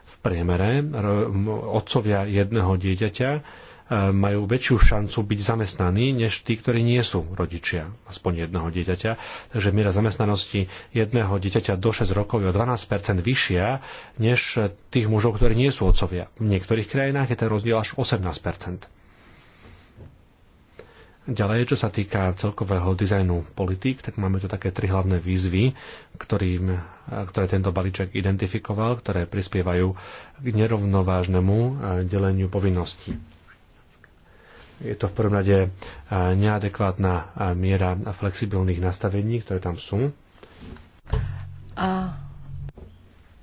V priemere otcovia jedného dieťaťa majú väčšiu šancu byť zamestnaní, než tí, ktorí nie sú rodičia, aspoň jedného dieťaťa. Takže miera zamestnanosti jedného dieťaťa do 6 rokov je o 12 vyššia, než tých mužov, ktorí nie sú otcovia. V niektorých krajinách je ten rozdiel až 18 Ďalej, čo sa týka celkového dizajnu politík, tak máme tu také tri hlavné výzvy, ktorým, ktoré tento balíček identifikoval, ktoré prispievajú k nerovnovážnemu eh, deleniu povinností je to v prvom rade e, neadekvátna e, miera flexibilných nastavení, ktoré tam sú. A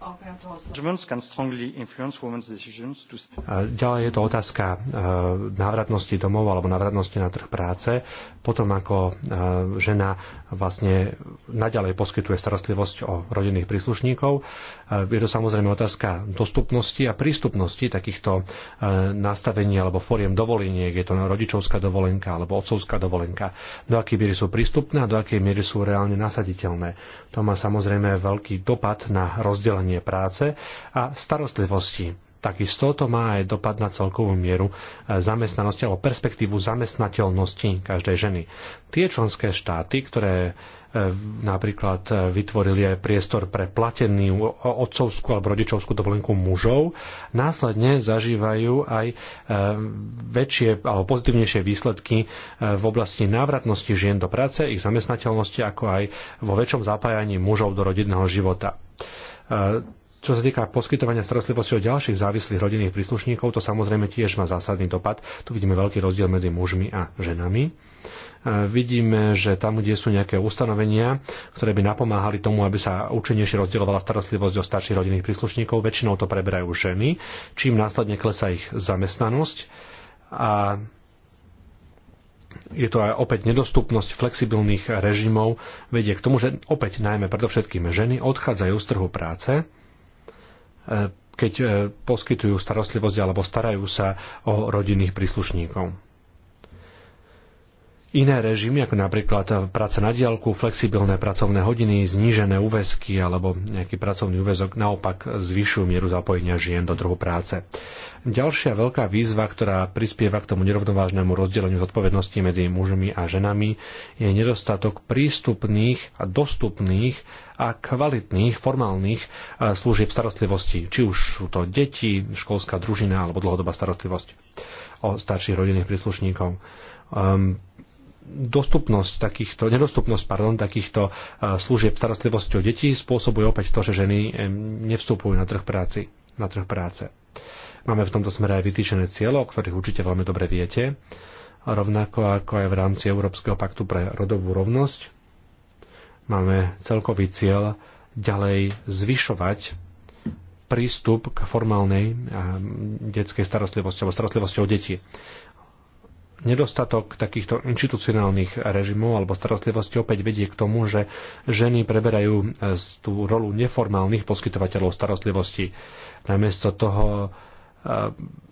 ok. Ďalej je to otázka e, návratnosti domov alebo návratnosti na trh práce. Potom ako e, žena vlastne naďalej poskytuje starostlivosť o rodinných príslušníkov. E, je to samozrejme otázka dostupnosti a prístupnosti takýchto nastavení alebo foriem dovoleniek. Je to rodičovská dovolenka alebo otcovská dovolenka. Do akej miery sú prístupné a do akej miery sú reálne nasaditeľné. To má samozrejme veľký dopad na rozdelenie práce práce a starostlivosti. Takisto to má aj dopad na celkovú mieru e, zamestnanosti alebo perspektívu zamestnateľnosti každej ženy. Tie členské štáty, ktoré e, napríklad e, vytvorili aj priestor pre platenú otcovskú alebo rodičovskú dovolenku mužov, následne zažívajú aj väčšie alebo pozitívnejšie výsledky v oblasti návratnosti žien do práce, ich zamestnateľnosti, ako aj vo väčšom zapájaní mužov do rodinného života čo sa týka poskytovania starostlivosti o ďalších závislých rodinných príslušníkov, to samozrejme tiež má zásadný dopad. Tu vidíme veľký rozdiel medzi mužmi a ženami e, vidíme, že tam, kde sú nejaké ustanovenia, ktoré by napomáhali tomu, aby sa účinnejšie rozdielovala starostlivosť o starších rodinných príslušníkov, väčšinou to preberajú ženy, čím následne klesá ich zamestnanosť a je to aj opäť nedostupnosť flexibilných režimov, vedie k tomu, že opäť najmä predovšetkým ženy odchádzajú z trhu práce keď e, poskytujú starostlivosť alebo starajú sa o rodinných príslušníkov iné režimy, ako napríklad eh, práca na diálku, flexibilné pracovné hodiny, znížené úväzky alebo nejaký pracovný úväzok naopak zvyšujú mieru zapojenia žien do druhu práce. Ďalšia veľká výzva, ktorá prispieva k tomu nerovnovážnemu rozdeleniu zodpovedností medzi mužmi a ženami, je nedostatok prístupných a dostupných a kvalitných formálnych eh, služieb starostlivosti, či už sú to deti, školská družina alebo dlhodobá starostlivosť o starších rodinných príslušníkov. Um, dostupnosť takýchto, nedostupnosť pardon, takýchto služieb starostlivosti o deti spôsobuje opäť to, že ženy nevstupujú na trh, práci, na trh práce. Máme v tomto smere aj vytýčené cieľo, o ktorých určite veľmi dobre viete, rovnako ako aj v rámci Európskeho paktu pre rodovú rovnosť. Máme celkový cieľ ďalej zvyšovať prístup k formálnej detskej starostlivosti alebo starostlivosti o deti nedostatok takýchto inštitucionálnych režimov alebo starostlivosti opäť vedie k tomu, že ženy preberajú e, tú rolu neformálnych poskytovateľov starostlivosti. Namiesto toho e,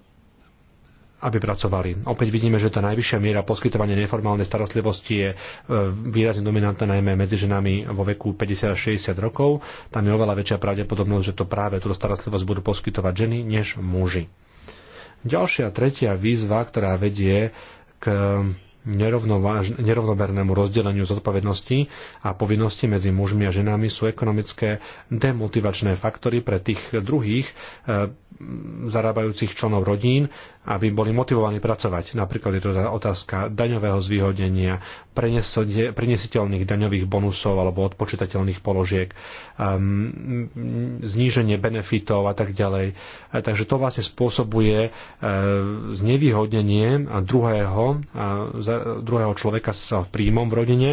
aby pracovali. Opäť vidíme, že tá najvyššia miera poskytovania neformálnej starostlivosti je e, výrazne dominantná najmä medzi ženami vo veku 50-60 rokov. Tam je oveľa väčšia pravdepodobnosť, že to práve túto starostlivosť budú poskytovať ženy než muži. Ďalšia, tretia výzva, ktorá vedie k um, nerovnobernému rozdeleniu zodpovedností a povinností medzi mužmi a ženami sú ekonomické demotivačné faktory pre tých druhých eh, zarábajúcich členov rodín, aby boli motivovaní pracovať. Napríklad je to teda otázka daňového zvýhodnenia, prenesiteľných daňových bonusov alebo odpočítateľných položiek, um, zníženie benefitov a tak ďalej. Takže to vlastne spôsobuje uh, znevýhodnenie druhého, uh, druhého človeka s príjmom v rodine.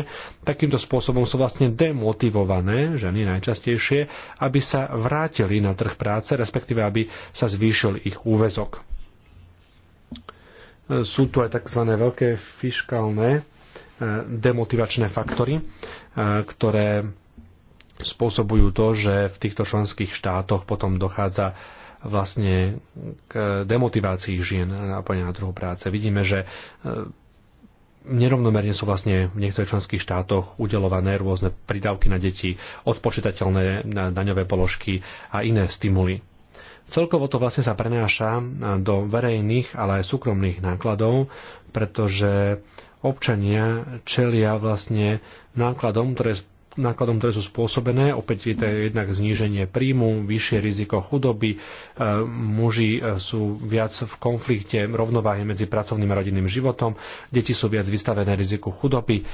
Takýmto spôsobom sú vlastne demotivované ženy najčastejšie, aby sa vrátili na trh práce, respektíve aby sa zvýšil ich úvezok. Sú tu aj tzv. veľké fiškálne e, demotivačné faktory, e, ktoré spôsobujú to, že v týchto členských štátoch potom dochádza vlastne k demotivácii žien na na trhu práce. Vidíme, že e, nerovnomerne sú vlastne v niektorých členských štátoch udelované rôzne pridávky na deti, odpočítateľné daňové položky a iné stimuly Celkovo to vlastne sa prenáša e, do verejných, ale aj súkromných nákladov, pretože občania čelia vlastne nákladom, ktoré nákladom, ktoré sú spôsobené. Opäť je to jednak zníženie príjmu, vyššie riziko chudoby, e, muži e, sú viac v konflikte rovnováhy medzi pracovným a rodinným životom, deti sú viac vystavené riziku chudoby,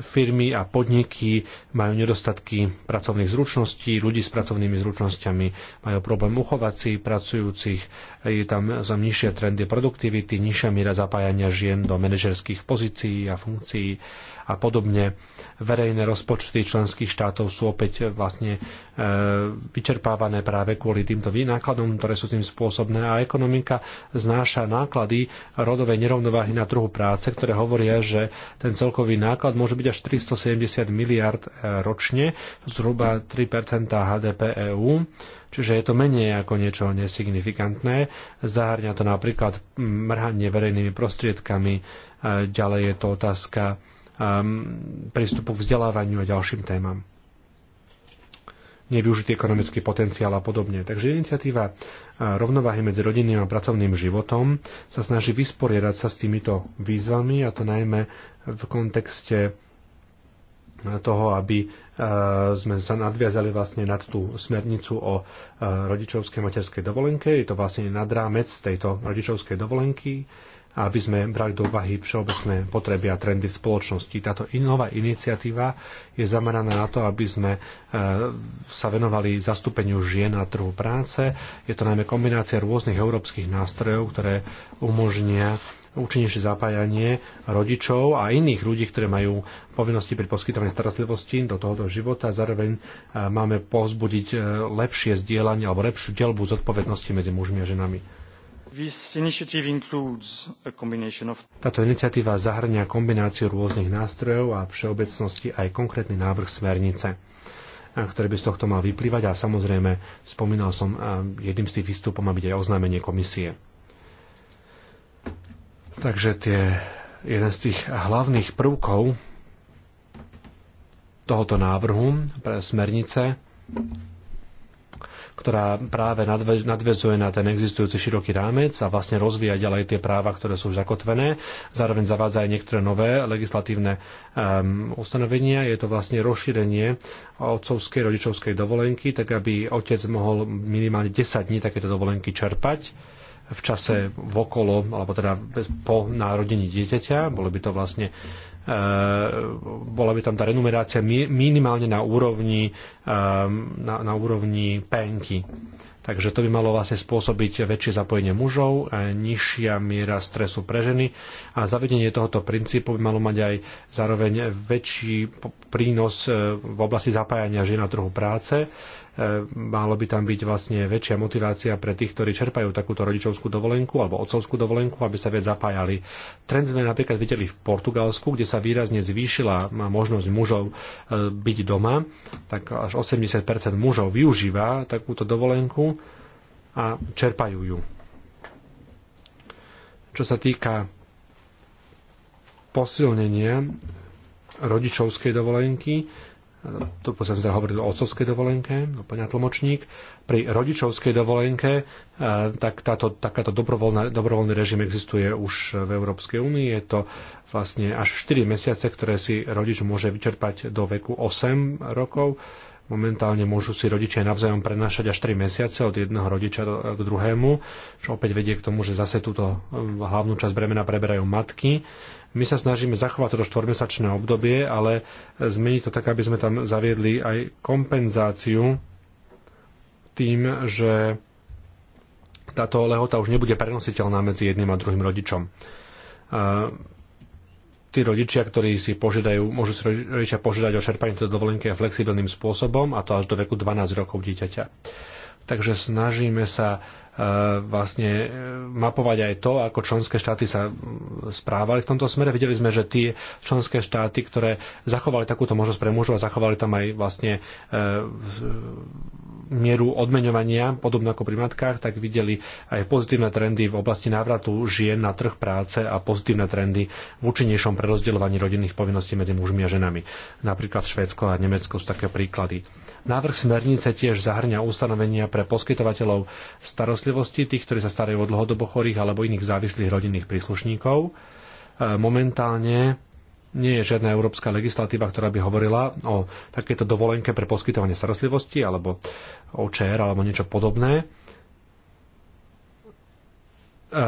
firmy a podniky majú nedostatky pracovných zručností, ľudí s pracovnými zručnosťami majú problém uchovať si pracujúcich, je tam, za nižšie trendy produktivity, nižšia miera zapájania žien do manažerských pozícií a funkcií a podobne. Verejné rozpočty členských štátov sú opäť eh, vlastne eh, vyčerpávané práve kvôli týmto výnákladom, ktoré sú tým spôsobné a ekonomika znáša náklady rodovej nerovnováhy na trhu práce, ktoré hovoria, že ten celkový náklad môže byť až 370 miliard eh, ročne, zhruba 3 HDP EÚ čiže je to menej ako niečo nesignifikantné. Zahárňa to napríklad mm, mrhanie verejnými prostriedkami, ďalej je to otázka Um, prístupu k vzdelávaniu a ďalším témam nevyužitý ekonomický potenciál a podobne. Takže iniciatíva uh, rovnováhy medzi rodinným a pracovným životom sa snaží vysporiadať sa s týmito výzvami a to najmä v kontexte uh, toho, aby uh, sme sa nadviazali vlastne nad tú smernicu o rodičovskej materskej dovolenke. Je to vlastne nad rámec tejto rodičovskej dovolenky aby sme brali do úvahy všeobecné potreby a trendy v spoločnosti. Táto nová iniciatíva je zameraná na to, aby sme e, sa venovali zastúpeniu žien na trhu práce. Je to najmä kombinácia rôznych európskych nástrojov, ktoré umožnia účinnejšie zapájanie rodičov a iných ľudí, ktoré majú povinnosti pri poskytovaní starostlivosti do tohoto života. Zároveň e, máme povzbudiť e, lepšie zdieľanie alebo lepšiu delbu zodpovednosti medzi mužmi a ženami. Táto iniciatíva zahŕňa kombináciu rôznych nástrojov a všeobecnosti aj konkrétny návrh smernice ktorý by z tohto mal vyplývať a samozrejme spomínal som, jedným z tých výstupov má byť aj oznámenie komisie. Takže tie, jeden z tých hlavných prvkov tohoto návrhu pre smernice ktorá práve nadvezuje na ten existujúci široký rámec a vlastne rozvíja ďalej tie práva, ktoré sú už zakotvené. Zároveň zavádza aj niektoré nové legislatívne um, ustanovenia. Je to vlastne rozšírenie otcovskej, rodičovskej dovolenky, tak aby otec mohol minimálne 10 dní takéto dovolenky čerpať v čase vokolo, alebo teda po narodení dieťaťa, bolo by to vlastne Eh, bola by tam tá renumerácia minimálne na úrovni, ehm, na, na úrovni penky. Takže to by malo vlastne spôsobiť väčšie zapojenie mužov, eh, nižšia miera stresu pre ženy a zavedenie tohoto princípu by malo mať aj zároveň väčší prínos eh, v oblasti zapájania žien na trhu práce malo by tam byť vlastne väčšia motivácia pre tých, ktorí čerpajú takúto rodičovskú dovolenku alebo otcovskú dovolenku, aby sa viac zapájali. Trend sme napríklad videli v Portugalsku, kde sa výrazne zvýšila možnosť mužov e, byť doma, tak až 80 mužov využíva takúto dovolenku a čerpajú ju. Čo sa týka posilnenia rodičovskej dovolenky, tu som teda hovoril o otcovskej dovolenke, plňa tlmočník, pri rodičovskej dovolenke, e, tak táto, takáto dobrovoľná, dobrovoľný režim existuje už v Európskej únii. Je to vlastne až 4 mesiace, ktoré si rodič môže vyčerpať do veku 8 rokov Momentálne môžu si rodičia navzájom prenašať až 3 mesiace od jedného rodiča k druhému, čo opäť vedie k tomu, že zase túto um, hlavnú časť bremena preberajú matky. My sa snažíme zachovať toto štvormesačné obdobie, ale zmeniť to tak, aby sme tam zaviedli aj kompenzáciu tým, že táto lehota už nebude prenositeľná medzi jedným a druhým rodičom. Uh, tí rodičia, ktorí si požiadajú, môžu si rodičia požiadať o čerpanie tejto dovolenky flexibilným spôsobom a to až do veku 12 rokov dieťaťa. Takže snažíme sa E, vlastne e, mapovať aj to, ako členské štáty sa správali v tomto smere. Videli sme, že tie členské štáty, ktoré zachovali takúto možnosť pre mužov a zachovali tam aj vlastne e, mieru odmeňovania, podobne ako pri matkách, tak videli aj pozitívne trendy v oblasti návratu žien na trh práce a pozitívne trendy v účinnejšom prerozdeľovaní rodinných povinností medzi mužmi a ženami. Napríklad Švédsko a Nemecko sú také príklady. Návrh smernice tiež zahrňa ustanovenia pre poskytovateľov starostlivosti, tých, ktorí sa starajú o dlhodobo chorých alebo iných závislých rodinných príslušníkov. E, momentálne nie je žiadna európska legislatíva, ktorá by hovorila o takéto dovolenke pre poskytovanie starostlivosti alebo o ČR alebo niečo podobné. E,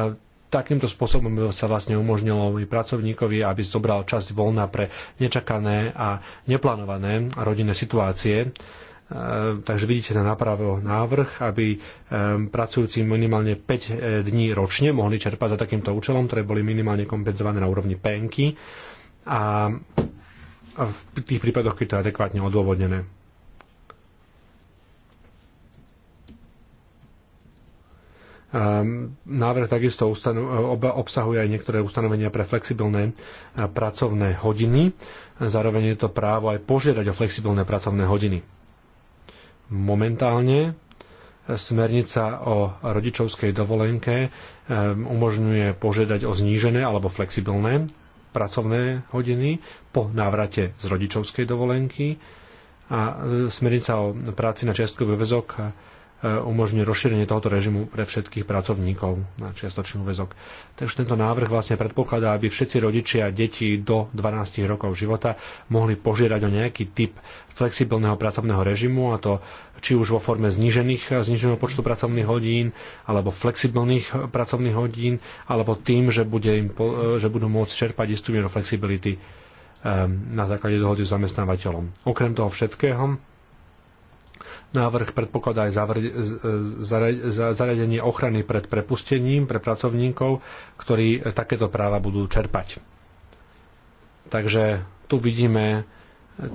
takýmto spôsobom sa vlastne umožnilo i pracovníkovi, aby zobral časť voľna pre nečakané a neplánované rodinné situácie Ehm, takže vidíte ten napravo návrh, aby ehm, pracujúci minimálne 5 e, dní ročne mohli čerpať za takýmto účelom, ktoré boli minimálne kompenzované na úrovni penky a v tých prípadoch, keď to je adekvátne odôvodnené. Ehm, návrh takisto obsahuje aj niektoré ustanovenia pre flexibilné e, pracovné hodiny. Zároveň je to právo aj požiadať o flexibilné pracovné hodiny. Momentálne smernica o rodičovskej dovolenke umožňuje požiadať o znížené alebo flexibilné pracovné hodiny po návrate z rodičovskej dovolenky a e, smernica o práci na čiastkový väzok E, umožňuje rozšírenie tohoto režimu pre všetkých pracovníkov na čiastočný úvezok. Takže tento návrh vlastne predpokladá, aby všetci rodičia detí do 12 rokov života mohli požiadať o nejaký typ flexibilného pracovného režimu a to či už vo forme znížených, zniženého počtu pracovných hodín alebo flexibilných e, pracovných hodín alebo tým, že, bude im, e, že budú môcť čerpať istú mieru flexibility na základe dohody s zamestnávateľom. Okrem toho všetkého, Návrh predpokladá aj zariadenie ochrany pred prepustením pre pracovníkov, ktorí takéto práva budú čerpať. Takže tu vidíme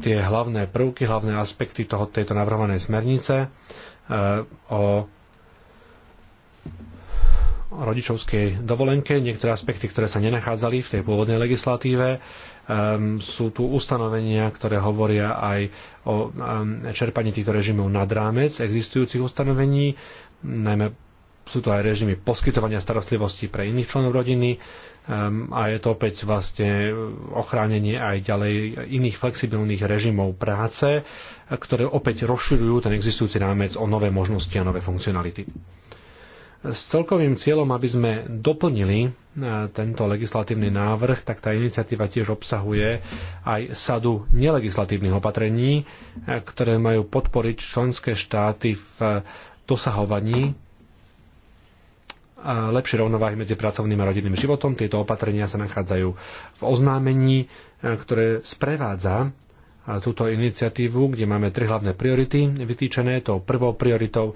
tie hlavné prvky, hlavné aspekty toho, tejto navrhovanej smernice e, o rodičovskej dovolenke, niektoré aspekty, ktoré sa nenachádzali v tej pôvodnej legislatíve. Ehm, sú tu ustanovenia, ktoré hovoria aj o ehm, čerpaní týchto režimov nad rámec existujúcich ustanovení, najmä sú to aj režimy poskytovania starostlivosti pre iných členov rodiny ehm, a je to opäť vlastne ochránenie aj ďalej iných flexibilných režimov práce, ktoré opäť rozširujú ten existujúci rámec o nové možnosti a nové funkcionality. S celkovým cieľom, aby sme doplnili e, tento legislatívny návrh, tak tá iniciatíva tiež obsahuje aj sadu nelegislatívnych opatrení, e, ktoré majú podporiť členské štáty v e, dosahovaní lepšie rovnováhy medzi pracovným a rodinným životom. Tieto opatrenia sa nachádzajú v oznámení, ktoré sprevádza túto iniciatívu, kde máme tri hlavné priority vytýčené. Tou prvou prioritou e,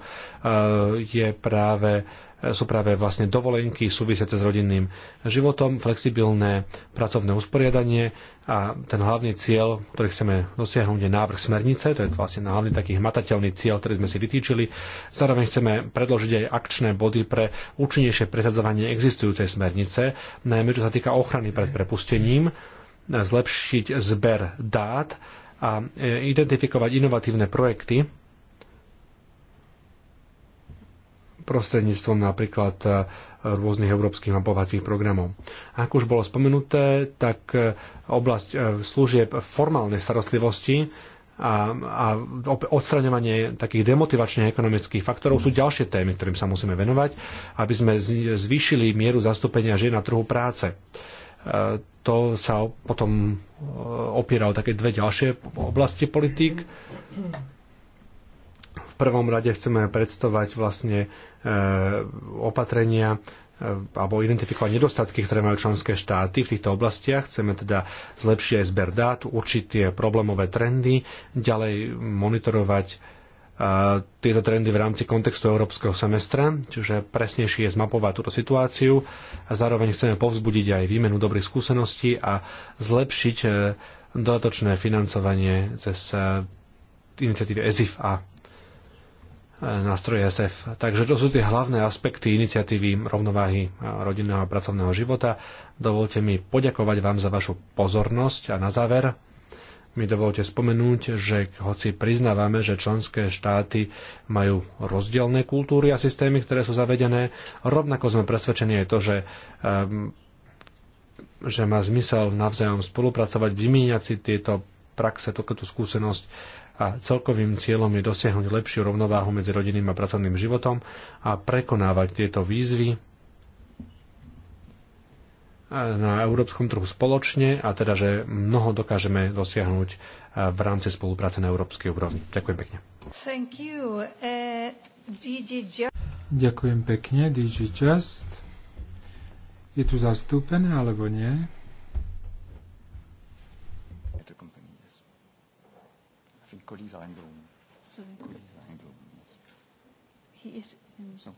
je práve e, sú práve vlastne dovolenky súvisiace s rodinným životom, flexibilné pracovné usporiadanie a ten hlavný cieľ, ktorý chceme dosiahnuť, je návrh smernice, to je vlastne hlavný taký hmatateľný cieľ, ktorý sme si vytýčili. Zároveň chceme predložiť aj akčné body pre účinnejšie presadzovanie existujúcej smernice, najmä čo sa týka ochrany pred prepustením zlepšiť zber dát a e, identifikovať inovatívne projekty prostredníctvom napríklad e, rôznych európskych mapovacích programov. Ak už bolo spomenuté, tak e, oblasť služieb formálnej starostlivosti a, a odstraňovanie takých demotivačných ekonomických faktorov sú ďalšie témy, ktorým sa musíme venovať, aby sme zvýšili mieru zastúpenia žien na trhu práce. Uh, to sa potom e, opiera o také dve ďalšie oblasti politík. V prvom rade chceme predstavovať vlastne e, opatrenia, e, alebo identifikovať nedostatky, ktoré majú členské štáty v týchto oblastiach. Chceme teda zlepšiť aj zber dát, určiť tie problémové trendy, ďalej monitorovať tieto trendy v rámci kontextu európskeho semestra, čiže presnejšie je zmapovať túto situáciu a zároveň chceme povzbudiť aj výmenu dobrých skúseností a zlepšiť e, dodatočné financovanie cez e, iniciatívy ESIF a e, nástroje SF. Takže to sú tie hlavné aspekty iniciatívy rovnováhy rodinného a pracovného života. Dovolte mi poďakovať vám za vašu pozornosť a na záver mi dovolte spomenúť, že hoci priznávame, že členské štáty majú rozdielne kultúry a systémy, ktoré sú zavedené, rovnako sme presvedčení aj to, že um, že má zmysel navzájom spolupracovať, vymieňať si tieto praxe, takúto skúsenosť a celkovým cieľom je dosiahnuť lepšiu rovnováhu medzi rodinným a pracovným životom a prekonávať tieto výzvy, na európskom trhu spoločne a teda, že mnoho dokážeme dosiahnuť e, v rámci spolupráce na európskej úrovni. Ďakujem pekne. Thank you. Uh, e, DJ Ďakujem pekne, DG Just. Je tu zastúpené alebo nie? Colisa Englund. Sorry. Colisa Englund. He is. Um, no,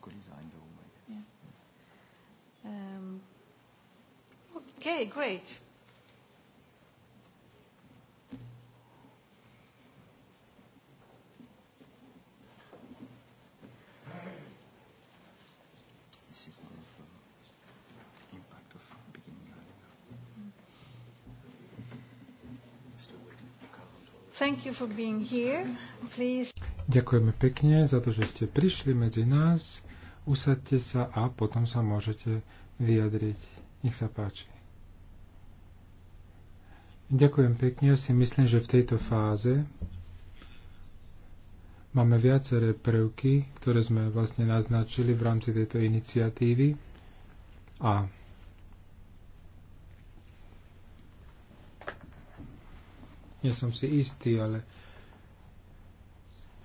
Okay, great. Thank you for being here. Please. Ďakujeme pekne za to, že ste prišli medzi nás. Usadte sa a potom sa môžete vyjadriť. Nech sa páči. Ďakujem pekne. Ja si myslím, že v tejto fáze máme viaceré prvky, ktoré sme vlastne naznačili v rámci tejto iniciatívy. A nie som si istý, ale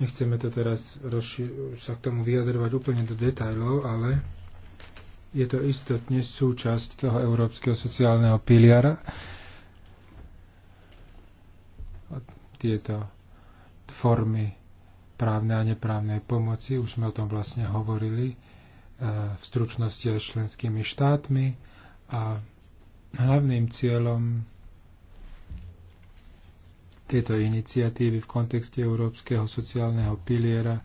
nechceme to teraz rozši- sa k tomu vyjadrovať úplne do detajlov, ale je to istotne súčasť toho európskeho sociálneho piliara, tieto formy právnej a neprávnej pomoci. Už sme o tom vlastne hovorili e, v stručnosti aj s členskými štátmi a hlavným cieľom tejto iniciatívy v kontexte Európskeho sociálneho piliera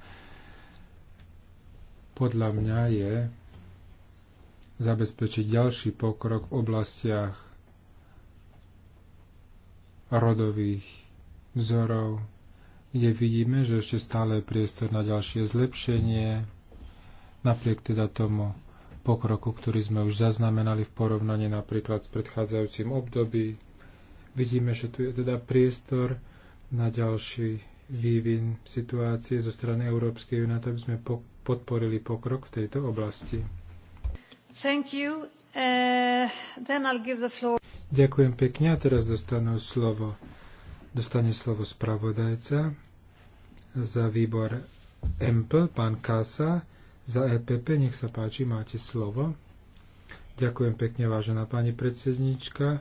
podľa mňa je zabezpečiť ďalší pokrok v oblastiach rodových vzorov, kde vidíme, že ešte stále je priestor na ďalšie zlepšenie, napriek teda tomu pokroku, ktorý sme už zaznamenali v porovnaní napríklad s predchádzajúcim období. Vidíme, že tu je teda priestor na ďalší vývin situácie zo strany Európskej únie, aby sme po- podporili pokrok v tejto oblasti. Thank you. Uh, then I'll give the floor. Ďakujem pekne a teraz dostanú slovo Dostane slovo spravodajca za výbor EMPL, pán Kasa, za EPP. Nech sa páči, máte slovo. Ďakujem pekne, vážená pani predsednička.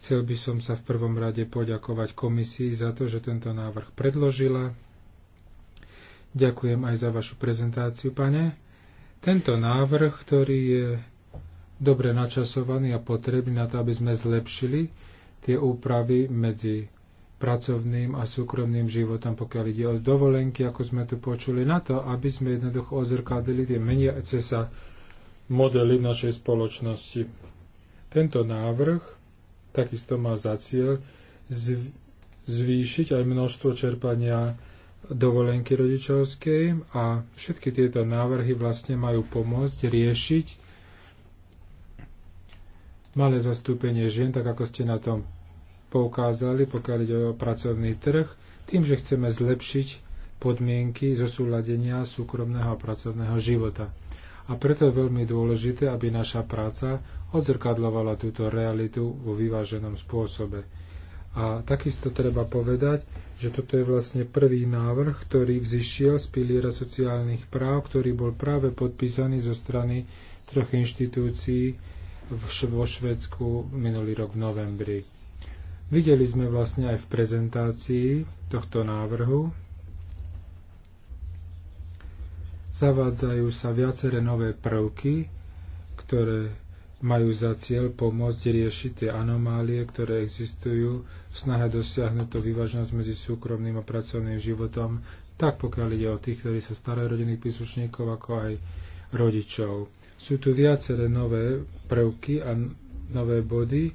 Chcel by som sa v prvom rade poďakovať komisii za to, že tento návrh predložila. Ďakujem aj za vašu prezentáciu, pane. Tento návrh, ktorý je dobre načasovaný a potrebný na to, aby sme zlepšili tie úpravy medzi pracovným a súkromným životom, pokiaľ ide o dovolenky, ako sme tu počuli, na to, aby sme jednoducho ozrkadili tie meniace sa modely v našej spoločnosti. Tento návrh takisto má za cieľ zvýšiť aj množstvo čerpania dovolenky rodičovskej a všetky tieto návrhy vlastne majú pomôcť riešiť malé zastúpenie žien, tak ako ste na tom poukázali, pokiaľ ide o pracovný trh, tým, že chceme zlepšiť podmienky zosúladenia súkromného a pracovného života. A preto je veľmi dôležité, aby naša práca odzrkadlovala túto realitu vo vyváženom spôsobe. A takisto treba povedať, že toto je vlastne prvý návrh, ktorý vzýšiel z piliera sociálnych práv, ktorý bol práve podpísaný zo strany troch inštitúcií vo Švedsku minulý rok v novembri. Videli sme vlastne aj v prezentácii tohto návrhu. Zavádzajú sa viaceré nové prvky, ktoré majú za cieľ pomôcť riešiť tie anomálie, ktoré existujú v snahe dosiahnuť tú vyvážnosť medzi súkromným a pracovným životom, tak pokiaľ ide o tých, ktorí sa starajú rodinných príslušníkov, ako aj rodičov. Sú tu viaceré nové prvky a nové body,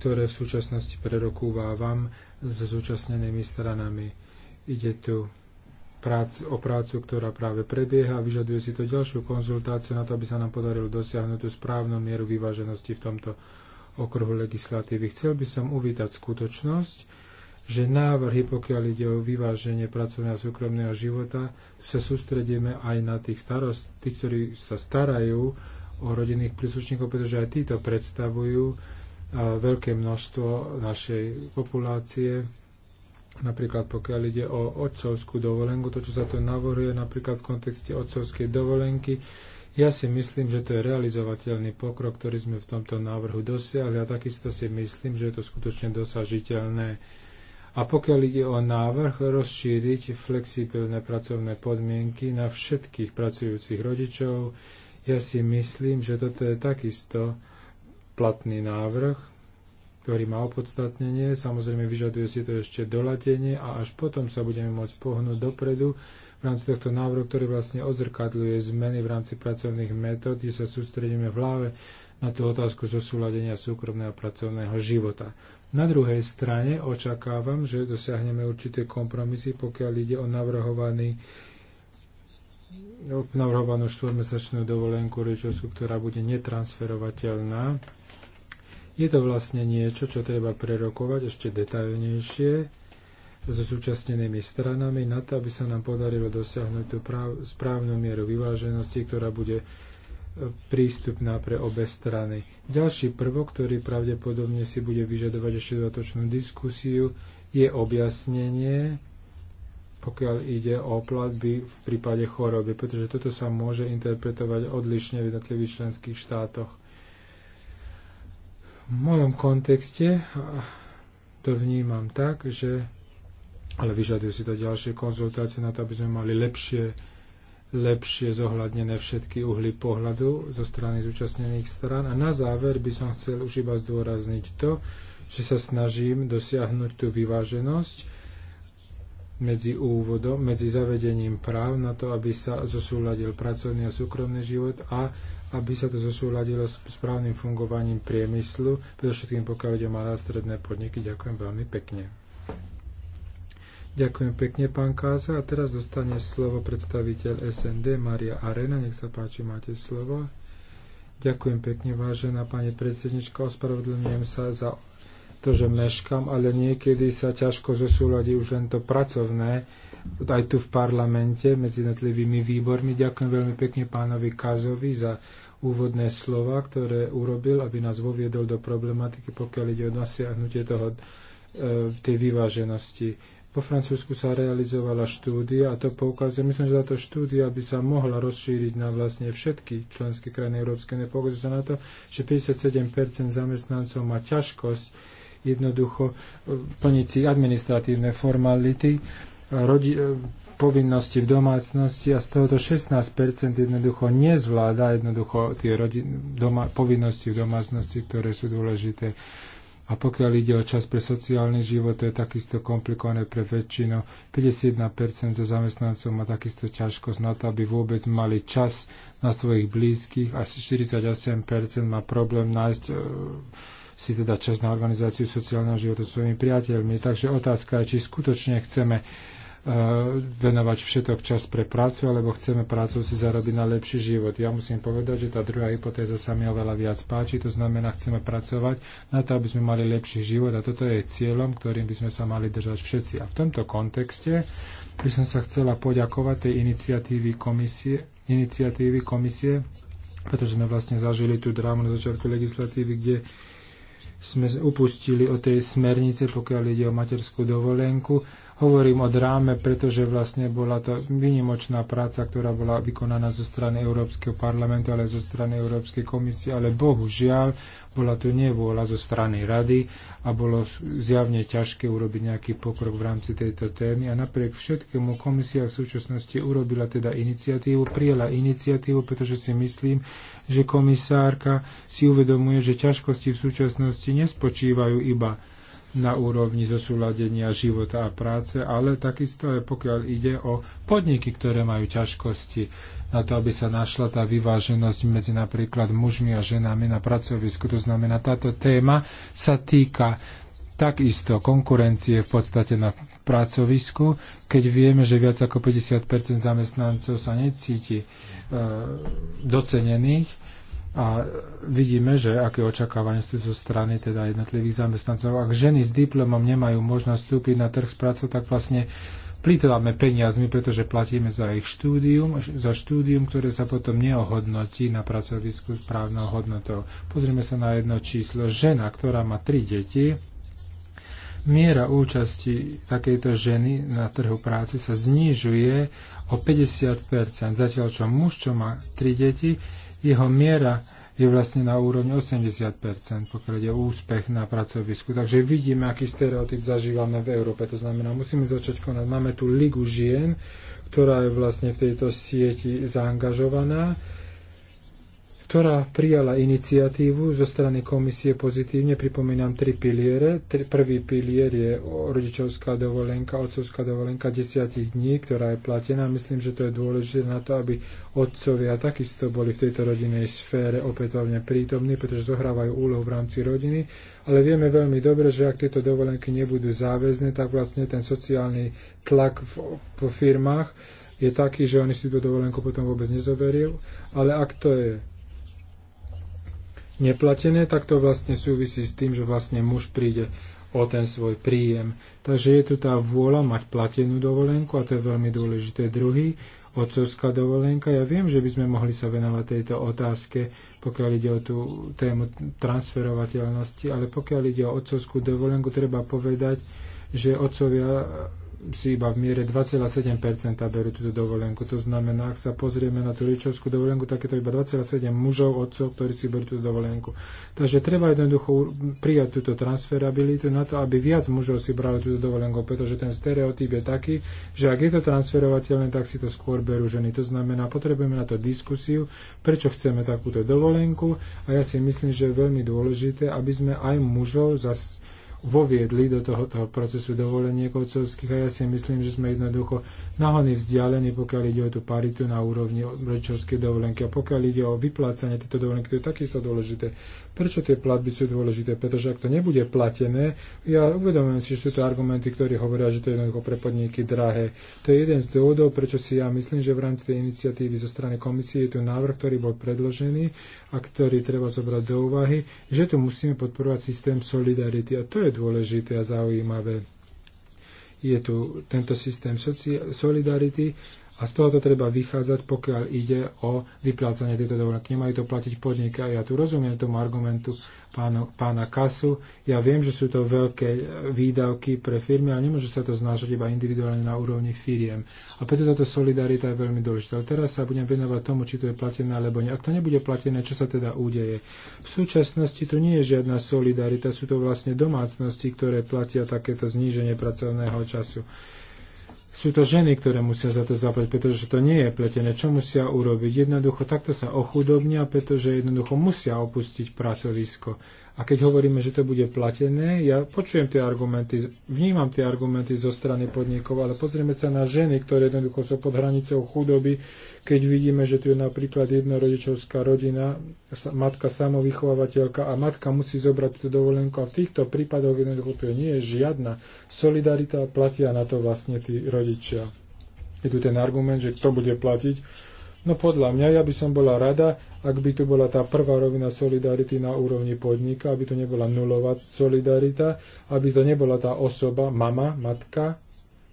ktoré v súčasnosti prerokúvávam s zúčastnenými stranami. Ide tu práci, o prácu, ktorá práve prebieha a vyžaduje si to ďalšiu konzultáciu na to, aby sa nám podarilo dosiahnuť tú správnu mieru vyváženosti v tomto okruhu legislatívy. Chcel by som uvítať skutočnosť, že návrhy, pokiaľ ide o vyváženie pracovného a súkromného života, tu sa sústredíme aj na tých starost, tých, ktorí sa starajú o rodinných príslušníkov, pretože aj títo predstavujú veľké množstvo našej populácie, napríklad pokiaľ ide o otcovskú dovolenku, to, čo sa tu navoruje napríklad v kontexte otcovskej dovolenky, ja si myslím, že to je realizovateľný pokrok, ktorý sme v tomto návrhu dosiahli a takisto si myslím, že je to skutočne dosažiteľné. A pokiaľ ide o návrh rozšíriť flexibilné pracovné podmienky na všetkých pracujúcich rodičov, ja si myslím, že toto je takisto platný návrh, ktorý má opodstatnenie. Samozrejme, vyžaduje si to ešte doladenie a až potom sa budeme môcť pohnúť dopredu v rámci tohto návrhu, ktorý vlastne odzrkadľuje zmeny v rámci pracovných metód, kde sa sústredíme v hlave na tú otázku zosúladenia súkromného pracovného života. Na druhej strane očakávam, že dosiahneme určité kompromisy, pokiaľ ide o navrhovaný navrhovanú štvormesačnú dovolenku rečovsku, ktorá bude netransferovateľná je to vlastne niečo, čo treba prerokovať ešte detailnejšie so súčasnenými stranami na to, aby sa nám podarilo dosiahnuť tú práv, správnu mieru vyváženosti, ktorá bude e, prístupná pre obe strany. Ďalší prvok, ktorý pravdepodobne si bude vyžadovať ešte dodatočnú diskusiu, je objasnenie, pokiaľ ide o platby v prípade choroby, pretože toto sa môže interpretovať odlišne v jednotlivých členských štátoch. V mojom kontexte to vnímam tak, že ale vyžadujú si to ďalšie konzultácie na to, aby sme mali lepšie, lepšie zohľadnené všetky uhly pohľadu zo strany zúčastnených stran A na záver by som chcel už iba zdôrazniť to, že sa snažím dosiahnuť tú vyváženosť medzi úvodom, medzi zavedením práv na to, aby sa zosúladil pracovný a súkromný život a aby sa to zosúladilo s správnym fungovaním priemyslu, predovšetkým pokiaľ ide o malé a stredné podniky. Ďakujem veľmi pekne. Ďakujem pekne, pán Káza. A teraz dostane slovo predstaviteľ SND Maria Arena. Nech sa páči, máte slovo. Ďakujem pekne, vážená pani predsednička. Ospravedlňujem sa za to, že meškam, ale niekedy sa ťažko zosúľadí už len to pracovné aj tu v parlamente medzi jednotlivými výbormi. Ďakujem veľmi pekne pánovi Kazovi za úvodné slova, ktoré urobil, aby nás voviedol do problematiky, pokiaľ ide o dosiahnutie toho, e, tej vyváženosti. Po Francúzsku sa realizovala štúdia a to poukazuje, myslím, že táto štúdia by sa mohla rozšíriť na vlastne všetky členské krajiny Európskej únie. Poukazuje sa na to, že 57% zamestnancov má ťažkosť jednoducho e, plniť si administratívne formality rodi- povinnosti v domácnosti a z tohoto 16% jednoducho nezvláda jednoducho tie rodi- doma- povinnosti v domácnosti, ktoré sú dôležité. A pokiaľ ide o čas pre sociálny život, to je takisto komplikované pre väčšinu. 51% zo zamestnancov má takisto ťažkosť na to, aby vôbec mali čas na svojich blízkych. Asi 48% má problém nájsť e, si teda čas na organizáciu sociálneho života svojimi priateľmi. Takže otázka je, či skutočne chceme E, venovať všetok čas pre prácu, alebo chceme prácu si zarobiť na lepší život. Ja musím povedať, že tá druhá hypotéza sa mi oveľa viac páči, to znamená, chceme pracovať na to, aby sme mali lepší život a toto je cieľom, ktorým by sme sa mali držať všetci. A v tomto kontexte by som sa chcela poďakovať tej iniciatívy komisie, iniciatívy komisie pretože sme vlastne zažili tú drámu na začiatku legislatívy, kde sme upustili od tej smernice, pokiaľ ide o materskú dovolenku Hovorím o dráme, pretože vlastne bola to vynimočná práca, ktorá bola vykonaná zo strany Európskeho parlamentu, ale zo strany Európskej komisie, ale bohužiaľ bola to nevôľa zo strany rady a bolo zjavne ťažké urobiť nejaký pokrok v rámci tejto témy a napriek všetkému komisia v súčasnosti urobila teda iniciatívu, prijela iniciatívu, pretože si myslím, že komisárka si uvedomuje, že ťažkosti v súčasnosti nespočívajú iba na úrovni zosúladenia života a práce, ale takisto aj pokiaľ ide o podniky, ktoré majú ťažkosti na to, aby sa našla tá vyváženosť medzi napríklad mužmi a ženami na pracovisku. To znamená, táto téma sa týka takisto konkurencie v podstate na pracovisku, keď vieme, že viac ako 50 zamestnancov sa necíti e, docenených a vidíme, že aké očakávania sú zo strany teda jednotlivých zamestnancov. Ak ženy s diplomom nemajú možnosť vstúpiť na trh s prácou, tak vlastne plýtvame peniazmi, pretože platíme za ich štúdium, za štúdium, ktoré sa potom neohodnotí na pracovisku s právnou hodnotou. Pozrieme sa na jedno číslo. Žena, ktorá má tri deti, miera účasti takejto ženy na trhu práce sa znižuje o 50%, zatiaľ čo muž, čo má tri deti, jeho miera je vlastne na úrovni 80%, pokiaľ je úspech na pracovisku. Takže vidíme, aký stereotyp zažívame v Európe. To znamená, musíme začať konať. Máme tu Ligu žien, ktorá je vlastne v tejto sieti zaangažovaná ktorá prijala iniciatívu zo strany komisie pozitívne. Pripomínam tri piliere. Prvý pilier je rodičovská dovolenka, otcovská dovolenka desiatich dní, ktorá je platená. Myslím, že to je dôležité na to, aby otcovia takisto boli v tejto rodinnej sfére opätovne prítomní, pretože zohrávajú úlohu v rámci rodiny. Ale vieme veľmi dobre, že ak tieto dovolenky nebudú záväzne, tak vlastne ten sociálny tlak vo firmách je taký, že oni si tú dovolenku potom vôbec nezoberiu. Ale ak to je neplatené, tak to vlastne súvisí s tým, že vlastne muž príde o ten svoj príjem. Takže je tu tá vôľa mať platenú dovolenku a to je veľmi dôležité. Druhý, otcovská dovolenka. Ja viem, že by sme mohli sa venovať tejto otázke, pokiaľ ide o tú tému transferovateľnosti, ale pokiaľ ide o otcovskú dovolenku, treba povedať, že otcovia si iba v miere 2,7% berú túto dovolenku. To znamená, ak sa pozrieme na tú rodičovskú dovolenku, tak je to iba 2,7 mužov, otcov, ktorí si berú túto dovolenku. Takže treba jednoducho prijať túto transferabilitu na to, aby viac mužov si brali túto dovolenku, pretože ten stereotyp je taký, že ak je to transferovateľné, tak si to skôr berú ženy. To znamená, potrebujeme na to diskusiu, prečo chceme takúto dovolenku a ja si myslím, že je veľmi dôležité, aby sme aj mužov zase voviedli do tohoto procesu dovolenie kocovských a ja si myslím, že sme jednoducho nahony vzdialení, pokiaľ ide o tú paritu na úrovni rodičovskej dovolenky a pokiaľ ide o vyplácanie tejto dovolenky, to je takisto dôležité. Prečo tie platby sú dôležité? Pretože ak to nebude platené, ja uvedomujem si, že sú to argumenty, ktorí hovoria, že to je jednoducho pre podniky drahé. To je jeden z dôvodov, prečo si ja myslím, že v rámci tej iniciatívy zo strany komisie je tu návrh, ktorý bol predložený a ktorý treba zobrať do úvahy, že tu musíme podporovať systém solidarity. A to je dôležité a zaujímavé. Je tu tento systém solidarity a z toho to treba vychádzať, pokiaľ ide o vyplácanie tejto dovolenky. Nemajú to platiť podniky. A ja tu rozumiem tomu argumentu pána, pána Kasu. Ja viem, že sú to veľké výdavky pre firmy, ale nemôže sa to znášať iba individuálne na úrovni firiem. A preto táto solidarita je veľmi dôležitá. Ale teraz sa budem venovať tomu, či to je platené alebo nie. Ak to nebude platené, čo sa teda udeje? V súčasnosti tu nie je žiadna solidarita, sú to vlastne domácnosti, ktoré platia takéto zníženie pracovného času sú to ženy, ktoré musia za to zaplať, pretože to nie je pletené. Čo musia urobiť? Jednoducho takto sa ochudobnia, pretože jednoducho musia opustiť pracovisko. A keď hovoríme, že to bude platené, ja počujem tie argumenty, vnímam tie argumenty zo strany podnikov, ale pozrieme sa na ženy, ktoré jednoducho sú pod hranicou chudoby, keď vidíme, že tu je napríklad jednorodičovská rodina, matka samovychovateľka a matka musí zobrať tú dovolenku a v týchto prípadoch jednoducho to nie je žiadna solidarita, platia na to vlastne tí rodičia. Je tu ten argument, že kto bude platiť. No podľa mňa, ja by som bola rada, ak by tu bola tá prvá rovina solidarity na úrovni podnika, aby tu nebola nulová solidarita, aby to nebola tá osoba, mama, matka,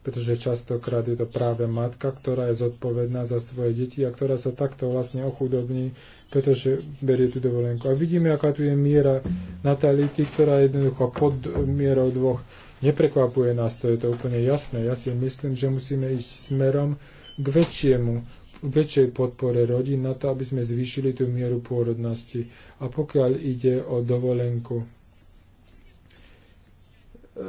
pretože častokrát je to práve matka, ktorá je zodpovedná za svoje deti a ktorá sa takto vlastne ochudobní, pretože berie tú dovolenku. A vidíme, aká tu je miera natality, ktorá je jednoducho pod mierou dvoch. Neprekvapuje nás to, je to úplne jasné. Ja si myslím, že musíme ísť smerom k väčšiemu väčšej podpore rodín na to, aby sme zvýšili tú mieru pôrodnosti. A pokiaľ ide o dovolenku, e,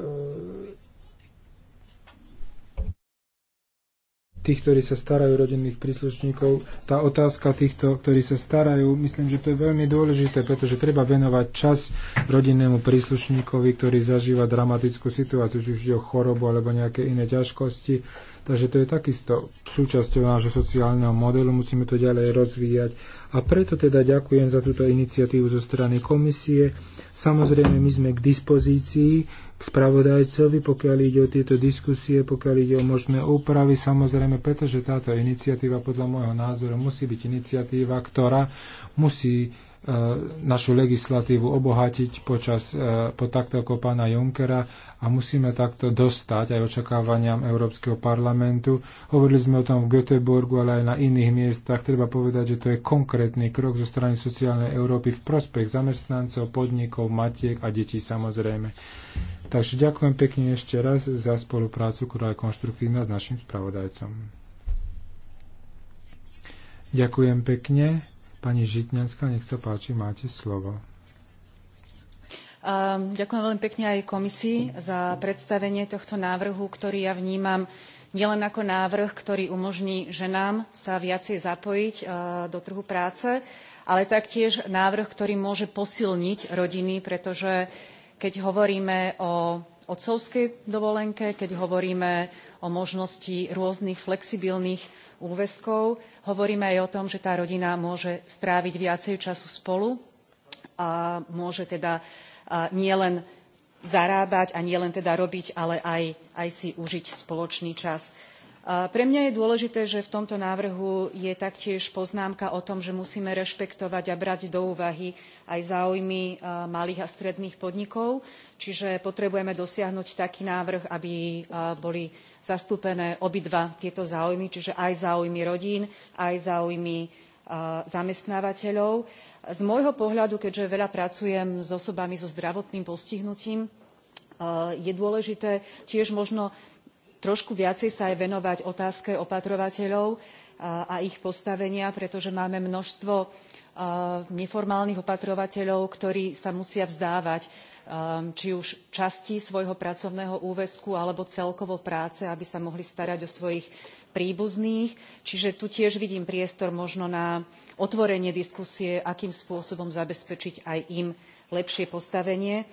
tých, ktorí sa starajú rodinných príslušníkov, tá otázka týchto, ktorí sa starajú, myslím, že to je veľmi dôležité, pretože treba venovať čas rodinnému príslušníkovi, ktorý zažíva dramatickú situáciu, či už je o chorobu alebo nejaké iné ťažkosti Takže to je takisto súčasťou nášho sociálneho modelu, musíme to ďalej rozvíjať. A preto teda ďakujem za túto iniciatívu zo strany komisie. Samozrejme, my sme k dispozícii k spravodajcovi, pokiaľ ide o tieto diskusie, pokiaľ ide o možné úpravy, samozrejme, pretože táto iniciatíva podľa môjho názoru musí byť iniciatíva, ktorá musí E, našu legislatívu obohatiť počas, e, po takto ako pána Junckera a musíme takto dostať aj očakávaniam Európskeho parlamentu. Hovorili sme o tom v Göteborgu, ale aj na iných miestach. Treba povedať, že to je konkrétny krok zo strany sociálnej Európy v prospech zamestnancov, podnikov, matiek a detí samozrejme. Takže ďakujem pekne ešte raz za spoluprácu, ktorá je konštruktívna s našim spravodajcom. Ďakujem pekne. Pani Žitňanská, nech sa páči, máte slovo. Ehm, ďakujem veľmi pekne aj komisii za predstavenie tohto návrhu, ktorý ja vnímam nielen ako návrh, ktorý umožní ženám sa viacej zapojiť eh, do trhu práce, ale taktiež návrh, ktorý môže posilniť rodiny, pretože keď hovoríme o otcovskej dovolenke, keď hovoríme o možnosti rôznych flexibilných úväzkov. Hovoríme aj o tom, že tá rodina môže stráviť viacej času spolu a môže teda nielen zarábať a nielen teda robiť, ale aj, aj si užiť spoločný čas. Pre mňa je dôležité, že v tomto návrhu je taktiež poznámka o tom, že musíme rešpektovať a brať do úvahy aj záujmy malých a stredných podnikov, čiže potrebujeme dosiahnuť taký návrh, aby boli zastúpené obidva tieto záujmy, čiže aj záujmy rodín, aj záujmy e, zamestnávateľov. Z môjho pohľadu, keďže veľa pracujem s osobami so zdravotným postihnutím, e, je dôležité tiež možno trošku viacej sa aj venovať otázke opatrovateľov e, a ich postavenia, pretože máme množstvo neformálnych opatrovateľov, ktorí sa musia vzdávať Ehm, či už časti svojho pracovného úväzku alebo celkovo práce, aby sa mohli starať o svojich príbuzných. Čiže tu tiež vidím priestor možno na otvorenie diskusie, akým spôsobom zabezpečiť aj im lepšie postavenie.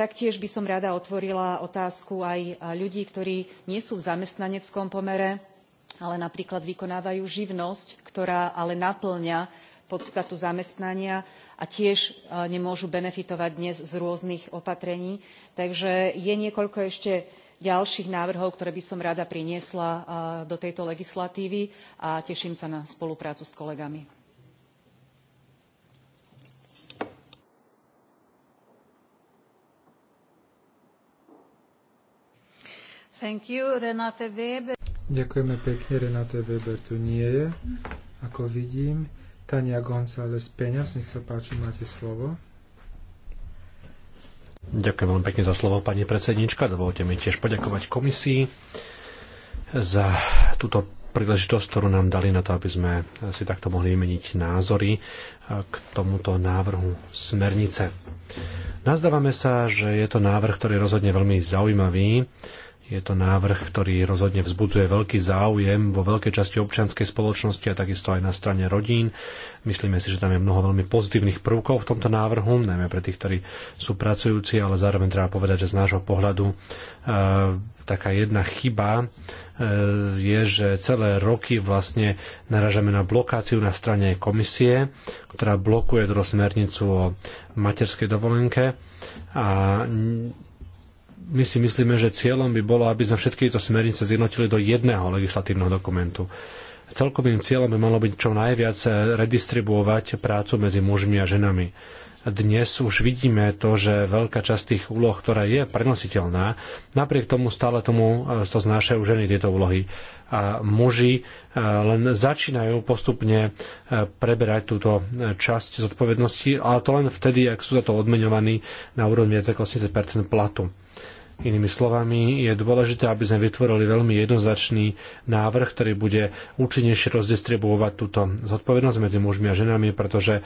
Taktiež by som rada otvorila otázku aj ľudí, ktorí nie sú v zamestnaneckom pomere, ale napríklad vykonávajú živnosť, ktorá ale napĺňa podstatu zamestnania a tiež e, nemôžu benefitovať dnes z rôznych opatrení. Takže je niekoľko ešte ďalších návrhov, ktoré by som rada priniesla e, do tejto legislatívy a teším sa na spoluprácu s kolegami. You, Ďakujeme pekne, Renate Weber tu nie je, ako vidím. Tania González Peňas, nech sa páči, máte slovo. Ďakujem veľmi pekne za slovo, pani predsednička. Dovolte mi tiež poďakovať komisii za túto príležitosť, ktorú nám dali na to, aby sme si takto mohli vymeniť názory k tomuto návrhu smernice. Nazdávame sa, že je to návrh, ktorý je rozhodne veľmi zaujímavý je to návrh, ktorý rozhodne vzbudzuje veľký záujem vo veľkej časti občianskej spoločnosti a takisto aj na strane rodín. Myslíme si, že tam je mnoho veľmi pozitívnych prvkov v tomto návrhu, najmä pre tých, ktorí sú pracujúci, ale zároveň treba povedať, že z nášho pohľadu e, taká jedna chyba e, je, že celé roky vlastne naražame na blokáciu na strane komisie, ktorá blokuje smernicu o materskej dovolenke a my si myslíme, že cieľom by bolo, aby sme všetky tieto smernice zjednotili do jedného legislatívneho dokumentu. Celkovým cieľom by malo byť čo najviac redistribuovať prácu medzi mužmi a ženami. Dnes už vidíme to, že veľká časť tých úloh, ktorá je prenositeľná, napriek tomu stále tomu e, to znášajú ženy tieto úlohy. A muži e, len začínajú postupne e, preberať túto časť zodpovednosti, ale to len vtedy, ak sú za to odmenovaní na úrovni viac ako 80 platu. Inými slovami, je dôležité, aby sme vytvorili veľmi jednoznačný návrh, ktorý bude účinnejšie rozdistribuovať túto zodpovednosť medzi mužmi a ženami, pretože e,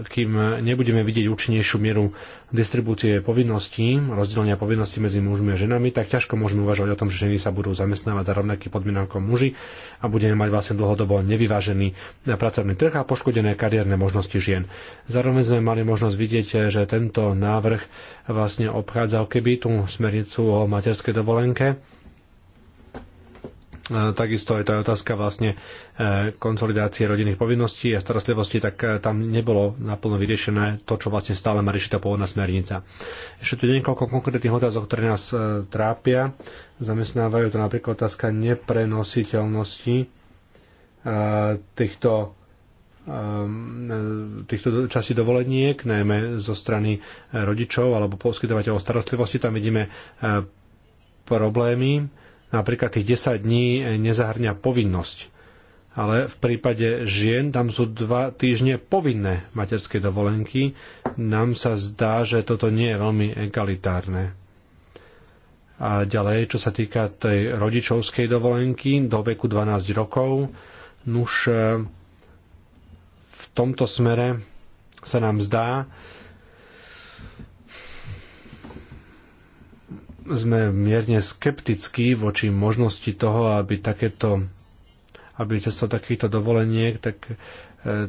kým nebudeme vidieť účinnejšiu mieru distribúcie povinností, rozdelenia povinností medzi mužmi a ženami, tak ťažko môžeme uvažovať o tom, že ženy sa budú zamestnávať za rovnaký podmienok ako muži a budeme mať vlastne dlhodobo nevyvážený e, pracovný trh a poškodené kariérne možnosti žien. Zároveň sme mali možnosť vidieť, e, že tento návrh vlastne obchádza keby tú smernicu o materskej dovolenke. E, takisto je to aj otázka vlastne e, konsolidácie rodinných povinností a starostlivosti, tak e, tam nebolo naplno vyriešené to, čo vlastne stále má riešiť tá pôvodná smernica. Ešte tu niekoľko konkrétnych otázok, ktoré nás trápia. Zamestnávajú to napríklad otázka neprenositeľnosti týchto Ehm, týchto častí dovoleniek, najmä zo strany e, rodičov alebo poskytovateľov starostlivosti. Tam vidíme e, problémy. Napríklad tých 10 dní e, nezahrňa povinnosť. Ale v prípade žien tam sú dva týždne povinné materské dovolenky. Nám sa zdá, že toto nie je veľmi egalitárne. A ďalej, čo sa týka tej rodičovskej dovolenky do veku 12 rokov, nuž tomto smere sa nám zdá, sme mierne skeptickí voči možnosti toho, aby takéto aby cestou takýchto dovoleniek tak e,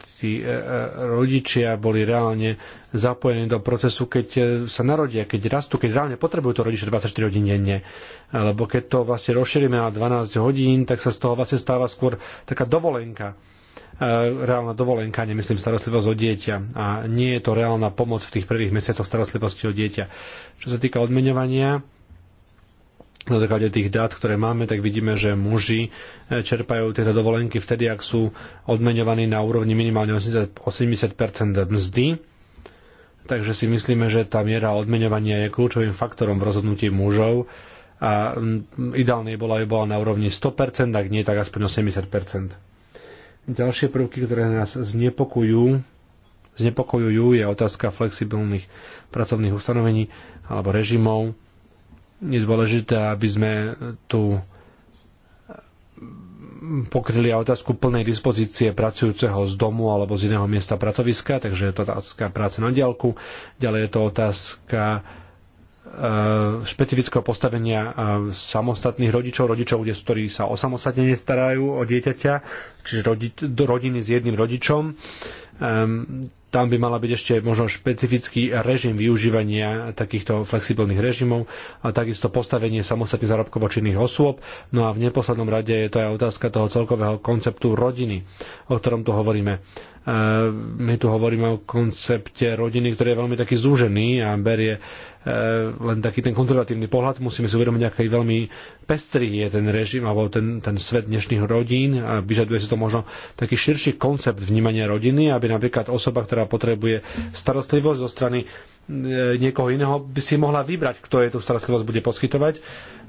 tí e, e, rodičia boli reálne zapojení do procesu, keď sa narodia, keď rastú, keď reálne potrebujú to rodiče 24 hodín denne. Lebo keď to vlastne rozšírime na 12 hodín, tak sa z toho vlastne stáva skôr taká dovolenka. E, reálna dovolenka, nemyslím starostlivosť o dieťa a nie je to reálna pomoc v tých prvých mesiacoch starostlivosti o dieťa. Čo sa týka odmeňovania, na základe tých dát, ktoré máme, tak vidíme, že muži e, čerpajú tieto dovolenky vtedy, ak sú odmeňovaní na úrovni minimálne 80 mzdy. Takže si myslíme, že tá miera odmeňovania je kľúčovým faktorom v rozhodnutí mužov a ideálne bola, aby bola na úrovni 100%, ak nie, tak aspoň 80%. Ďalšie prvky, ktoré nás znepokojujú, znepokojujú je otázka flexibilných pracovných ustanovení alebo režimov. Je dôležité, aby sme tu pokryli otázku plnej dispozície pracujúceho z domu alebo z iného miesta pracoviska, takže je to otázka práce na diálku. Ďalej je to otázka E, špecifického postavenia e, samostatných rodičov, rodičov, ktorí sa osamostatne nestarajú o dieťaťa, čiže rodiny s jedným rodičom. Ehm, tam by mala byť ešte možno špecifický režim využívania takýchto flexibilných režimov a takisto postavenie samostatne zárobkovo činných osôb. No a v neposlednom rade je to aj otázka toho celkového konceptu rodiny, o ktorom tu hovoríme ehm, my tu hovoríme o koncepte rodiny, ktorý je veľmi taký zúžený a berie Eh, len taký ten konzervatívny pohľad. Musíme si uvedomiť, aký veľmi pestrý je ten režim alebo ten, ten svet dnešných rodín a vyžaduje si to možno taký širší koncept vnímania rodiny, aby napríklad osoba, ktorá potrebuje starostlivosť zo strany eh, niekoho iného by si mohla vybrať, kto jej tú starostlivosť bude poskytovať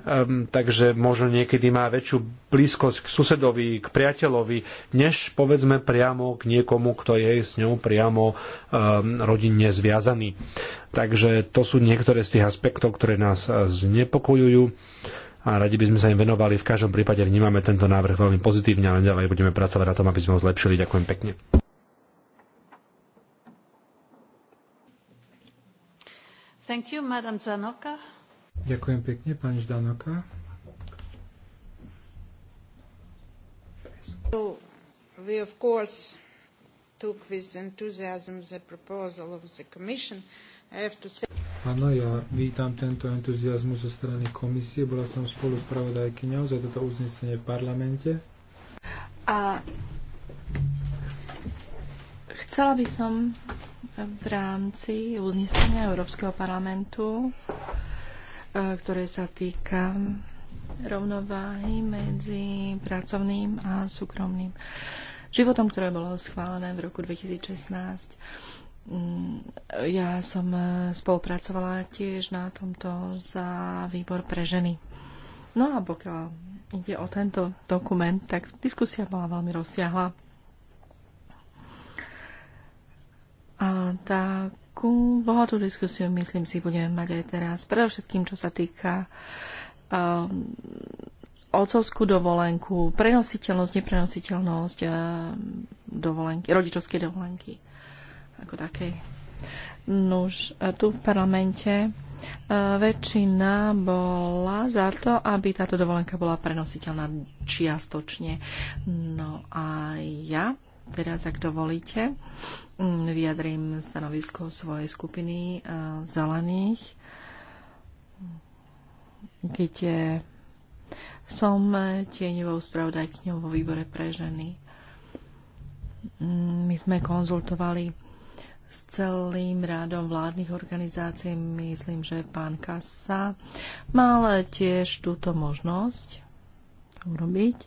um, takže možno niekedy má väčšiu blízkosť k susedovi, k priateľovi, než povedzme priamo k niekomu, kto je s ňou priamo um, rodinne zviazaný. Takže to sú niektoré z tých aspektov, ktoré nás e, znepokojujú a radi by sme sa im venovali. V každom prípade vnímame tento návrh veľmi pozitívne ale ďalej budeme pracovať na tom, aby sme ho zlepšili. Ďakujem pekne. Thank you, Madam Zanoka. Ďakujem pekne, pani Ždanoka. we of course took with enthusiasm the proposal of the Commission. I have to say... Áno, ja vítam tento entuziasmus zo strany komisie. Bola som spolu spravodajkyňou za toto uznesenie v parlamente. A chcela by som v rámci uznesenia Európskeho parlamentu E, ktoré sa týka rovnováhy medzi pracovným a súkromným životom, ktoré bolo schválené v roku 2016. Mm, ja som e, spolupracovala tiež na tomto za výbor pre ženy. No a pokiaľ ide o tento dokument, tak diskusia bola veľmi rozsiahla. A tá ku bohatú diskusiu, myslím si, budeme mať aj teraz. Predovšetkým, čo sa týka um, otcovskú dovolenku, prenositeľnosť, neprenositeľnosť uh, dovolenky, rodičovskej dovolenky ako takej. Nuž, tu v parlamente uh, väčšina bola za to, aby táto dovolenka bola prenositeľná čiastočne. No a ja Teraz, ak dovolíte, mm, vyjadrím stanovisko svojej skupiny eh, zelených, je eh, som eh, tieňovou spravodajkňou vo výbore pre ženy. Mm, my sme konzultovali s celým rádom vládnych organizácií. Myslím, že pán Kasa mal tiež túto možnosť urobiť.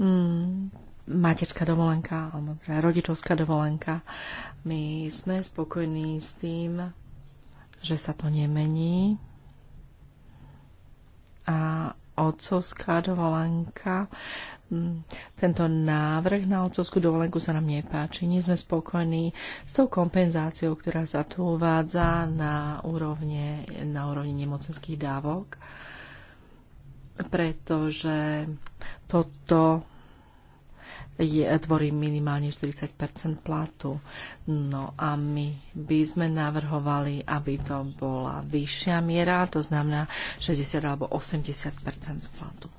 Mm, materská dovolenka alebo teda rodičovská dovolenka. My sme spokojní s tým, že sa to nemení a otcovská dovolenka. Mm, tento návrh na otcovskú dovolenku sa nám nepáči. Nie sme spokojní s tou kompenzáciou, ktorá sa tu uvádza na, úrovne, na úrovni nemocenských dávok, pretože toto je, tvorí minimálne 40 platu. No a my by sme navrhovali, aby to bola vyššia miera, to znamená 60 alebo 80 z platu.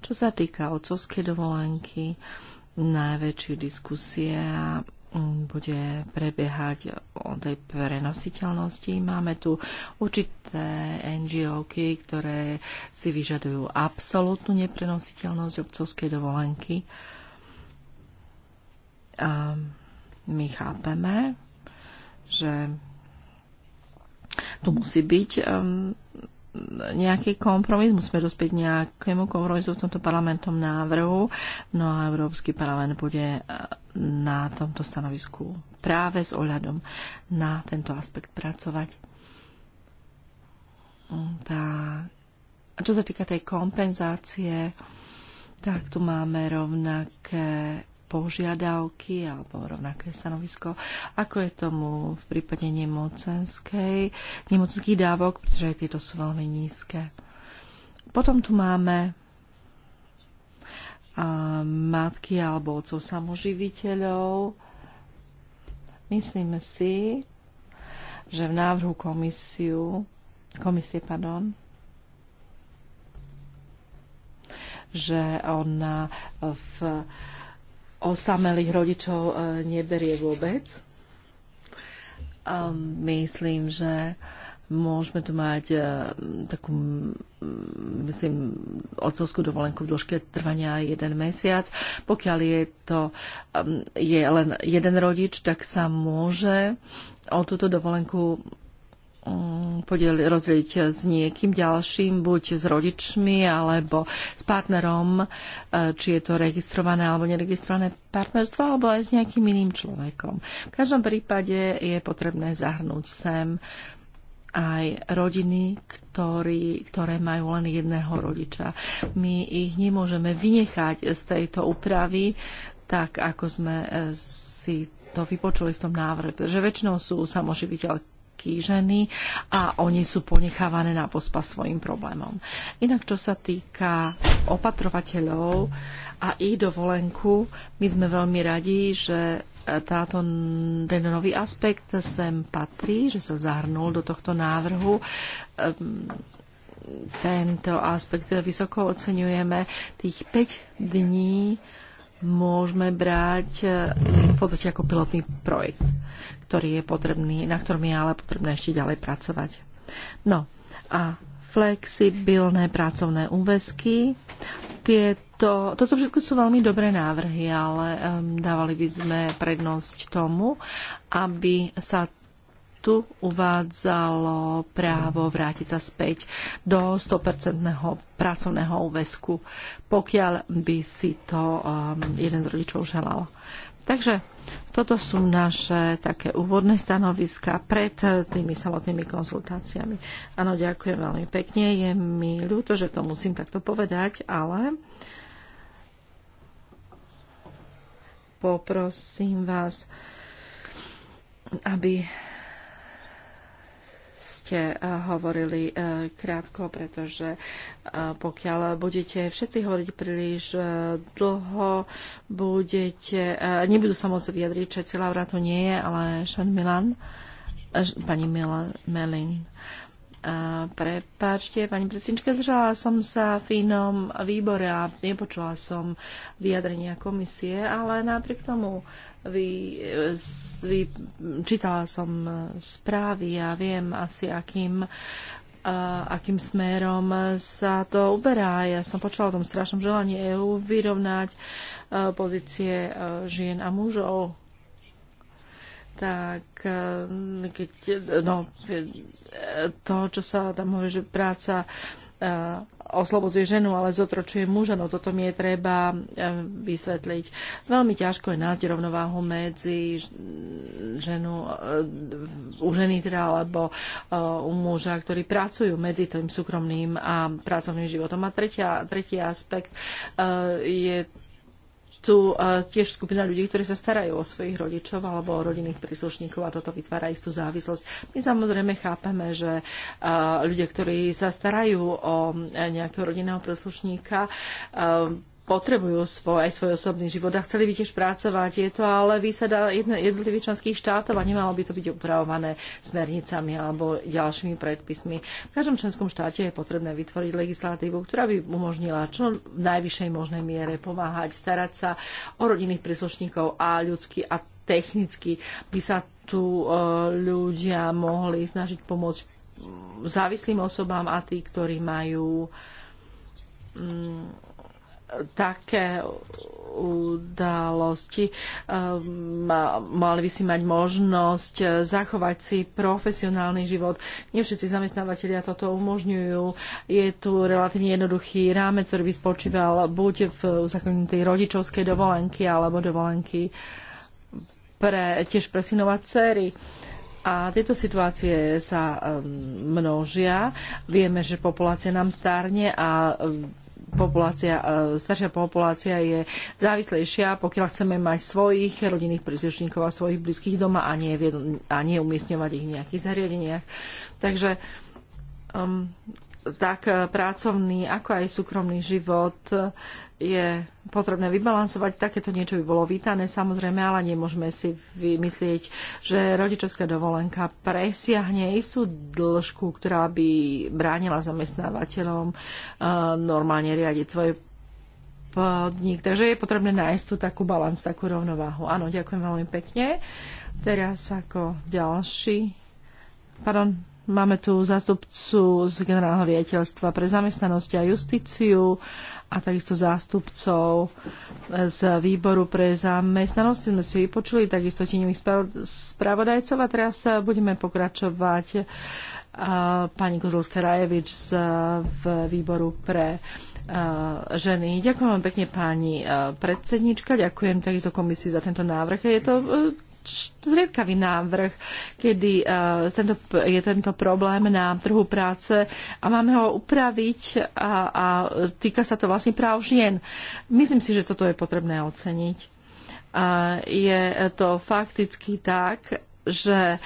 Čo sa týka otcovskej dovolenky, najväčšie diskusie bude prebiehať o tej prenositeľnosti. Máme tu určité NGO, ktoré si vyžadujú absolútnu neprenositeľnosť obcovskej dovolenky. A my chápeme, že tu musí byť um, nejaký kompromis, musíme dospieť nejakému kompromisu v tomto parlamentom návrhu, no a Európsky parlament bude e, na tomto stanovisku práve s ohľadom na tento aspekt pracovať. Mm, tá, a čo sa týka tej kompenzácie, tak tu máme rovnaké požiadavky alebo rovnaké stanovisko, ako je tomu v prípade nemocenskej, nemocenských dávok, pretože aj tieto sú veľmi nízke. Potom tu máme matky alebo otcov samoživiteľov. Myslíme si, že v návrhu komisiu, komisie pardon, že ona v osamelých rodičov e, neberie vôbec. A myslím, že môžeme tu mať e, takú, myslím, otcovskú dovolenku v dĺžke trvania jeden mesiac. Pokiaľ je to je len jeden rodič, tak sa môže o túto dovolenku Mm, podeli, rozdeliť s niekým ďalším, buď s rodičmi alebo s partnerom, e, či je to registrované alebo neregistrované partnerstvo, alebo aj s nejakým iným človekom. V každom prípade je potrebné zahrnúť sem aj rodiny, ktorý, ktoré majú len jedného rodiča. My ich nemôžeme vynechať z tejto úpravy, tak ako sme e, si to vypočuli v tom návrhu, že väčšinou sú samoživiteľky matky, ženy a oni sú ponechávané na pospa svojim problémom. Inak, čo sa týka opatrovateľov a ich dovolenku, my sme veľmi radi, že e, táto, ten nový aspekt sem patrí, že sa zahrnul do tohto návrhu ehm, tento aspekt vysoko oceňujeme. Tých 5 dní môžeme brať e, v podstate ako pilotný projekt ktorý je potrebný, na ktorom je ale potrebné ešte ďalej pracovať. No a flexibilné pracovné úväzky. Tieto, toto všetko sú veľmi dobré návrhy, ale um, dávali by sme prednosť tomu, aby sa tu uvádzalo právo vrátiť sa späť do 100% pracovného úväzku, pokiaľ by si to um, jeden z rodičov želal. Takže toto sú naše také úvodné stanoviska pred tými samotnými konzultáciami. Áno, ďakujem veľmi pekne. Je mi ľúto, že to musím takto povedať, ale poprosím vás, aby ste eh, hovorili eh, krátko, pretože eh, pokiaľ budete všetci hovoriť príliš dlho, budete, nebudú sa môcť vyjadriť, že celá to nie je, ale Sean Milan, pani Mila, Melin. Prepačte, prepáčte, pani predsednička, držala som sa v inom výbore a nepočula som vyjadrenia komisie, ale napriek tomu vy, vy, čítala som správy a viem asi, akým akým smerom sa to uberá. Ja som počula o tom strašnom želaní EÚ vyrovnať pozície žien a mužov. Tak keď, no, to, čo sa tam hovorí, že práca Eh, oslobodzuje ženu, ale zotročuje muža. No toto mi je treba eh, vysvetliť. Veľmi ťažko je nájsť rovnováhu medzi ženu, eh, u ženy teda, alebo u muža, ktorí pracujú medzi tým súkromným a pracovným životom. A tretia, tretí aspekt je tu tiež skupina ľudí, ktorí sa starajú o svojich rodičov alebo o rodinných príslušníkov a toto vytvára istú závislosť. My samozrejme chápeme, že ľudia, ktorí sa starajú o e, nejakého rodinného príslušníka, potrebujú svoj, aj svoj osobný život a chceli by tiež pracovať. Je to ale výsada jednotlivých členských štátov a nemalo by to byť upravované smernicami alebo ďalšími predpismi. V každom členskom štáte je potrebné vytvoriť legislatívu, ktorá by umožnila čo v najvyššej možnej miere pomáhať, starať sa o rodinných príslušníkov a ľudský a technicky by sa tu e, ľudia mohli snažiť pomôcť závislým osobám a tí, ktorí majú mm, také udalosti. Ehm, mali by si mať možnosť e, zachovať si profesionálny život. Nie všetci zamestnávateľia toto umožňujú. Je tu relatívne jednoduchý rámec, ktorý by spočíval buď v uzakonitej rodičovskej dovolenky alebo dovolenky pre, tiež pre synovať dcery. A tieto situácie sa ehm, množia. Vieme, že populácia nám stárne a ehm, populácia, e, staršia populácia je závislejšia, pokiaľ chceme mať svojich rodinných príslušníkov a svojich blízkych doma a nie, a nie umiestňovať ich v nejakých zariadeniach. Takže um, tak e, pracovný, ako aj súkromný život je potrebné vybalansovať. Takéto niečo by bolo vítané, samozrejme, ale nemôžeme si vymyslieť, že rodičovská dovolenka presiahne istú dĺžku, ktorá by bránila zamestnávateľom e, normálne riadiť svoj podnik. Takže je potrebné nájsť tú takú balans, takú rovnováhu. Áno, ďakujem veľmi pekne. Teraz ako ďalší. Pardon, máme tu zástupcu z generálneho riaditeľstva pre zamestnanosť a justíciu a takisto zástupcov e, z výboru pre zamestnanosť. Sme si vypočuli takisto tieňových spravodajcov a teraz e, budeme pokračovať e, pani Kozlovská Rajevič z výboru pre ženy. Ďakujem vám pekne pani predsednička, ďakujem takisto komisii za tento návrh. Je to zriedkavý návrh, kedy eh, tento, je tento problém na trhu práce a máme ho upraviť a, a týka sa to vlastne práv žien. Myslím si, že toto je potrebné oceniť. Je to fakticky tak, že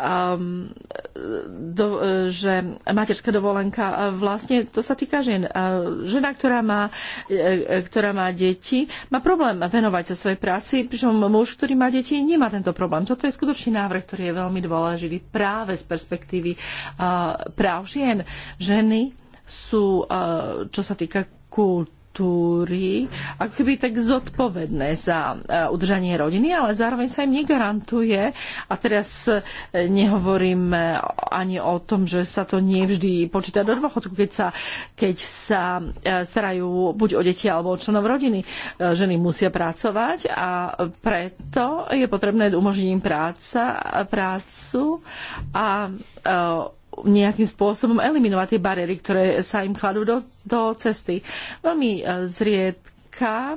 um, do, že materská dovolenka vlastne to sa týka žien. Žena, ktorá má, e, e, ktorá má deti, má problém venovať sa svojej práci, pričom muž, ktorý má deti, nemá tento problém. Toto je skutočný návrh, ktorý je veľmi dôležitý práve z perspektívy práv žien. Ženy sú, čo sa týka kultúry, kultúry, ako keby tak zodpovedné za e, udržanie rodiny, ale zároveň sa im negarantuje. A teraz e, nehovorím e, ani o tom, že sa to nevždy počíta do dôchodku, keď sa, keď sa starajú buď o deti alebo o členov rodiny. Ženy musia pracovať a preto je potrebné umožniť im práca, prácu a nejakým spôsobom eliminovať tie bariéry, ktoré sa im kladú do, do cesty. Veľmi e, zriedka e,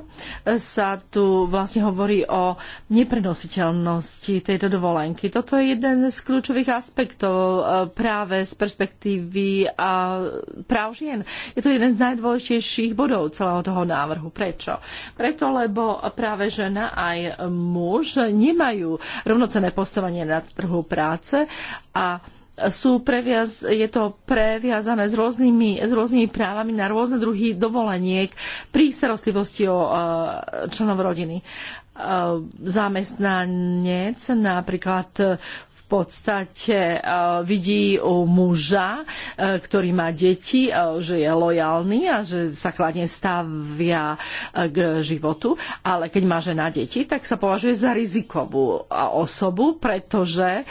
sa tu vlastne hovorí o neprenositeľnosti tejto dovolenky. Toto je jeden z kľúčových aspektov e, práve z perspektívy a práv žien. Je to jeden z najdôležitejších bodov celého toho návrhu. Prečo? Preto, lebo práve žena aj muž nemajú rovnocené postavenie na trhu práce a sú previaz, je to previazané s rôznymi, s rôznymi právami na rôzne druhy dovoleniek pri starostlivosti o e, členov rodiny. E, zamestnanec napríklad v podstate e, vidí u muža, ktorý má deti, že je lojálny a že sa kladne stavia k životu, ale keď má žena deti, tak sa považuje za rizikovú osobu, pretože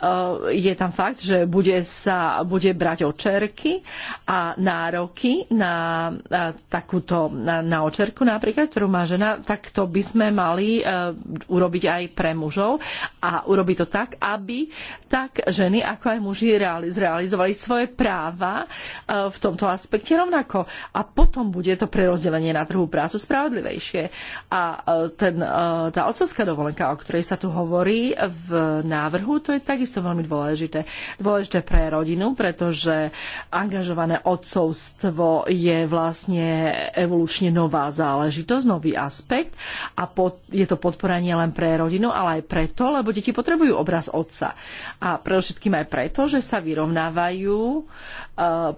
Eh, je tam fakt, že bude sa bude brať očerky a nároky na, na takúto na, na očerku napríklad, ktorú má žena, tak to by sme mali eh, urobiť aj pre mužov a urobiť to tak, aby tak ženy ako aj muži zrealizovali svoje práva eh, v tomto aspekte rovnako. A potom bude to prerozdelenie na trhu prácu spravodlivejšie. A ten, tá otcovská dovolenka, o ktorej sa tu hovorí v návrhu, to je tak takisto veľmi dôležité. Dôležité pre rodinu, pretože angažované odcovstvo je vlastne evolučne nová záležitosť, nový aspekt a pod, je to podpora len pre rodinu, ale aj preto, lebo deti potrebujú obraz otca. A predovšetkým aj preto, že sa vyrovnávajú e,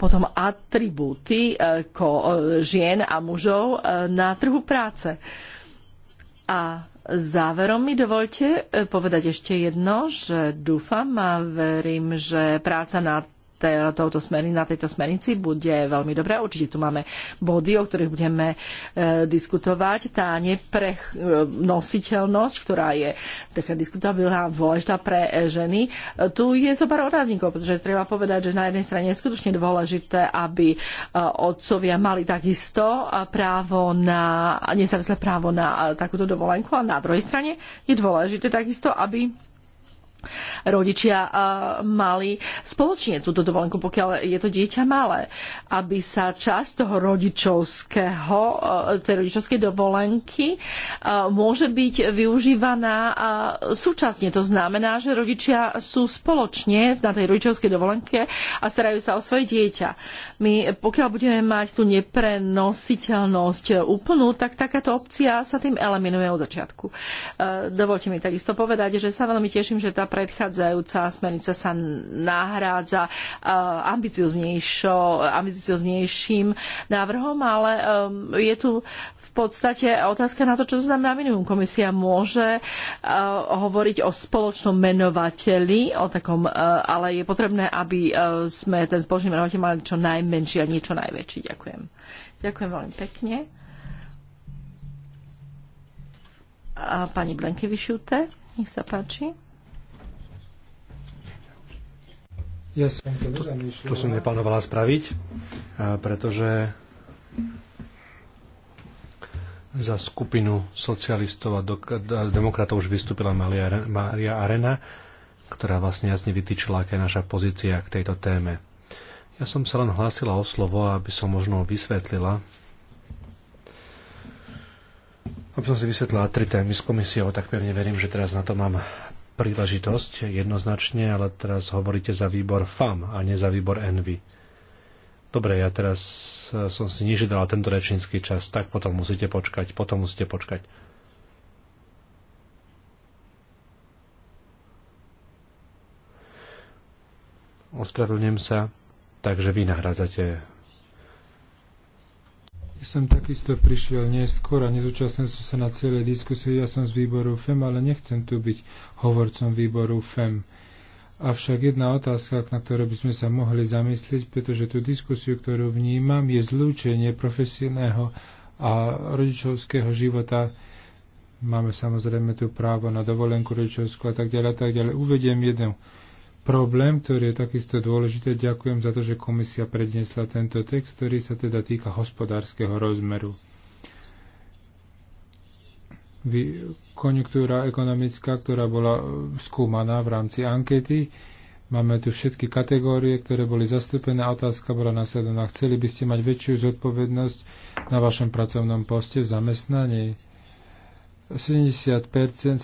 potom atribúty e, ko, e, žien a mužov e, na trhu práce. A Záverom mi dovolte eh, povedať ešte jedno, že dúfam a verím, že práca na touto na tejto smernici bude veľmi dobré. Určite tu máme body, o ktorých budeme e, diskutovať. Tá neprenositeľnosť, e, ktorá je taká diskutabilná, dôležitá pre e, ženy. E, tu je zo so pár otáznikov, pretože treba povedať, že na jednej strane je skutočne dôležité, aby e, otcovia mali takisto e, právo na, nezávislé právo na takúto dovolenku a na druhej strane je dôležité takisto, aby rodičia mali spoločne túto dovolenku, pokiaľ je to dieťa malé, aby sa časť toho rodičovského, e, tej rodičovskej dovolenky e, môže byť využívaná súčasne. To znamená, že rodičia sú spoločne na tej rodičovskej dovolenke a starajú sa o svoje dieťa. My, pokiaľ budeme mať tú neprenositeľnosť úplnú, tak takáto opcia sa tým eliminuje od začiatku. E, dovolte mi takisto povedať, že sa veľmi teším, že tá predchádzajúca smernica sa nahrádza e, ambicioznejším návrhom, ale e, je tu v podstate otázka na to, čo to znamená minimum. Komisia môže e, hovoriť o spoločnom menovateli, o takom, ale je potrebné, aby sme ten spoločný menovateľ mali čo najmenší a niečo najväčší. Ďakujem. Ďakujem veľmi pekne. A pani Blenkevišute, nech sa páči. Ja som to, to, to som neplánovala spraviť, pretože za skupinu socialistov a demokratov už vystúpila Maria Arena, ktorá vlastne jasne vytýčila, aká je naša pozícia k tejto téme. Ja som sa len hlásila o slovo, aby som možno vysvetlila, aby som si vysvetlila tri témy s komisiou, tak pevne verím, že teraz na to mám príležitosť jednoznačne, ale teraz hovoríte za výbor FAM a nie za výbor ENVY. Dobre, ja teraz e, som si dal tento rečnícky čas, tak potom musíte počkať, potom musíte počkať. Ospravedlňujem sa, takže vy nahrádzate ja som takisto prišiel neskôr a nezúčastnil som sa na celej diskusie. Ja som z výboru FEM, ale nechcem tu byť hovorcom výboru FEM. Avšak jedna otázka, na ktorú by sme sa mohli zamyslieť, pretože tú diskusiu, ktorú vnímam, je zlúčenie profesijného a rodičovského života. Máme samozrejme tu právo na dovolenku rodičovskú a tak ďalej, a tak ďalej. Uvediem jednu problém, ktorý je takisto dôležité. Ďakujem za to, že komisia predniesla tento text, ktorý sa teda týka hospodárskeho rozmeru. Konjunktúra ekonomická, ktorá bola e, skúmaná v rámci ankety, Máme tu všetky kategórie, ktoré boli zastúpené. Otázka bola nasledovná. Chceli by ste mať väčšiu zodpovednosť na vašom pracovnom poste v zamestnaní? 70%, 79%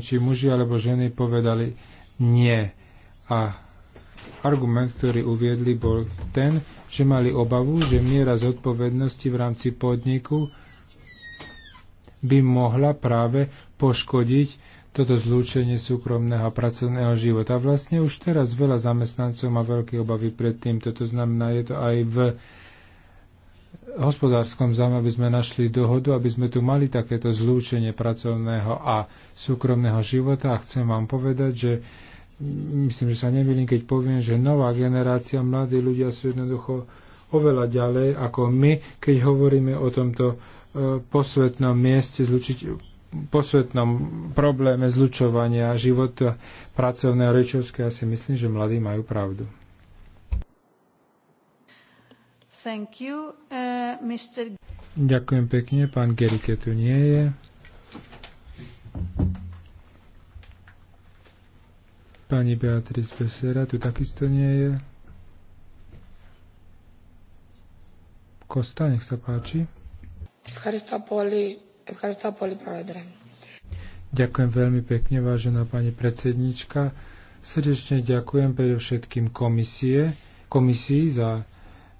či muži alebo ženy povedali, nie. A argument, ktorý uviedli, bol ten, že mali obavu, že miera zodpovednosti v rámci podniku by mohla práve poškodiť toto zlúčenie súkromného a pracovného života. A vlastne už teraz veľa zamestnancov má veľké obavy pred týmto. To znamená, je to aj v hospodárskom záme aby sme našli dohodu, aby sme tu mali takéto zlúčenie pracovného a súkromného života. A chcem vám povedať, že myslím, že sa nemýlim, keď poviem, že nová generácia, mladí ľudia sú jednoducho oveľa ďalej ako my, keď hovoríme o tomto e, posvetnom mieste zlučiť posvetnom probléme zlučovania života pracovného rečovského, ja si myslím, že mladí majú pravdu. Thank you, uh, e, Mr. Ďakujem pekne, pán Gerike tu nie je. Pani Beatrice Besera tu takisto nie je. Kosta, nech sa páči. Ďakujem veľmi pekne, vážená pani predsednička. Srdečne ďakujem predovšetkým komisie, komisii za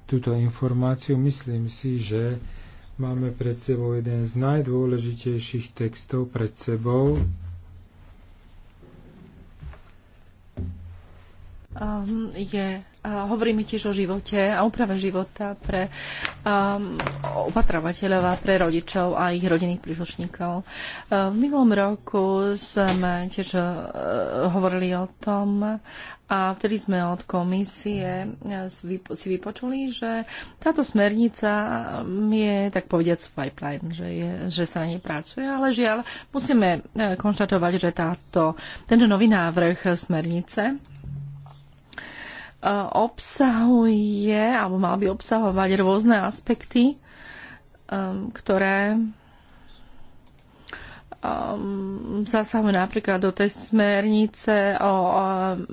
túto informáciu. Myslím si, že máme pred sebou jeden z najdôležitejších textov pred sebou um, je, uh, eh, hovorí mi tiež o živote a úprave života pre um, opatrovateľov a pre rodičov a ich rodinných príslušníkov. Uh, v minulom roku sme tiež uh, hovorili o tom a vtedy sme od komisie eh, si vypočuli, že táto smernica je, tak povediať, pipeline, že, je, že sa na nej pracuje, ale žiaľ, musíme konštatovať, že táto, tento nový návrh smernice Eh, obsahuje, alebo mal by obsahovať rôzne aspekty, eh, ktoré um, napríklad do tej smernice o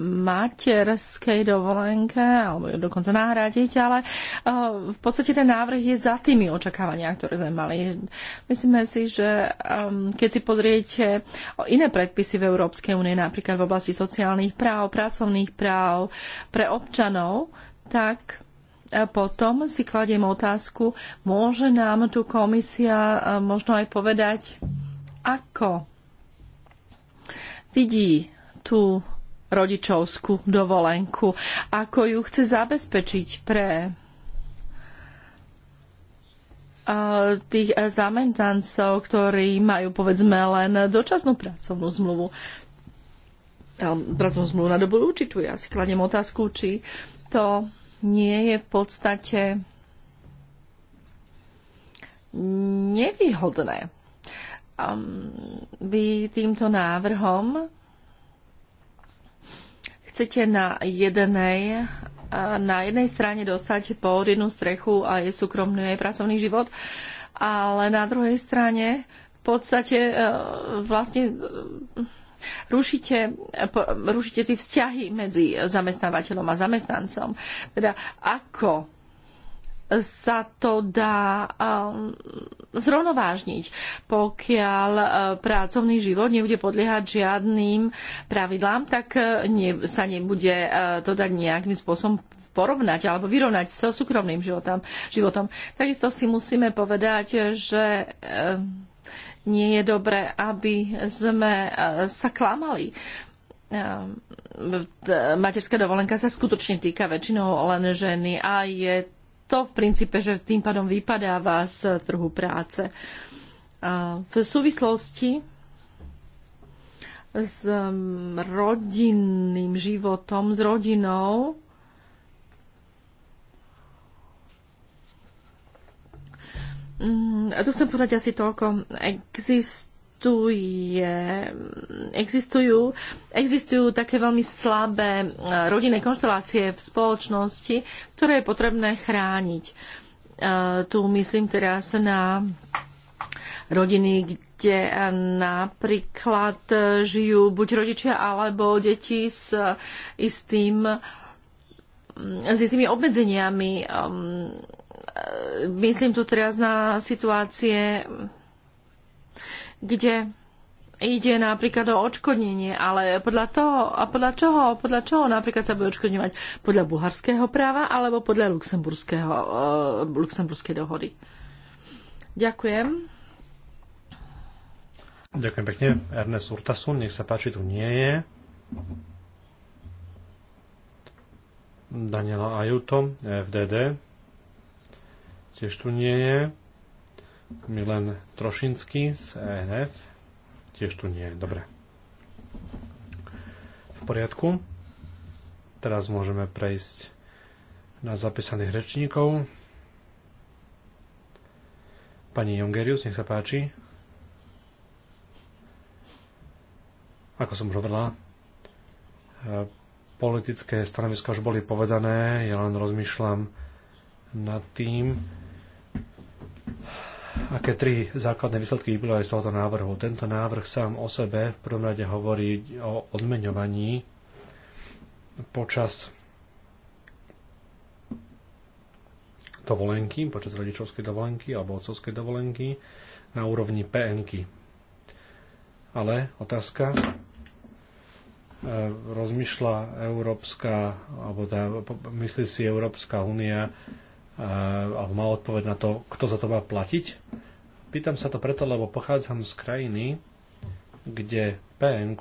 materskej dovolenke, alebo ju dokonca nahradiť, ale uh, v podstate ten návrh je za tými očakávania, ktoré sme mali. Myslíme si, že um, keď si pozriete iné predpisy v Európskej únie, napríklad v oblasti sociálnych práv, pracovných práv pre občanov, tak a e, potom si kladiem otázku, môže nám tu komisia e, možno aj povedať, ako vidí tú rodičovskú dovolenku, ako ju chce zabezpečiť pre eh, tých eh, zamestnancov, ktorí majú povedzme len dočasnú pracovnú zmluvu pracovnú zmluvu na dobu určitú. Ja si kladiem otázku, či to nie je v podstate nevýhodné vy týmto návrhom chcete na jednej na jednej strane dostať pod jednu strechu je súkromný aj pracovný život, ale na druhej strane v podstate e, vlastne e, rušíte, rušíte tie vzťahy medzi zamestnávateľom a zamestnancom. Teda ako sa to dá um, zrovnovážniť, pokiaľ uh, pracovný život nebude podliehať žiadnym pravidlám, tak uh, sa nebude uh, to dať nejakým spôsobom porovnať alebo vyrovnať so súkromným životom. životom. Takisto si musíme povedať, že nie je dobré, aby sme sa klamali um, materská dovolenka sa skutočne týka väčšinou len ženy a je to v princípe, že tým pádom vypadá vás trhu práce. V súvislosti s mm, rodinným životom, s rodinou, mm, a tu chcem povedať asi toľko. existuje existuje, existujú, existujú také veľmi slabé e, rodinné konštelácie v spoločnosti, ktoré je potrebné chrániť. E, tu myslím teraz na rodiny, kde napríklad žijú buď rodičia alebo deti s istým s istými obmedzeniami. Ehm, e, myslím tu teraz na situácie kde ide napríklad o odškodnenie, ale podľa toho, a podľa čoho, podľa čoho napríklad sa bude odškodňovať? Podľa bulharského práva alebo podľa luxemburského, uh, luxemburskej dohody? Ďakujem. Ďakujem pekne. Ernest Urtasun, nech sa páči, tu nie je. Daniela Ajuto, FDD, tiež tu nie je. Milan Trošinský z ENF. Tiež tu nie je. Dobre. V poriadku. Teraz môžeme prejsť na zapísaných rečníkov. Pani Jongerius, nech sa páči. Ako som už hovorila, eh, politické stanoviska už boli povedané, ja len rozmýšľam nad tým, aké tri základné výsledky vyplývajú z tohoto návrhu. Tento návrh sám o sebe v prvom rade hovorí o odmeňovaní počas dovolenky, počas rodičovskej dovolenky alebo otcovskej dovolenky na úrovni pn -ky. Ale otázka, e, rozmýšľa Európska, alebo tá, teda myslí si Európska únia, Eh, alebo mal odpoveď na to, kto za to má platiť. Pýtam sa to preto, lebo pochádzam z krajiny, kde pn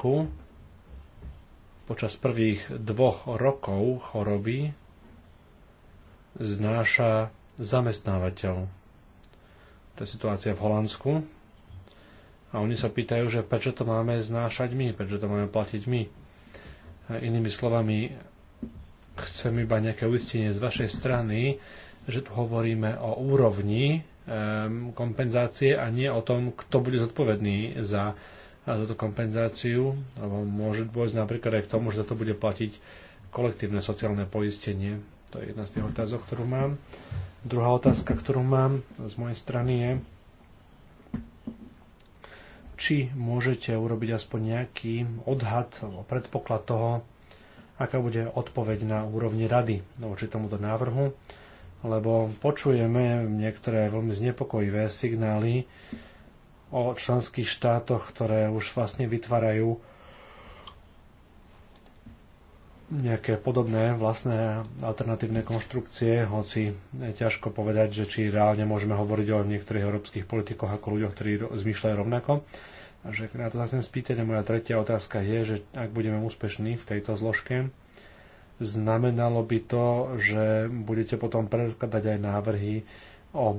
počas prvých dvoch rokov choroby znáša zamestnávateľ. To je situácia v Holandsku. A oni sa pýtajú, že prečo to máme znášať my, prečo to máme platiť my. Inými slovami, chcem iba nejaké uistenie z vašej strany, že tu hovoríme o úrovni kompenzácie a nie o tom, kto bude zodpovedný za e, túto kompenzáciu, lebo môže dôjsť napríklad aj k tomu, že za to bude platiť kolektívne sociálne poistenie. To je jedna z tých otázok, ktorú mám. Druhá otázka, ktorú mám z mojej strany je, či môžete urobiť aspoň nejaký odhad alebo predpoklad toho, aká bude odpoveď na úrovni rady voči tomuto návrhu lebo počujeme niektoré veľmi znepokojivé signály o členských štátoch, ktoré už vlastne vytvárajú nejaké podobné vlastné alternatívne konštrukcie, hoci je ťažko povedať, že či reálne môžeme hovoriť o niektorých európskych politikoch ako ľuďoch, ktorí zmyšľajú rovnako. Takže na to sa chcem spýtať, moja tretia otázka je, že ak budeme úspešní v tejto zložke, Znamenalo by to, že budete potom predkladať aj návrhy o e,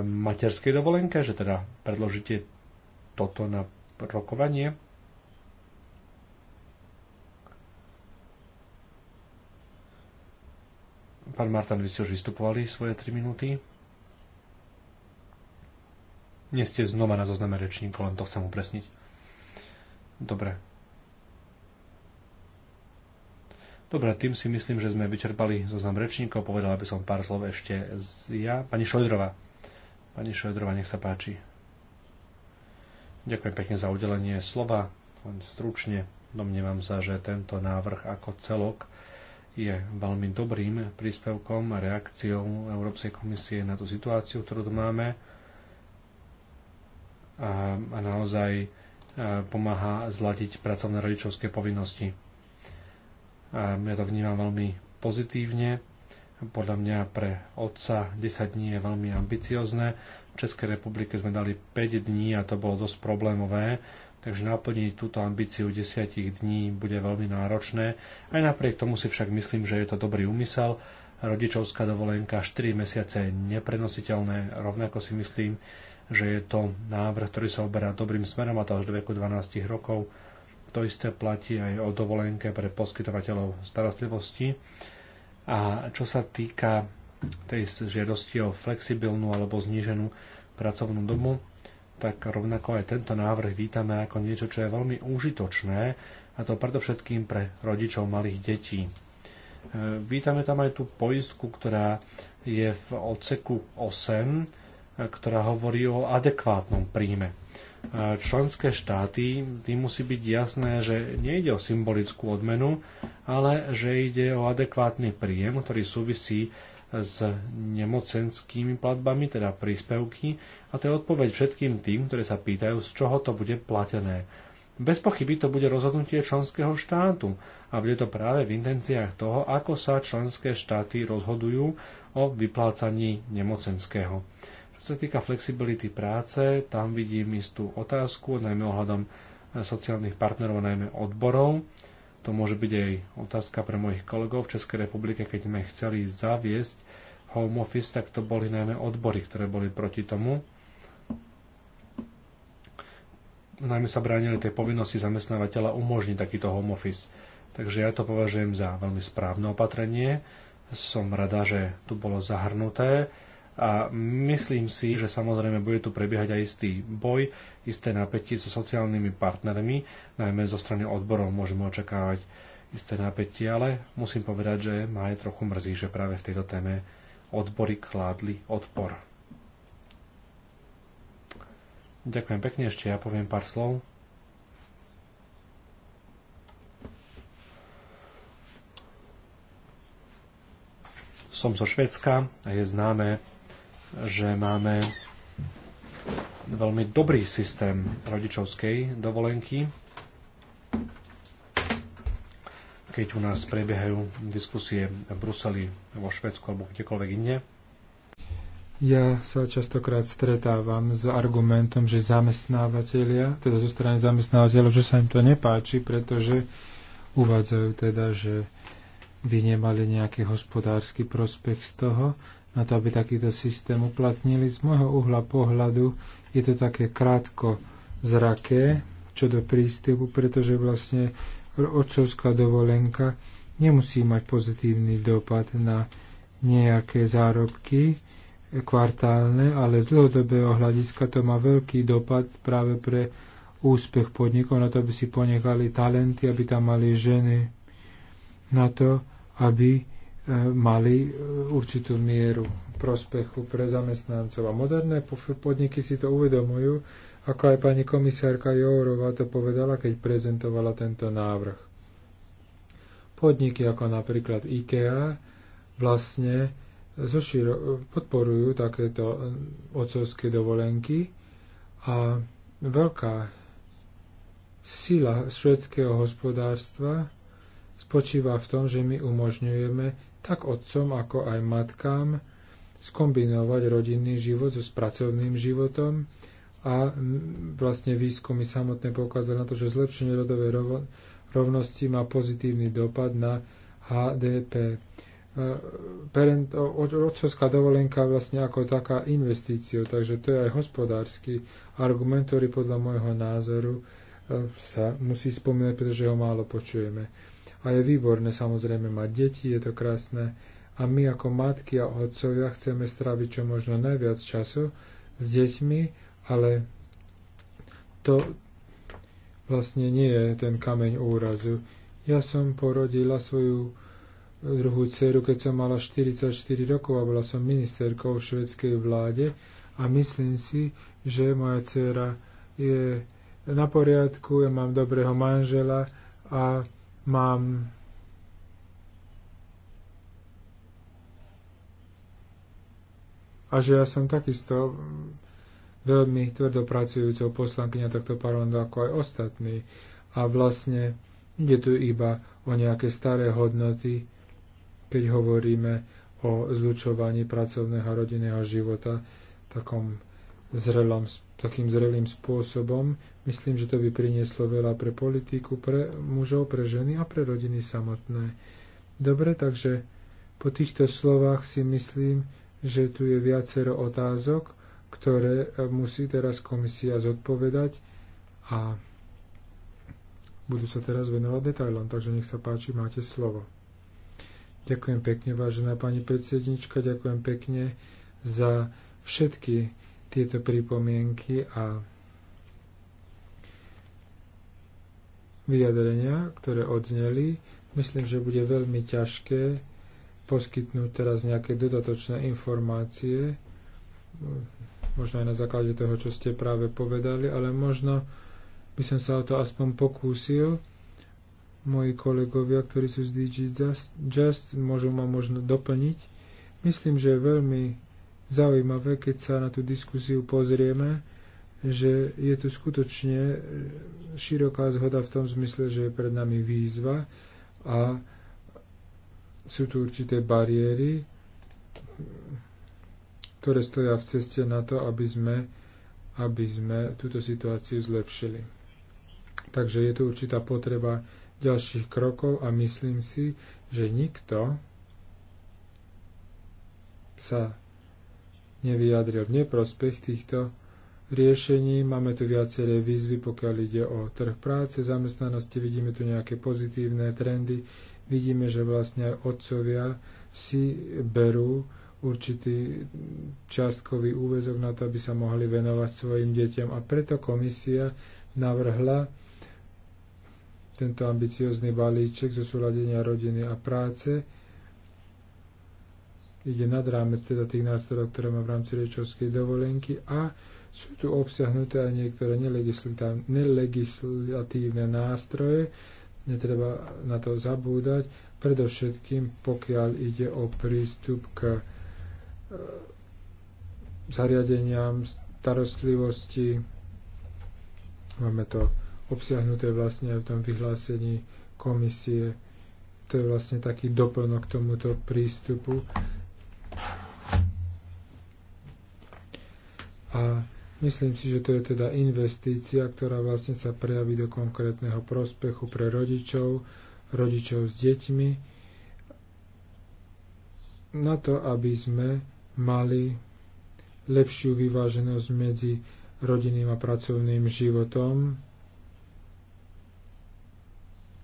materskej dovolenke, že teda predložíte toto na rokovanie. Pán Martin, vy ste už vystupovali svoje 3 minúty. Nie ste znova na zozname rečníkov, len to chcem upresniť. Dobre, Dobre, tým si myslím, že sme vyčerpali zoznam rečníkov. Povedala by som pár slov ešte ja. Pani Šojdrova. Pani Šojdrova, nech sa páči. Ďakujem pekne za udelenie slova. Len stručne domnievam sa, že tento návrh ako celok je veľmi dobrým príspevkom a reakciou Európskej komisie na tú situáciu, ktorú tu máme a, a naozaj pomáha zladiť pracovné rodičovské povinnosti ja to vnímam veľmi pozitívne. Podľa mňa pre otca 10 dní je veľmi ambiciozne. V Českej republike sme dali 5 dní a to bolo dosť problémové, takže naplniť túto ambíciu 10 dní bude veľmi náročné. Aj napriek tomu si však myslím, že je to dobrý úmysel. Rodičovská dovolenka 4 mesiace je neprenositeľné, rovnako si myslím, že je to návrh, ktorý sa oberá dobrým smerom a to až do veku 12 rokov to isté platí aj o dovolenke pre poskytovateľov starostlivosti. A čo sa týka tej žiadosti o flexibilnú alebo zníženú pracovnú dobu, tak rovnako aj tento návrh vítame ako niečo, čo je veľmi užitočné, a to predovšetkým pre rodičov malých detí. E, vítame tam aj tú poistku, ktorá je v odseku 8, e, ktorá hovorí o adekvátnom príjme členské štáty, tým musí byť jasné, že nejde o symbolickú odmenu, ale že ide o adekvátny príjem, ktorý súvisí s nemocenskými platbami, teda príspevky. A to je odpoveď všetkým tým, ktorí sa pýtajú, z čoho to bude platené. Bez pochyby to bude rozhodnutie členského štátu a bude to práve v intenciách toho, ako sa členské štáty rozhodujú o vyplácaní nemocenského. Čo sa týka flexibility práce, tam vidím istú otázku, najmä ohľadom eh, sociálnych partnerov, najmä odborov. To môže byť aj otázka pre mojich kolegov v Českej republike, keď sme chceli zaviesť home office, tak to boli najmä odbory, ktoré boli proti tomu. Najmä sa bránili tej povinnosti zamestnávateľa umožniť takýto home office. Takže ja to považujem za veľmi správne opatrenie. Som rada, že tu bolo zahrnuté a myslím si, že samozrejme bude tu prebiehať aj istý boj, isté napätie so sociálnymi partnermi, najmä zo strany odborov môžeme očakávať isté napätie, ale musím povedať, že ma aj trochu mrzí, že práve v tejto téme odbory kládli odpor. Ďakujem pekne, ešte ja poviem pár slov. Som zo Švedska a je známe, že máme veľmi dobrý systém rodičovskej dovolenky. Keď u nás prebiehajú diskusie v Bruseli, vo Švedsku alebo kdekoľvek inde. Ja sa častokrát stretávam s argumentom, že zamestnávateľia, teda zo strany zamestnávateľov, že sa im to nepáči, pretože uvádzajú teda, že by nemali nejaký hospodársky prospech z toho, na to, aby takýto systém uplatnili. Z môjho uhla pohľadu je to také krátko zraké, čo do prístupu, pretože vlastne otcovská dovolenka nemusí mať pozitívny dopad na nejaké zárobky kvartálne, ale z dlhodobého hľadiska to má veľký dopad práve pre úspech podnikov, na to, aby si ponechali talenty, aby tam mali ženy, na to, aby mali e, určitú mieru prospechu pre zamestnancov. A moderné podniky si to uvedomujú, ako aj pani komisárka Jourova to povedala, keď prezentovala tento návrh. Podniky ako napríklad IKEA vlastne zoširo, podporujú takéto e, ocovské dovolenky a veľká sila švedského hospodárstva spočíva v tom, že my umožňujeme tak otcom ako aj matkám skombinovať rodinný život so pracovným životom a vlastne výskumy samotné poukázali na to, že zlepšenie rodovej rovnosti má pozitívny dopad na HDP. E, parent, otcovská dovolenka vlastne ako taká investícia, takže to je aj hospodársky argument, ktorý podľa môjho názoru e, sa musí spomínať, pretože ho málo počujeme. A je výborné samozrejme mať deti, je to krásne. A my ako matky a otcovia chceme stráviť čo možno najviac času s deťmi, ale to vlastne nie je ten kameň úrazu. Ja som porodila svoju druhú dceru, keď som mala 44 rokov a bola som ministerkou v švedskej vláde a myslím si, že moja dcera je na poriadku, ja mám dobrého manžela a Mám a že ja som takisto veľmi tvrdopracujúcou poslankyňa takto parlamentu ako aj ostatní. A vlastne ide tu iba o nejaké staré hodnoty, keď hovoríme o zlučovaní pracovného a rodinného života takom zrelom, takým zrelým spôsobom, Myslím, že to by prinieslo veľa pre politiku, pre mužov, pre ženy a pre rodiny samotné. Dobre, takže po týchto slovách si myslím, že tu je viacero otázok, ktoré eh, musí teraz komisia zodpovedať a budú sa teraz venovať detailom, takže nech sa páči, máte slovo. Ďakujem pekne, vážená pani predsednička, ďakujem pekne za všetky tieto pripomienky a vyjadrenia, ktoré odzneli. Myslím, že bude veľmi ťažké poskytnúť teraz nejaké dodatočné informácie, možno aj na základe toho, čo ste práve povedali, ale možno by som sa o to aspoň pokúsil. Moji kolegovia, ktorí sú z DG Just, Just môžu ma možno doplniť. Myslím, že je veľmi zaujímavé, keď sa na tú diskusiu pozrieme, že je tu skutočne široká zhoda v tom zmysle, že je pred nami výzva a sú tu určité bariéry, ktoré stoja v ceste na to, aby sme, aby sme túto situáciu zlepšili. Takže je tu určitá potreba ďalších krokov a myslím si, že nikto sa nevyjadril v neprospech týchto riešení. Máme tu viaceré výzvy, pokiaľ ide o trh práce, zamestnanosti, vidíme tu nejaké pozitívne trendy, vidíme, že vlastne aj otcovia si berú určitý častkový úvezok na to, aby sa mohli venovať svojim deťom. A preto komisia navrhla tento ambiciózny balíček zo súladenia rodiny a práce. Ide nad rámec teda tých nástrojov, ktoré má v rámci rečovskej dovolenky a sú tu obsiahnuté aj niektoré nelegislatívne nástroje, netreba na to zabúdať, predovšetkým pokiaľ ide o prístup k e, zariadeniam starostlivosti. Máme to obsiahnuté vlastne v tom vyhlásení komisie. To je vlastne taký doplnok k tomuto prístupu. A Myslím si, že to je teda investícia, ktorá vlastne sa prejaví do konkrétneho prospechu pre rodičov, rodičov s deťmi, na to, aby sme mali lepšiu vyváženosť medzi rodinným a pracovným životom.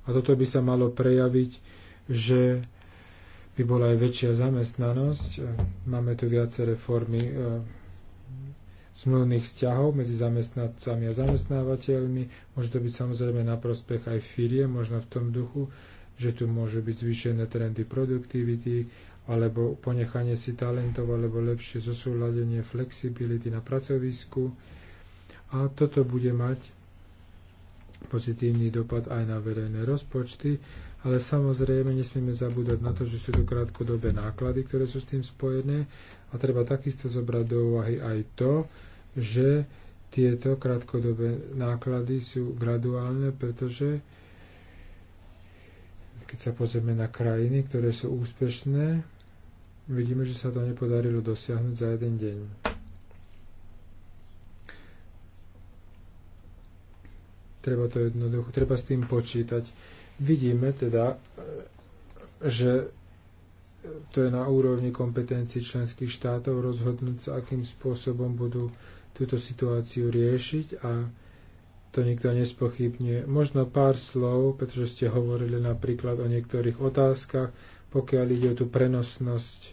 A toto by sa malo prejaviť, že by bola aj väčšia zamestnanosť. Máme tu viaceré formy eh, zmluvných vzťahov medzi zamestnancami a zamestnávateľmi. Môže to byť samozrejme na prospech aj firie, možno v tom duchu, že tu môžu byť zvýšené trendy produktivity, alebo ponechanie si talentov, alebo lepšie zosúladenie flexibility na pracovisku. A toto bude mať pozitívny dopad aj na verejné rozpočty, ale samozrejme nesmieme zabúdať na to, že sú to krátkodobé náklady, ktoré sú s tým spojené a treba takisto zobrať do úvahy aj to, že tieto krátkodobé náklady sú graduálne, pretože keď sa pozrieme na krajiny, ktoré sú úspešné, vidíme, že sa to nepodarilo dosiahnuť za jeden deň. Treba to jednoducho, treba s tým počítať. Vidíme teda, že to je na úrovni kompetencií členských štátov rozhodnúť sa, akým spôsobom budú túto situáciu riešiť a to nikto nespochybne. Možno pár slov, pretože ste hovorili napríklad o niektorých otázkach, pokiaľ ide o tú prenosnosť,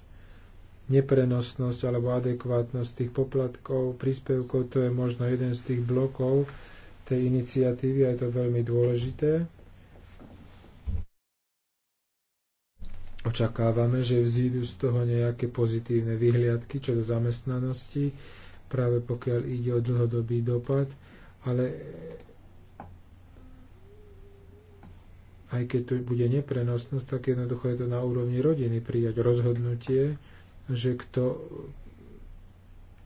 neprenosnosť alebo adekvátnosť tých poplatkov, príspevkov, to je možno jeden z tých blokov tej iniciatívy a je to veľmi dôležité. Očakávame, že vzídu z toho nejaké pozitívne vyhliadky čo do zamestnanosti práve pokiaľ ide o dlhodobý dopad, ale aj keď tu bude neprenosnosť, tak jednoducho je to na úrovni rodiny prijať rozhodnutie, že kto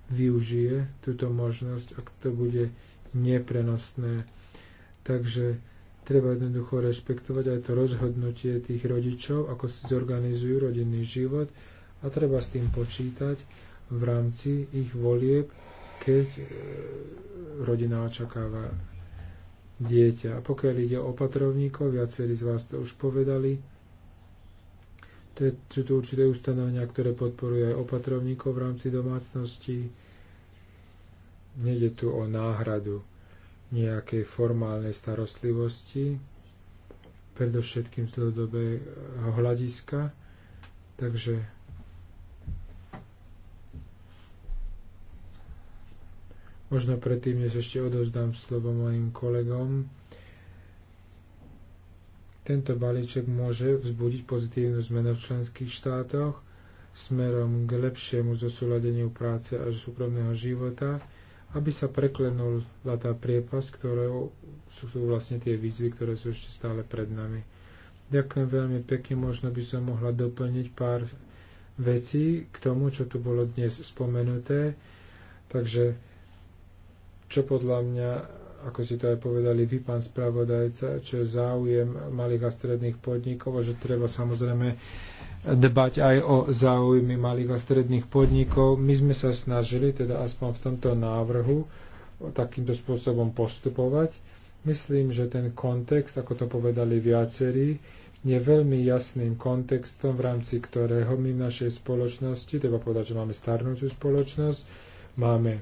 využije túto možnosť, a to bude neprenosné. Takže treba jednoducho rešpektovať aj to rozhodnutie tých rodičov, ako si zorganizujú rodinný život a treba s tým počítať v rámci ich volieb, keď e, rodina očakáva dieťa. A pokiaľ ide o opatrovníkov, viacerí z vás to už povedali, to sú to určité ustanovenia, ktoré podporuje aj opatrovníkov v rámci domácnosti. Nede tu o náhradu nejakej formálnej starostlivosti, predovšetkým z dlhodobého hľadiska. Takže Možno predtým, než ešte odovzdám slovo mojim kolegom, tento balíček môže vzbudiť pozitívnu zmenu v členských štátoch smerom k lepšiemu zosúladeniu práce a súkromného života, aby sa preklenula tá priepas, ktoré sú tu vlastne tie výzvy, ktoré sú ešte stále pred nami. Ďakujem veľmi pekne, možno by som mohla doplniť pár vecí k tomu, čo tu bolo dnes spomenuté. Takže čo podľa mňa, ako si to aj povedali vy, pán spravodajca, čo je záujem malých a stredných podnikov a že treba samozrejme dbať aj o záujmy malých a stredných podnikov. My sme sa snažili, teda aspoň v tomto návrhu, takýmto spôsobom postupovať. Myslím, že ten kontext, ako to povedali viacerí, je veľmi jasným kontextom, v rámci ktorého my v našej spoločnosti, treba povedať, že máme starnúcu spoločnosť, máme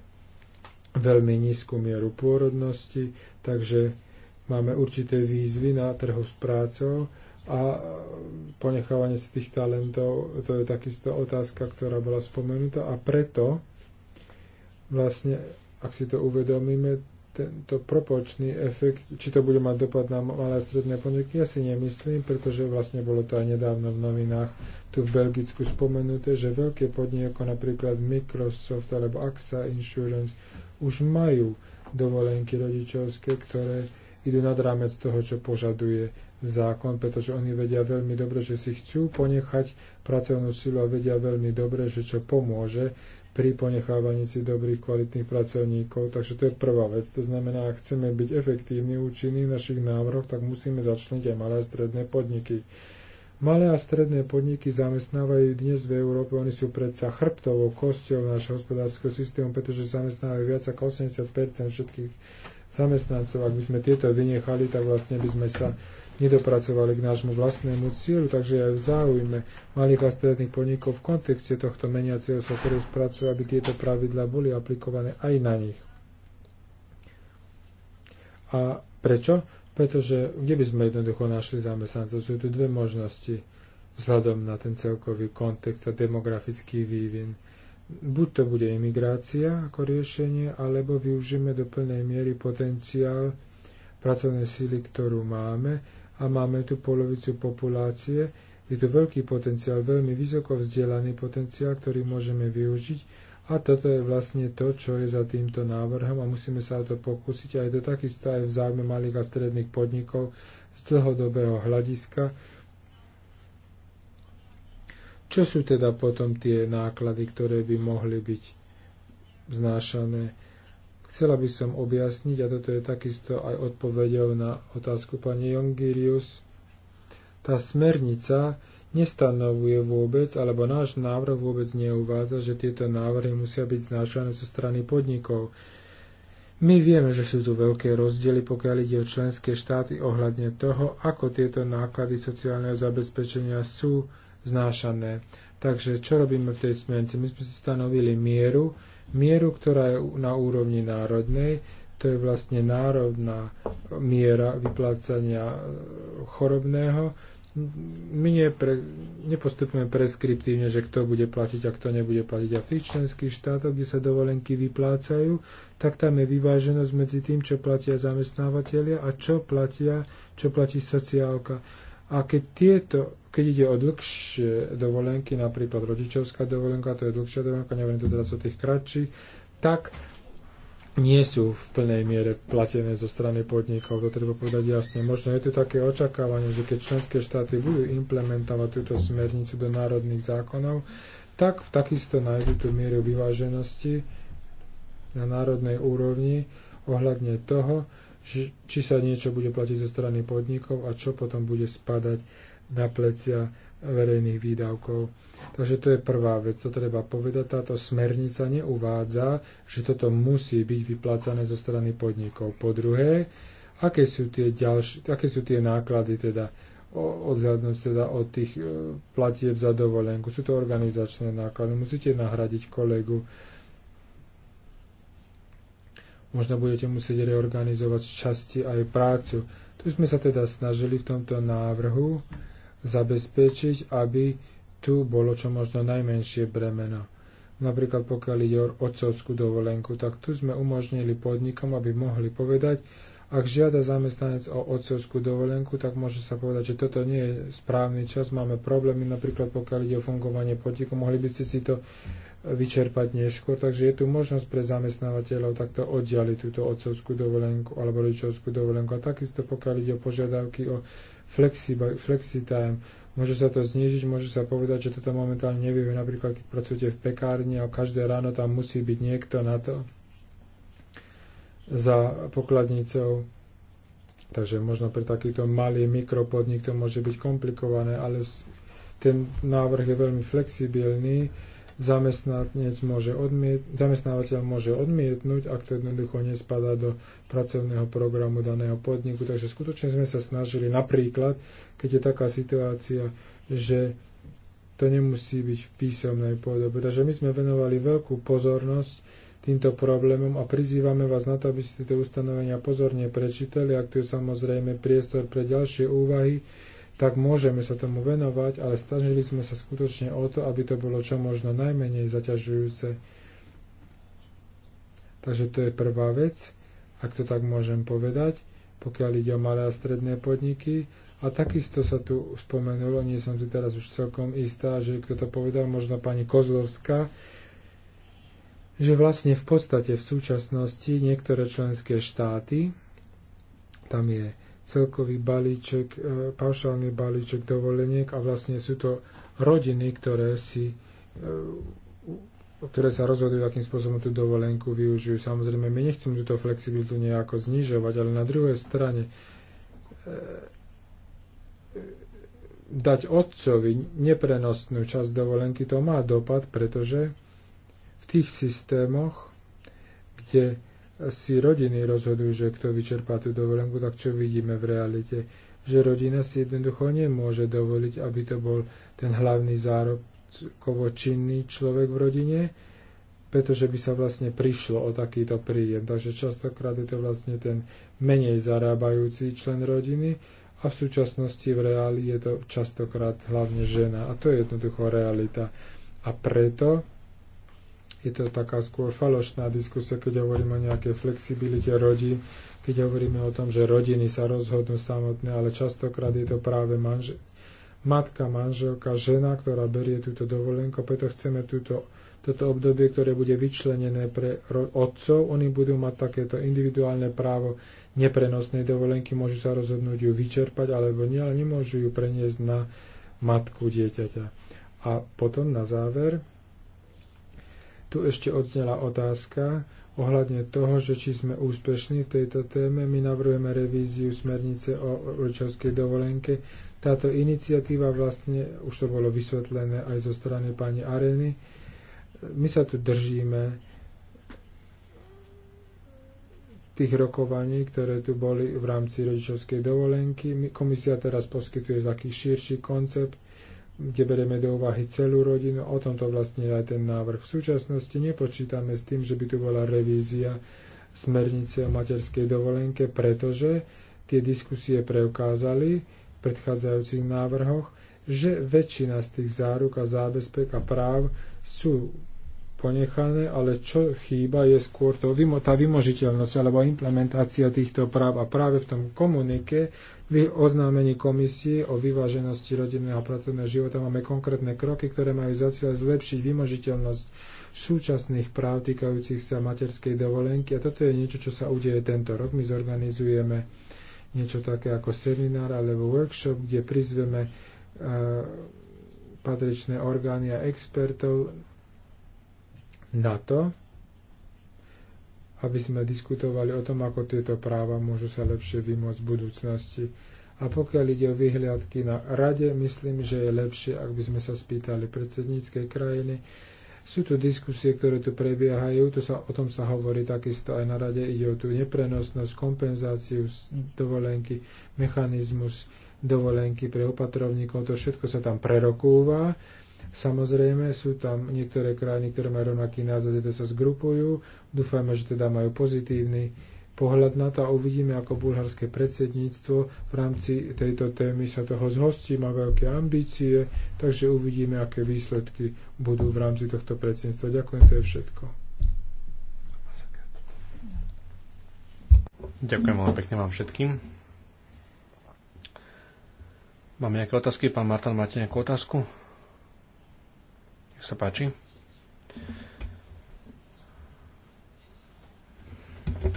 veľmi nízku mieru pôrodnosti, takže máme určité výzvy na trhu s prácou a ponechávanie si tých talentov, to je takisto otázka, ktorá bola spomenutá a preto vlastne, ak si to uvedomíme, tento propočný efekt, či to bude mať dopad na malé a stredné podniky, ja si nemyslím, pretože vlastne bolo to aj nedávno v novinách tu v Belgicku spomenuté, že veľké podniky ako napríklad Microsoft alebo AXA Insurance už majú dovolenky rodičovské, ktoré idú nad rámec toho, čo požaduje zákon, pretože oni vedia veľmi dobre, že si chcú ponechať pracovnú silu a vedia veľmi dobre, že čo pomôže pri ponechávaní si dobrých kvalitných pracovníkov. Takže to je prvá vec. To znamená, ak chceme byť efektívni, účinní v našich návrhoch, tak musíme začniť aj malé a stredné podniky. Malé a stredné podniky zamestnávajú dnes v Európe, oni sú predsa chrbtovou kosťou nášho hospodárskeho systému, pretože zamestnávajú viac ako 80 všetkých zamestnancov. Ak by sme tieto vynechali, tak vlastne by sme sa nedopracovali k nášmu vlastnému cieľu, takže aj v záujme malých a stredných podnikov v kontexte tohto meniaceho sa trhu spracujú, aby tieto pravidlá boli aplikované aj na nich. A prečo? pretože kde by sme jednoducho našli zamestnancov? Sú tu dve možnosti vzhľadom na ten celkový kontext a demografický vývin. Buď to bude imigrácia ako riešenie, alebo využijeme do plnej miery potenciál pracovnej síly, ktorú máme a máme tu polovicu populácie. Je tu veľký potenciál, veľmi vysoko vzdelaný potenciál, ktorý môžeme využiť a toto je vlastne to, čo je za týmto návrhom a musíme sa o to pokúsiť aj to takisto aj v záujme malých a stredných podnikov z dlhodobého hľadiska. Čo sú teda potom tie náklady, ktoré by mohli byť vznášané? Chcela by som objasniť, a toto je takisto aj odpovedou na otázku pani Jongirius, tá smernica, nestanovuje vôbec, alebo náš návrh vôbec neuvádza, že tieto návrhy musia byť znášané zo strany podnikov. My vieme, že sú tu veľké rozdiely, pokiaľ ide o členské štáty ohľadne toho, ako tieto náklady sociálneho zabezpečenia sú znášané. Takže čo robíme v tej smernici? My sme si stanovili mieru, mieru, ktorá je na úrovni národnej, to je vlastne národná miera vyplácania e, chorobného, my nepre, nepostupujeme preskriptívne, že kto bude platiť a kto nebude platiť. A v tých členských štátoch, kde sa dovolenky vyplácajú, tak tam je vyváženosť medzi tým, čo platia zamestnávateľia a čo platia, čo platí sociálka. A keď tieto, keď ide o dlhšie dovolenky, napríklad rodičovská dovolenka, to je dlhšia dovolenka, neviem to teraz o tých kratších, tak nie sú v plnej miere platené zo strany podnikov. To treba povedať jasne. Možno je tu také očakávanie, že keď členské štáty budú implementovať túto smernicu do národných zákonov, tak takisto nájdú tú mieru vyváženosti na národnej úrovni ohľadne toho, či sa niečo bude platiť zo strany podnikov a čo potom bude spadať na plecia verejných výdavkov. Takže to je prvá vec, to treba povedať. Táto smernica neuvádza, že toto musí byť vyplácané zo strany podnikov. Po druhé, aké sú tie, ďalšie, aké sú tie náklady teda odhľadnúť teda od tých e, platieb za dovolenku. Sú to organizačné náklady. Musíte nahradiť kolegu. Možno budete musieť reorganizovať časti aj prácu. Tu sme sa teda snažili v tomto návrhu zabezpečiť, aby tu bolo čo možno najmenšie bremeno. Napríklad pokiaľ ide o otcovskú dovolenku, tak tu sme umožnili podnikom, aby mohli povedať, ak žiada zamestnanec o otcovskú dovolenku, tak môže sa povedať, že toto nie je správny čas, máme problémy, napríklad pokiaľ ide o fungovanie podniku, mohli by ste si to vyčerpať neskôr, takže je tu možnosť pre zamestnávateľov takto oddialiť túto otcovskú dovolenku alebo rodičovskú dovolenku. A takisto pokiaľ ide o požiadavky o flexi, flexitime. Môže sa to znížiť, môže sa povedať, že toto momentálne nevie. Napríklad, keď pracujete v pekárni a každé ráno tam musí byť niekto na to za pokladnicou. Takže možno pre takýto malý mikropodnik to môže byť komplikované, ale ten návrh je veľmi flexibilný zamestnanec môže odmiet, zamestnávateľ môže odmietnúť, ak to jednoducho nespadá do pracovného programu daného podniku. Takže skutočne sme sa snažili napríklad, keď je taká situácia, že to nemusí byť v písomnej podobe. Takže my sme venovali veľkú pozornosť týmto problémom a prizývame vás na to, aby ste tieto ustanovenia pozorne prečítali, ak tu je samozrejme priestor pre ďalšie úvahy, tak môžeme sa tomu venovať, ale snažili sme sa skutočne o to, aby to bolo čo možno najmenej zaťažujúce. Takže to je prvá vec, ak to tak môžem povedať, pokiaľ ide o malé a stredné podniky. A takisto sa tu spomenulo, nie som tu teraz už celkom istá, že kto to povedal, možno pani Kozlovská, že vlastne v podstate v súčasnosti niektoré členské štáty, tam je celkový balíček, e, paušálny balíček dovoleniek a vlastne sú to rodiny, ktoré si e, ktoré sa rozhodujú, akým spôsobom tú dovolenku využijú. Samozrejme, my nechceme túto flexibilitu nejako znižovať, ale na druhej strane e, dať otcovi neprenosnú časť dovolenky, to má dopad, pretože v tých systémoch, kde si rodiny rozhodujú, že kto vyčerpá tú dovolenku, tak čo vidíme v realite? Že rodina si jednoducho nemôže dovoliť, aby to bol ten hlavný zárobkovo činný človek v rodine, pretože by sa vlastne prišlo o takýto príjem. Takže častokrát je to vlastne ten menej zarábajúci člen rodiny a v súčasnosti v reáli je to častokrát hlavne žena. A to je jednoducho realita. A preto je to taká skôr falošná diskusia, keď hovoríme o nejakej flexibilite rodín, keď hovoríme o tom, že rodiny sa rozhodnú samotné, ale častokrát je to práve manžel, matka, manželka, žena, ktorá berie túto dovolenku, preto chceme túto, toto obdobie, ktoré bude vyčlenené pre otcov, oni budú mať takéto individuálne právo neprenosnej dovolenky, môžu sa rozhodnúť ju vyčerpať alebo nie, ale nemôžu ju preniesť na matku dieťaťa. A potom na záver, tu ešte odznela otázka ohľadne toho, že či sme úspešní v tejto téme. My navrhujeme revíziu smernice o rodičovskej dovolenke. Táto iniciatíva vlastne, už to bolo vysvetlené aj zo strany pani Areny, my sa tu držíme tých rokovaní, ktoré tu boli v rámci rodičovskej dovolenky. Komisia teraz poskytuje taký širší koncept kde bereme do úvahy celú rodinu. O tomto vlastne aj ten návrh. V súčasnosti nepočítame s tým, že by tu bola revízia smernice o materskej dovolenke, pretože tie diskusie preukázali v predchádzajúcich návrhoch, že väčšina z tých záruk a zábezpek a práv sú ponechané, ale čo chýba je skôr to, tá vymožiteľnosť alebo implementácia týchto práv a práve v tom komunike v oznámení komisie o vyváženosti rodinného a pracovného života máme konkrétne kroky, ktoré majú za cieľ zlepšiť vymožiteľnosť súčasných práv týkajúcich sa materskej dovolenky. A toto je niečo, čo sa udeje tento rok. My zorganizujeme niečo také ako seminár alebo workshop, kde prizveme uh, patričné orgány a expertov na to, aby sme diskutovali o tom, ako tieto práva môžu sa lepšie vymôcť v budúcnosti. A pokiaľ ide o vyhliadky na rade, myslím, že je lepšie, ak by sme sa spýtali predsedníckej krajiny. Sú tu diskusie, ktoré tu prebiehajú, to sa, o tom sa hovorí takisto aj na rade, ide o tú neprenosnosť, kompenzáciu dovolenky, mechanizmus dovolenky pre opatrovníkov, to všetko sa tam prerokúva Samozrejme, sú tam niektoré krajiny, ktoré majú rovnaký názor, kde sa zgrupujú. Dúfajme, že teda majú pozitívny pohľad na to a uvidíme, ako bulharské predsedníctvo v rámci tejto témy sa toho zhostí, má veľké ambície, takže uvidíme, aké výsledky budú v rámci tohto predsedníctva. Ďakujem, to je všetko. Ďakujem veľmi pekne vám všetkým. Mám nejaké otázky? Pán Martin, máte nejakú otázku? Nech sa páči.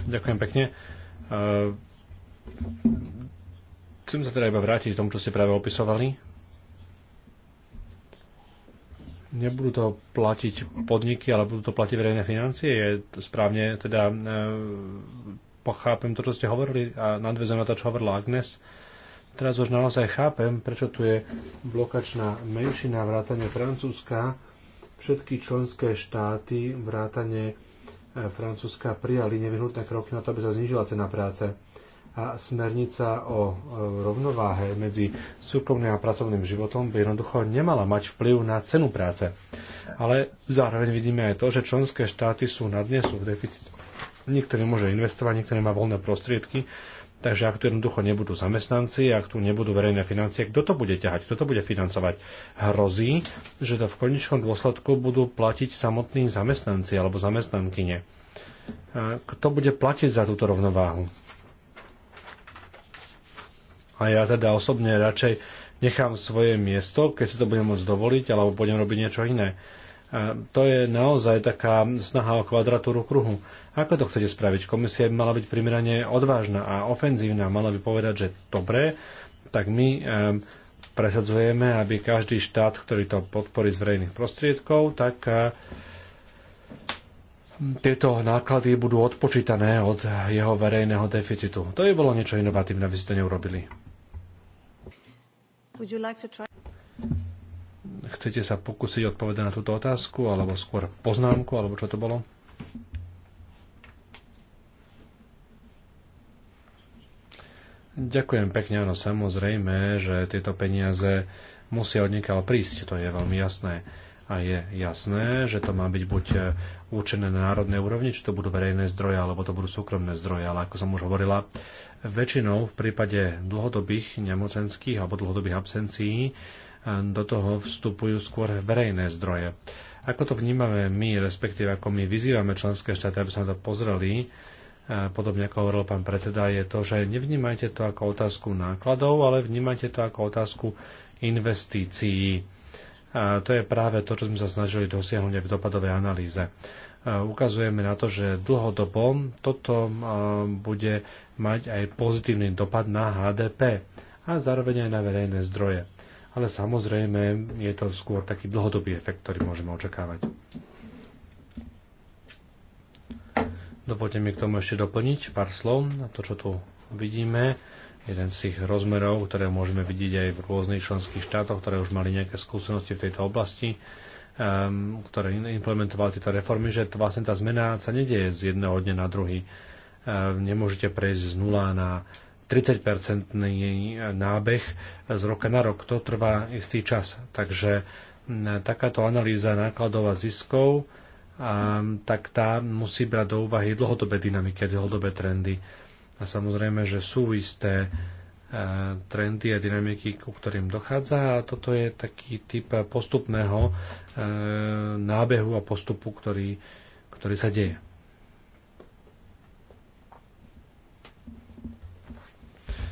Ďakujem pekne. E, chcem sa teda iba vrátiť k tomu, čo ste práve opisovali. Nebudú to platiť podniky, ale budú to platiť verejné financie. Je správne, teda uh, pochápem to, čo ste hovorili a nadvezujem na to, čo hovorila Agnes. Teraz už naozaj chápem, prečo tu je blokačná menšina vrátane Francúzska, všetky členské štáty vrátane e, Francúzska prijali nevyhnutné kroky na to, aby sa znižila cena práce. A smernica o e, rovnováhe medzi súkromným a pracovným životom by jednoducho nemala mať vplyv na cenu práce. Ale zároveň vidíme aj to, že členské štáty sú na dnes v deficite. Nikto nemôže investovať, nikto nemá voľné prostriedky Takže ak tu jednoducho nebudú zamestnanci, ak tu nebudú verejné financie, kto to bude ťahať, kto to bude financovať? Hrozí, že to v konečnom dôsledku budú platiť samotní zamestnanci alebo zamestnankyne. Kto bude platiť za túto rovnováhu? A ja teda osobne radšej nechám svoje miesto, keď si to budem môcť dovoliť, alebo budem robiť niečo iné. To je naozaj taká snaha o kvadratúru kruhu ako to chcete spraviť? Komisia by mala byť primerane odvážna a ofenzívna. Mala by povedať, že dobre, tak my presadzujeme, aby každý štát, ktorý to podporí z verejných prostriedkov, tak e, tieto náklady budú odpočítané od jeho verejného deficitu. To je bolo niečo inovatívne, aby ste to neurobili. Chcete sa pokúsiť odpovedať na túto otázku, alebo skôr poznámku, alebo čo to bolo? Ďakujem pekne, áno, samozrejme, že tieto peniaze musia odniekaľ prísť, to je veľmi jasné. A je jasné, že to má byť buď e, určené na národnej úrovni, či to budú verejné zdroje, alebo to budú súkromné zdroje. Ale ako som už hovorila, väčšinou v prípade dlhodobých nemocenských alebo dlhodobých absencií e, do toho vstupujú skôr verejné zdroje. Ako to vnímame my, respektíve ako my vyzývame členské štáty, aby sme to pozreli, podobne ako hovoril pán predseda, je to, že nevnímajte to ako otázku nákladov, ale vnímajte to ako otázku investícií. A to je práve to, čo sme sa snažili dosiahnuť v dopadovej analýze. Ukazujeme na to, že dlhodobo toto bude mať aj pozitívny dopad na HDP a zároveň aj na verejné zdroje. Ale samozrejme je to skôr taký dlhodobý efekt, ktorý môžeme očakávať. Dovolte mi k tomu ešte doplniť pár slov na to, čo tu vidíme. Jeden z tých rozmerov, ktoré môžeme vidieť aj v rôznych členských štátoch, ktoré už mali nejaké skúsenosti v tejto oblasti, um, ktoré implementovali tieto reformy, že vlastne tá zmena sa nedieje z jedného dňa na druhý. Um, nemôžete prejsť z nula na 30-percentný nábeh z roka na rok. To trvá istý čas. Takže takáto analýza nákladov a ziskov Ehm, tak tá musí brať do úvahy dlhodobé dynamiky a dlhodobé trendy. A samozrejme, že sú isté ehm, trendy a dynamiky, ku ktorým dochádza a toto je taký typ postupného ehm, nábehu a postupu, ktorý, ktorý sa deje.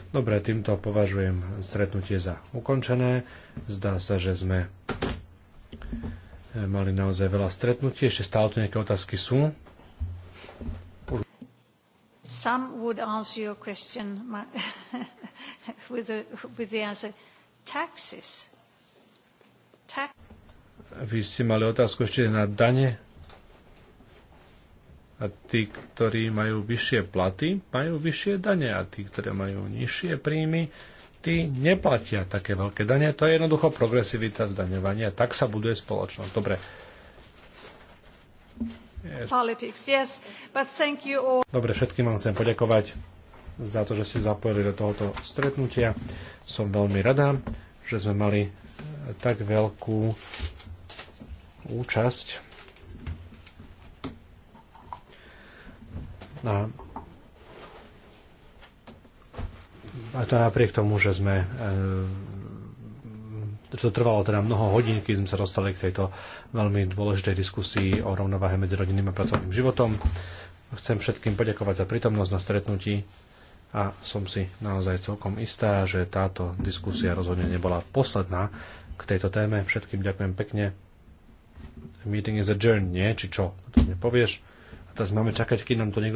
Dobre, týmto považujem stretnutie za ukončené. Zdá sa, že sme mali naozaj veľa stretnutí. Ešte stále tu nejaké otázky sú. Some would answer your question with, with the answer taxes. Vy ste mali otázku ešte na dane. A tí, ktorí majú vyššie platy, majú vyššie dane. A tí, ktoré majú nižšie príjmy, štáty neplatia také veľké dane. To je jednoducho progresivita zdaňovania. Tak sa buduje spoločnosť. Dobre. Yes. Dobre, všetkým vám chcem poďakovať za to, že ste zapojili do tohoto stretnutia. Som veľmi rada, že sme mali eh, tak veľkú účasť na a to napriek tomu, že sme e, to trvalo teda mnoho hodín, keď sme sa dostali k tejto veľmi dôležitej diskusii o rovnováhe medzi rodinným a pracovným životom. Chcem všetkým poďakovať za prítomnosť na stretnutí a som si naozaj celkom istá, že táto diskusia rozhodne nebola posledná k tejto téme. Všetkým ďakujem pekne. Meeting is adjourned, nie? Či čo? To nepovieš. A teraz máme čakať, kým nám to niekto